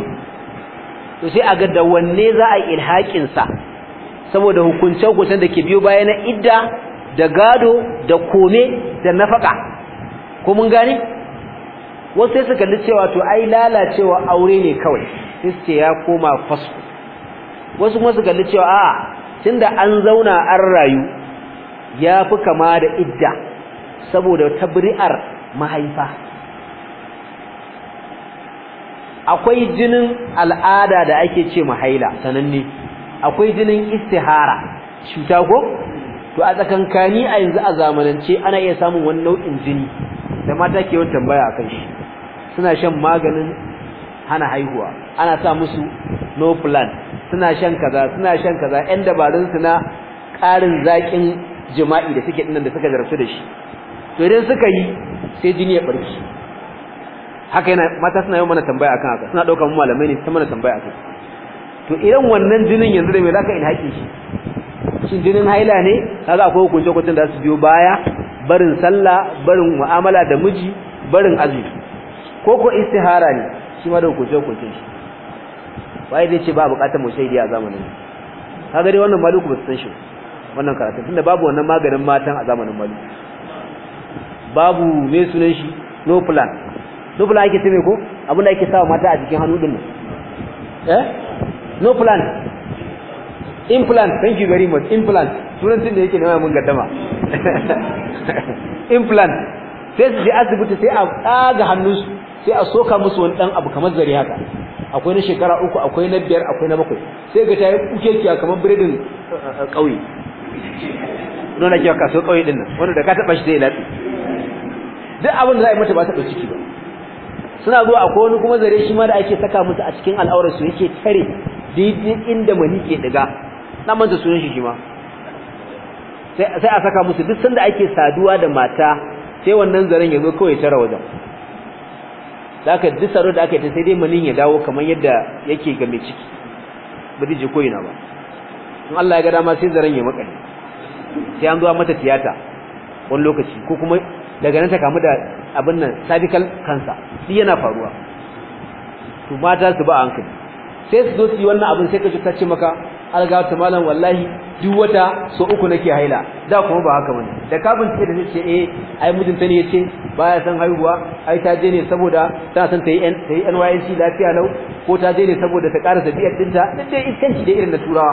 to sai a ga da wanne za a yi ilhaƙin sa saboda hukuncen hukuncen da ke biyo baya na idda da gado da kome da nafaka ko mun gane wasu sai suka kalli cewa to ai lalacewa aure ne kawai sai ce ya koma fasku. wasu kuma suka kalli cewa a tunda an zauna an rayu ya fi kama da idda saboda tabri'ar mahaifa akwai jinin al'ada da ake ce mahaila sananne akwai jinin istihara cuta ko to a tsakankani a yanzu a zamanance ana iya samun wani nau'in jini da mata ke yin tambaya akan shi suna shan maganin hana haihuwa ana sa musu no plan suna shan kaza suna shan kaza ɗan dabarun su na ƙarin zaƙin jima'i da suke dinnan da suka zarfi da shi to idan suka yi sai jini ya barki haka yana mata suna yi mana tambaya akan haka suna ɗaukar malamai ne ta mana tambaya akan to idan wannan jinin yanzu da me zaka in haƙi shi shin jinin haila ne kaga akwai hukunce hukuncin da su biyo baya barin sallah barin mu'amala da miji barin azumi ko ko istihara ne shi ma da kuce kuce shi wai zai ce ba bukatar shaidi a zamanin mu. kaga dai wannan maluku ba su san shi wannan karatu tunda babu wannan maganin matan a zamanin maluku babu me sunan shi no plan no plan ake tume ko abin da ake sawa mata a cikin hannu din eh no plan implant thank you very much implant sunan tun da yake nema mun gaddama implant sai su je asibiti sai a tsaga hannunsu sai a soka musu wani dan abu kamar zari haka akwai na shekara uku akwai na biyar akwai na bakwai sai ga tayi kukekiya kamar biredin kauye eh, eh, nuna kiwa kaso kauye din nan wanda da ka taba shi sai latsi duk abin da za a yi mata ba ta dauki ciki ba suna zuwa akwai wani kuma zare shi ma da ake saka musu a cikin al'aurar su yake tare daidai inda mani ke daga na manta sunan shi shi ma sai a saka musu duk sanda ake saduwa da mata sai wannan zaren ya zo kawai tara wajen da aka duk da aka yi ta sai dai manin ya dawo kamar yadda yake ga mai ciki ba zai ko ina ba in Allah ya ga dama sai zaran ya makale sai an zuwa mata tiyata wani lokaci ko kuma daga nan ta kamu da abin nan cervical cancer shi yana faruwa to mata su ba hankali sai su zo su yi wannan abin sai ka ji ta maka algatu malam wallahi duk wata so uku nake haila da kuma ba haka bane da kafin sai da ce eh ai mijinta ne yace baya san haihuwa ai ta je ne saboda ta san ta yi ta yi NYC lafiya lau ko ta je ne saboda ta karasa biyar dinta duk eh, dai iskanci da irin na turawa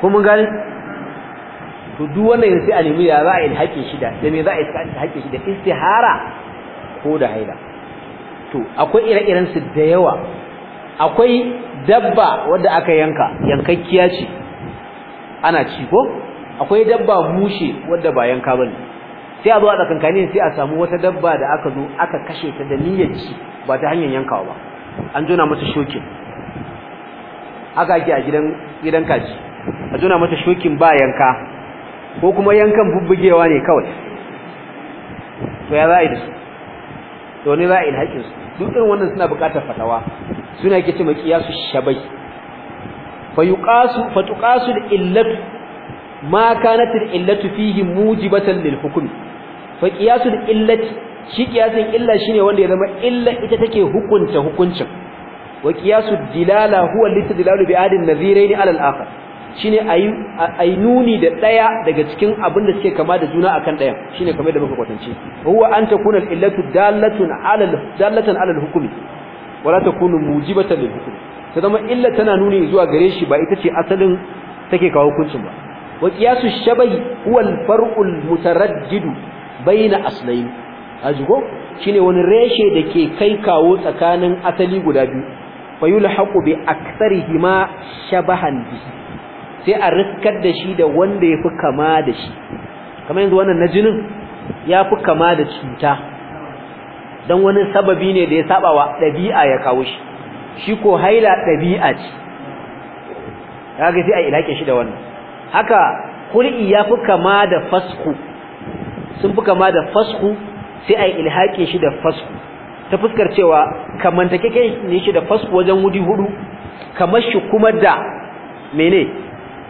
ko mun gani to duk wannan yace a nemi ya za a yi haƙƙin shi da da me za a yi haƙe shi da istihara ko da haila to akwai ire-iren su da yawa akwai dabba wadda aka yanka yankakkiya ce ana ci ko akwai dabba mushe wadda ba yanka bane sai a zo a tsakankani sai a samu wata dabba da aka zo aka kashe ta da niyyar ci ba ta hanyar yankawa ba an jona mata shokin aka ake a gidan gidan kaji a jona mata shokin ba yanka ko kuma yankan bubbugewa ne kawai to ya za a yi da su to ne za a yi da haƙƙinsu duk irin wannan suna buƙatar fatawa suna yake cewa qiyasu shabai fa yuqasu fa tuqasu al-illat ma kanat al-illatu fihi mujibatan lil hukm fa qiyasu al-illat shi qiyasin illa shine wanda ya zama illa ita take hukunta hukuncin wa qiyasu dilala huwa litdilalu bi adin nadhiraini ala al-akhar shine ayi ayi nuni da daya daga cikin abin da suke kama da juna akan daya shine kamar da muka kwatance huwa an takuna illatu dalatun ala dalatan ala hukumi wala takunu mujibatan lil hukumi ta zama illa tana nuni zuwa gare shi ba ita ce asalin take kawo hukuncin ba wa qiyasu shabai huwa al-far'u al-mutaraddid bayna aslayn ajigo shine wani reshe da ke kai kawo tsakanin asali guda biyu fayul yulhaqu bi aktharihima shabahan bihi sai a rikkar da shi da wanda ya fi kama da shi kamar yanzu wannan na jinin ya fi kama da cuta don wani sababi ne da ya saba wa ɗabi'a ya kawo shi shi ko haila ɗabi'a ce ga sai a ilaƙe shi da wannan haka kuri'i ya fi kama da fasku sun fi kama da fasku sai a ilhaƙe shi da fasku ta fuskar cewa kamantake ne shi da fasku wajen wudi hudu kamar shi kuma da mene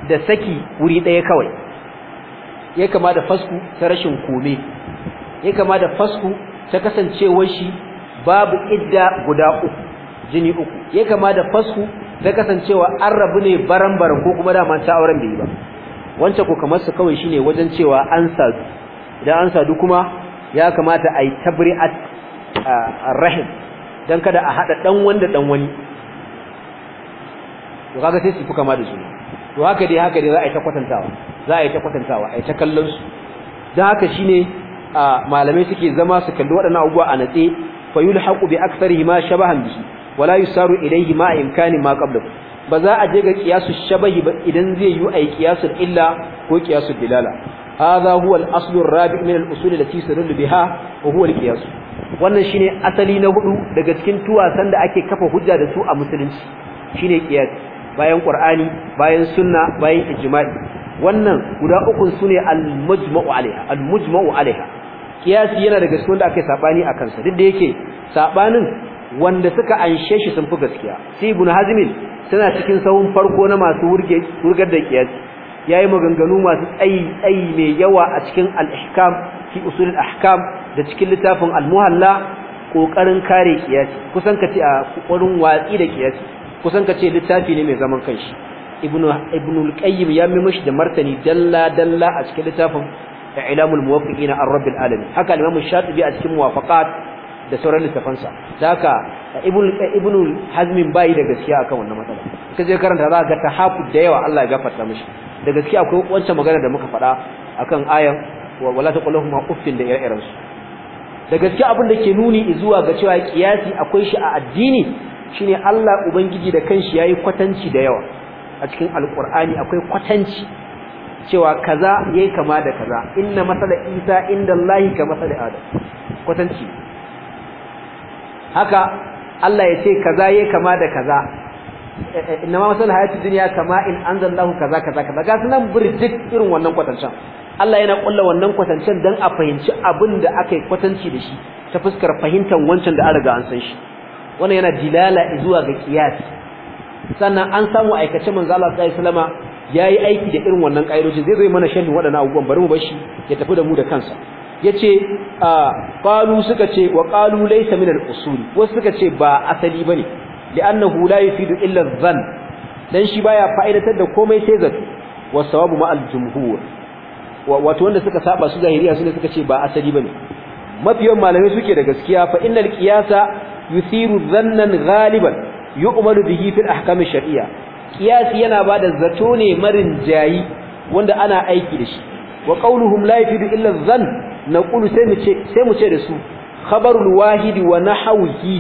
da saki wuri ɗaya kawai ya kama da fasku ta rashin kome ya kama da fasku ta kasancewar shi babu idda guda uku jini uku ya kama da fasku ta kasancewa an rabu ne baran-baran ko kuma dama ta auren bai ba wancan ko kamar su kawai shine wajen cewa an sadu idan an sadu kuma ya kamata a yi tabri'at rahim don kada a haɗa ɗan wanda ɗan wani to kaga sai su fi kama da juna to haka dai haka dai za a yi ta kwatantawa za a yi ta kwatantawa a yi ta kallon su da haka shine malamai suke zama su kalli waɗannan abubuwa a natse fa yulhaqu bi aktsarihi ma shabahan bihi wala yusaru ilayhi ma imkani ma qablahu ba za a je ga qiyasu shabahi ba idan zai yi ai qiyasul illa ko qiyasul dilala hadha huwa al-aslu ar-rabi' min al-usul allati sadallu biha wa huwa al-qiyas wannan shine asali na hudu daga cikin tuwasan da ake kafa hujja da su a musulunci shine qiyas bayan qur'ani bayan sunna bayan ijma'i wannan guda uku sune al-mujma'u alaiha al-mujma'u alaiha kiyasi yana daga cikin wanda aka sabani a kansa duk da yake sabanin wanda suka anshe shi sun fi gaskiya sai ibn hazmin suna cikin sahun farko na masu wurge wurgar da kiyasi yayi maganganu masu tsayi tsayi mai yawa a cikin al-ihkam fi usul al-ahkam da cikin littafin al-muhalla kokarin kare kiyasi kusan kace a kokarin watsi da kiyasi kusan ka ce littafi ne mai zaman kanshi ibnu ibnu al-qayyim ya mai mashi da martani dalla dalla a cikin littafin ilamul muwaffiqina ar-rabbil alamin haka al-imam shatibi a cikin muwafaqat da sauran littafansa haka ibnu ibnu hazmin bai da gaskiya akan wannan matsala kaje karanta za ga tahafud da yawa Allah ya gafarta mishi da gaskiya akwai wancan magana da muka faɗa akan ayan wala taqulhum uffin da ire da gaskiya abin da ke nuni zuwa ga cewa kiyasi akwai shi a addini ne Allah ubangiji da kanshi ya yi kwatanci da yawa a cikin Alƙur'ani akwai kwatanci cewa kaza yi kama da kaza inna matsala isa inda Allah ka matsala adam kwatanci haka Allah ya ce kaza yi kama da kaza eh, eh, inna ma matsala hayatu duniya kama in anzalallahu kaza kaza kaza ga sunan burjik irin wannan kwatancin Allah yana kulla wannan kwatancin don a fahimci abin da aka yi kwatanci da shi ta fuskar fahimtar wancan da an riga an san shi wannan yana dilala zuwa ga kiyasi sannan an samu aikace manzo Allah sallallahu alaihi wasallama yayi aiki da irin wannan kaidojin zai zai mana sharhi wadannan abubuwan bari mu bashi ya tafi da mu da kansa yace qalu suka ce wa qalu laysa min al-usul wasu suka ce ba asali bane li'annahu la yufidu illa dhann dan shi baya fa'idatar da komai sai zato wa sawabu ma al-jumhur wato wanda suka saba su zahiriya sune suka ce ba asali bane mafiyan malamai suke da gaskiya fa innal qiyasa yusiru zannan galiban yu'malu bihi fil ahkam ash-shar'iyya qiyasi yana bada zato ne marin jayi wanda ana aiki da shi wa qawluhum la yafidu illa dhann naqulu sai mu ce sai mu ce da su khabarul wahidi wa nahawhi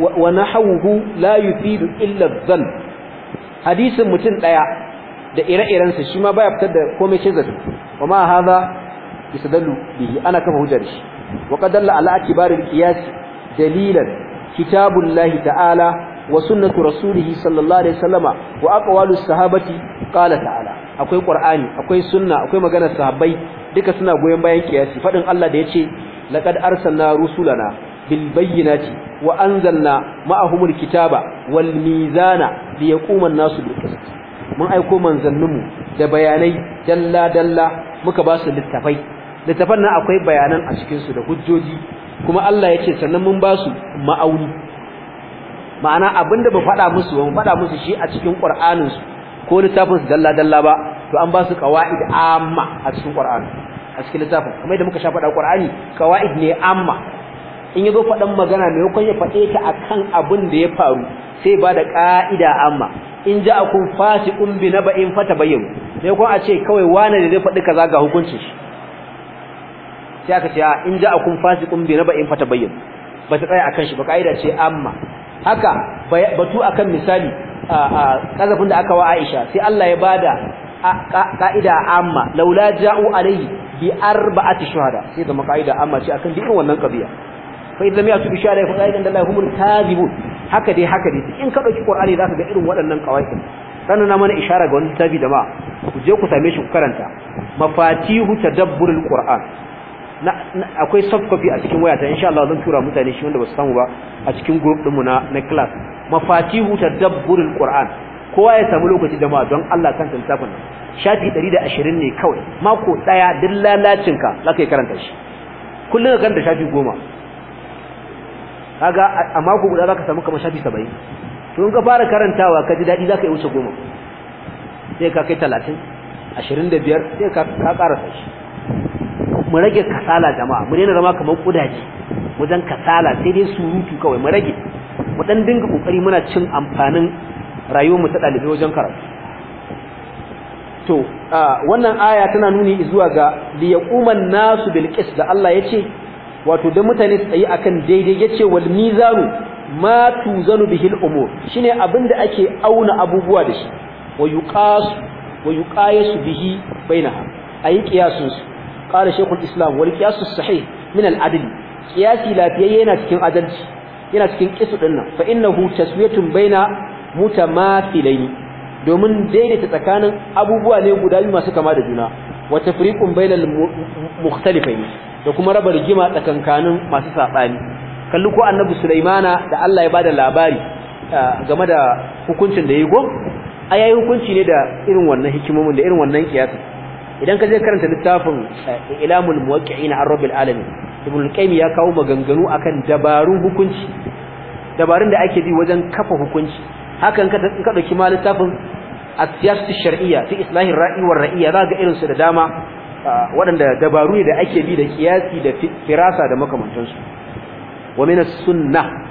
wa nahawhu la yufidu illa dhann hadisin mutum daya da ire-irensa shi ma baya fitar da komai ce zato wa ma hadha istadallu bihi ana kafa hujjar shi wa qad dalla ala atibaril qiyas dalilan kitabullahi ta'ala wa sunnatu rasulihi sallallahu alaihi wasallama wa aqwalus sahabati qala akwai qur'ani akwai sunna akwai maganar sahabbai duka suna goyen bayan kiyasi fadin Allah da yace laqad arsalna rusulana bil bayyinati wa anzalna ma'ahumul kitaba wal mizana liyaquma an-nasu bil qist mun aiko manzanninmu da bayanai dalla dalla muka ba su littafai littafan nan akwai bayanan a cikin su da hujjoji kuma Allah ya ce sannan mun ba su ma'auni ma'ana abinda ba faɗa musu ba mu faɗa musu shi a cikin Qur'anin su ko littafin su dalla dalla ba to an ba su qawaid amma a cikin Qur'ani a cikin littafin kuma idan muka sha faɗa Qur'ani qawaid ne amma in yazo faɗan magana mai hukun ya faɗe ta akan abin da ya faru sai ba da ƙa'ida amma in ja'akum fasiqun bi naba'in fatabayyin sai kun a ce kawai wani ne zai faɗi kaza ga hukuncin shi sai aka ce ah, in ja'akum fasiqun bi naba'in fatabayyin ba ta tsaya akan shi ba kaida ce amma haka batu akan misali kazafin da aka wa Aisha sai Allah ya bada kaida amma laula ja'u alayhi bi arba'ati shuhada sai zama kaida amma ce akan dukkan wannan kabiya fa idan lam yatu bi shahada fa qaidan lillahi humul kadhibun haka dai haka dai in ka dauki qur'ani zaka ga irin waɗannan kawaidin sannan na mana ishara ga wani tabi da ma ku je ku same shi ku karanta mafatihu tadabburul qur'an akwai soft copy a cikin wayata insha Allah zan tura mutane shi wanda ba su samu ba a cikin group dinmu na na class mafatihu tadabburul qur'an kowa ya samu lokaci jama'a don Allah kan tantafin shafi 120 ne kawai mako daya duk lalacin ka zaka yi karanta shi kullun ka karanta shafi 10 kaga a mako guda zaka samu kamar shafi 70 to in ka fara karantawa ka ji dadi zaka yi wuce 10 sai ka kai 30 25 sai ka karasa shi mu rage kasala jama'a mu daina zama kamar kudaje wajen kasala sai dai surutu kawai mu rage mu dan dinga kokari muna cin amfanin rayuwar mu ta dalibai wajen karatu to wannan aya tana nuni zuwa ga li yaquman nasu bil qis da Allah yace wato da mutane su tsayi akan daidai yace wal mizanu ma tuzanu bihil umur shine abinda ake auna abubuwa da shi wa yuqas wa yuqayasu bihi bainaha ayi qiyasun su qala shaykhul islam wal qiyas sahih min al adl qiyasi lafiyayye yana cikin adalci yana cikin kisu din nan fa innahu taswiyatun baina mutamathilaini domin daidaita tsakanin abubuwa ne guda biyu masu kama da juna wa tafriqun bainal mukhtalifaini da kuma raba rigima tsakankanin masu sabani kalli ko annabi sulaimana da Allah ya bada labari game da hukuncin da yayi go ayayi hukunci ne da irin wannan hikimomin da irin wannan kiyasin idan ka je karanta littafin eh, ilamul muwaqqi'in na rabbil alamin ibn al-qayyim ya kawo maganganu akan dabarun hukunci dabarun da ake bi wajen kafa hukunci hakan ka ka dauki ma littafin as-siyasatu shar'iyya fi islahi ra'i war ra'iyya zaka ga irin su da dama ah, waɗanda dabaru ne da ake bi da kiyasi da firasa da makamantansu wa min as-sunnah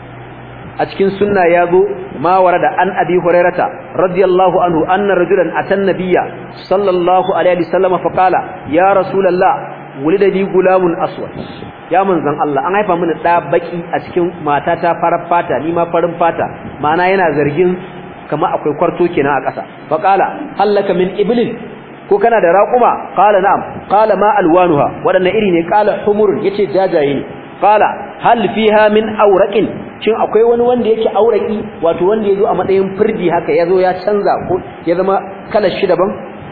a cikin sunna ya zo ma warada an abi hurairata radiyallahu anhu anna rajulan atan nabiyya sallallahu alaihi wasallam fa qala ya rasulullah wulida li gulamun aswad ya manzon Allah an haifa mini da baki a cikin matata farar fata ni ma farin fata mana yana zargin kama akwai kwarto kenan a ƙasa fa qala hallaka min iblin ko kana da raquma qala na'am qala ma alwanuha wadanne iri ne qala humurun yace jajaye ne qala hal fiha min awraqin shin akwai wani wanda yake auraki wato wanda yazo a matsayin firdi haka yazo ya canza ko ya zama kalar shi daban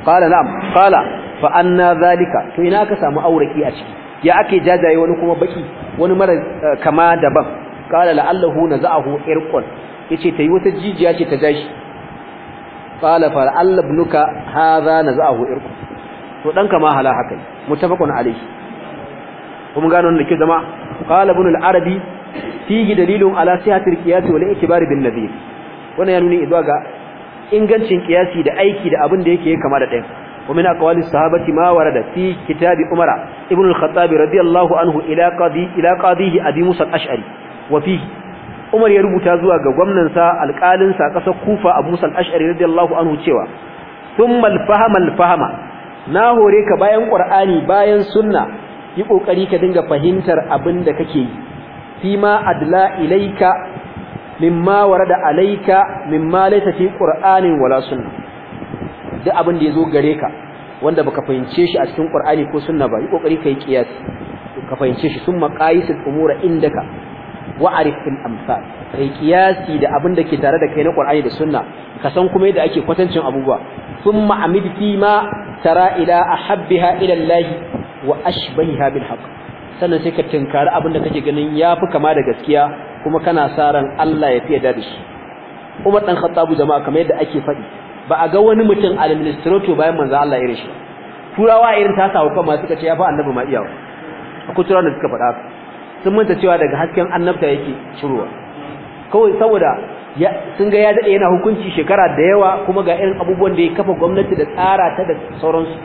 qala na'am qala fa anna zalika to ina ka samu auraki a ciki ya ake jajaye wani kuma baki wani mara eh, kama daban qala la'allahu naza'ahu irqun yace tayi wata jijiya ce ta jashi qala fa la'alla ibnuka hadha naza'ahu irqun to ka ma hala haka mutafaqun alayhi kuma gano wannan ke jama'a qala ibn arabi fihi dalilun ala sihhatil qiyas wal i'tibar bin nadhir wannan ya nuna zuwa ga ingancin qiyasi da aiki da abin da yake kama da ɗayan ومن أقوال الصحابة ما ورد في كتاب أمر ابن الخطاب رضي الله عنه إلى قاضي إلى قاضيه أبي موسى الأشعري وفيه أمر يربط زوا غومنن سا القالن كوفة أبو موسى الأشعري رضي الله عنه cewa ثم الفهم الفهم na hore ka bayan Ƙur'ani bayan sunna yi kokari ka dinga fahimtar abin da kake yi fima adla ilaika mimma warada alaika mimma laysa fi qur'anin wala sunna duk abin da yazo gare ka wanda baka fahimce shi a cikin qur'ani ko sunna ba yi kokari kai kiyasi ka fahimce shi summa qaisul umura indaka wa arif fil amsal kai kiyasi da abin da ke tare da kai na qur'ani da sunna ka san kuma yadda ake kwatancin abubuwa summa amid ma tara ila ahabbiha ila allahi wa ashbahiha bil haqq sannan sai ka tinkari abin da kake ganin yafi kama da gaskiya kuma kana sa ran Allah ya fiye da shi Umar dan Khattab jama'a kamar yadda ake faɗi ba a ga wani mutum administrator bayan manzo Allah irin shi turawa irin ta sawo kan ma suka ce ya fa annabi ma iyawa akwai turawa da suka faɗa sun manta cewa daga hasken annabta yake shiruwa kawai saboda sun ga ya dade yana hukunci shekara da yawa kuma ga irin abubuwan da ya kafa gwamnati da tsara ta da sauransu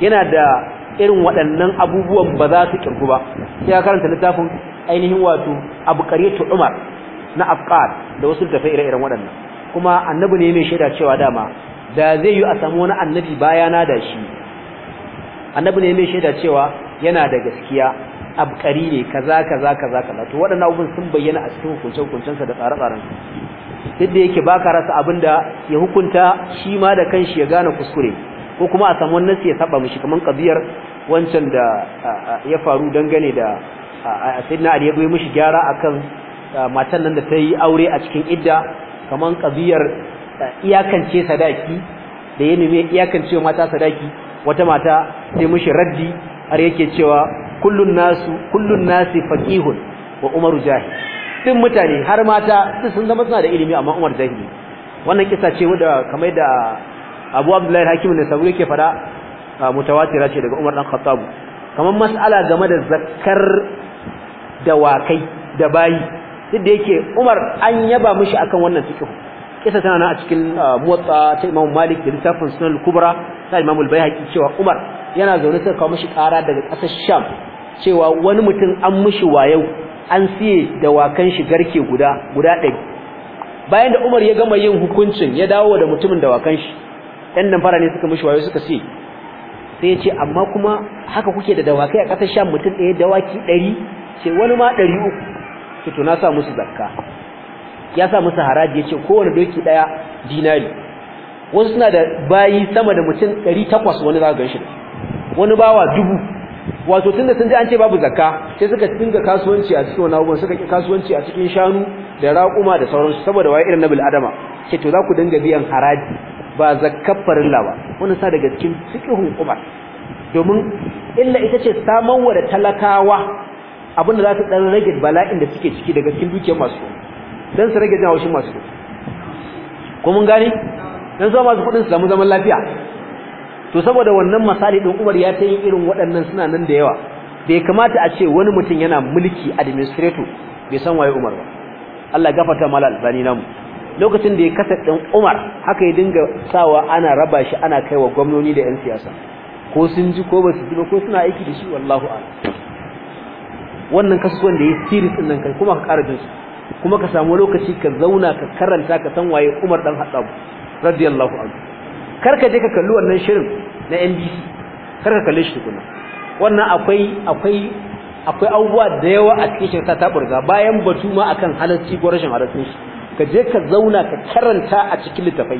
yana da irin waɗannan abubuwan ba za su kirku ba sai ya karanta littafin ainihin wato abu karetu umar na afqad da wasu tafai ire-iren waɗannan kuma annabi ne mai shaida cewa dama da zai yi a samu wani annabi bayana da shi annabi ne mai shaida cewa yana da gaskiya abkari ne kaza kaza kaza kaza to waɗannan abubuwan sun bayyana a cikin hukunce-hukuncen da tsare-tsaren duk da yake baka rasa abin da ya hukunta shi ma da kanshi ya gane kuskure ko kuma a samu wannan ya saba mishi kaman kabiyar wancan da ya faru dangane da sayyidina ali ya goyi mishi gyara akan matan nan da ta yi aure a cikin idda kaman kabiyar iyakance sadaki da ya mai iyakance mata sadaki wata mata sai mishi raddi har yake cewa kullun nasu kullun nasi faqihun wa umaru jahil din mutane har mata sun zama suna da ilimi amma umar jahili wannan kisa ce wanda kamar da abu abdullahi hakim ne sabu yake fada mutawatira ce daga umar dan khattab kamar mas'ala game da zakkar dawakai da bayi duk da yake umar an yaba mishi akan wannan fiqh kisa tana nan a cikin muwatta ta imam malik da littafin sunan kubra ta imam al-bayhaqi cewa umar yana zaune sai kawo mishi kara daga kasar sham cewa wani mutum an mishi wayau an siye dawakan shi garke guda guda ɗari bayan da Umar ya gama yin hukuncin ya dawo da mutumin dawakan shi ɗan nan fara ne suka mishi wayo suka ce sai ya ce amma kuma haka kuke da dawakai a ƙasar sham mutum ɗaya dawaki ɗari ce wani ma ɗari uku ce to na sa musu zakka ya sa musu haraji ya ce kowane doki ɗaya dinari wasu suna da bayi sama da mutum ɗari takwas wani za ka gan shi wani bawa dubu wato tun da sun ji an ce babu zakka sai suka dinga kasuwanci a cikin wani abubuwan suka ƙi kasuwanci a cikin shanu da raƙuma da sauransu saboda waye irin na bil'adama ce to za ku dinga biyan haraji ba zakkar farilla ba wani sa daga cikin cikin Umar domin illa ita ce samarwa da talakawa abinda za su dan rage bala'in da suke ciki daga cikin dukiyar masu dan su rage jawashin masu ko mun gane dan zama masu kudin su zaman lafiya to saboda wannan misali ɗin Umar ya ta yi irin waɗannan suna nan da yawa bai kamata a ce wani mutum yana mulki administrator bai san waye Umar ba Allah gafarta mala albani namu lokacin da ya kasa ɗin umar haka ya dinga sawa ana raba shi ana kai wa gwamnoni da 'yan siyasa ko sun ji ko ba su ji ba ko suna aiki da shi wallahu ala wannan kasuwan da ya siri ɗin nan kai kuma ka ƙara jinsu kuma ka samu lokaci ka zauna ka karanta ka san waye umar ɗan haɗabu radiyallahu anhu kar ka je ka kalli wannan shirin na NBC kar ka kalli shi tukuna wannan akwai akwai akwai abubuwa da yawa a cikin shirka ta burga bayan batu ma akan halarci ko rashin halarcin shi ka je ka zauna ka karanta a cikin littafai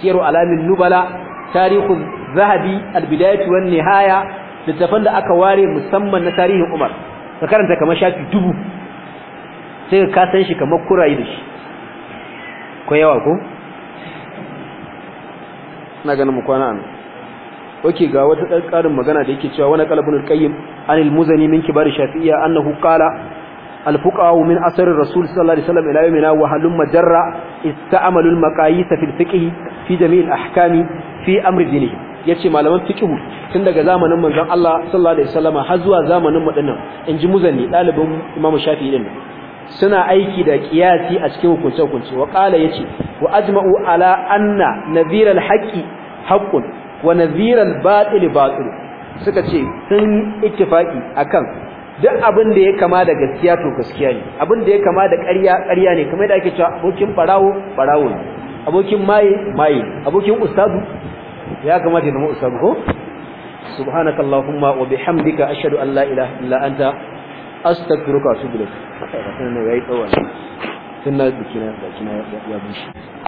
siru alamin nubala tarihul zahabi albidayatu wan nihaya littafan da aka ware musamman na tarihin umar ka karanta kamar shafi dubu sai ka san shi kamar kurayi da shi ko yawa ko na ganin mu kwana an oke ga wata ƙarin magana da yake cewa wani qalbul qayyim anil muzani min kibar shafi'iyya annahu qala الفقهاء من أثر الرسول صلى الله عليه وسلم إلى يومنا وهلم جرى استعملوا المقاييس في الفقه في جميع الأحكام في أمر دينه yace malaman fiqhu tun daga zamanin manzon Allah sallallahu alaihi wasallama har zuwa zamanin mudannan inji muzanni dalibin Imam Shafi'i din suna aiki da qiyasi a cikin hukunce hukunce wa qala yace wa ajma'u ala anna nadhiral haqqi haqqun wa nadhiral batil batil suka ce sun ittifaqi akan duk abin da ya kama da gaskiya to gaskiya ne abin da ya kama da ƙarya ƙarya ne kamar da ake cewa abokin farawo farawo ne abokin maye maye abokin ustadu ya kamata ya zama ustadu ko subhanakallahumma wa bihamdika ashhadu an la ilaha illa anta astaghfiruka wa atubu ilaik sunna bikina bikina ya bishi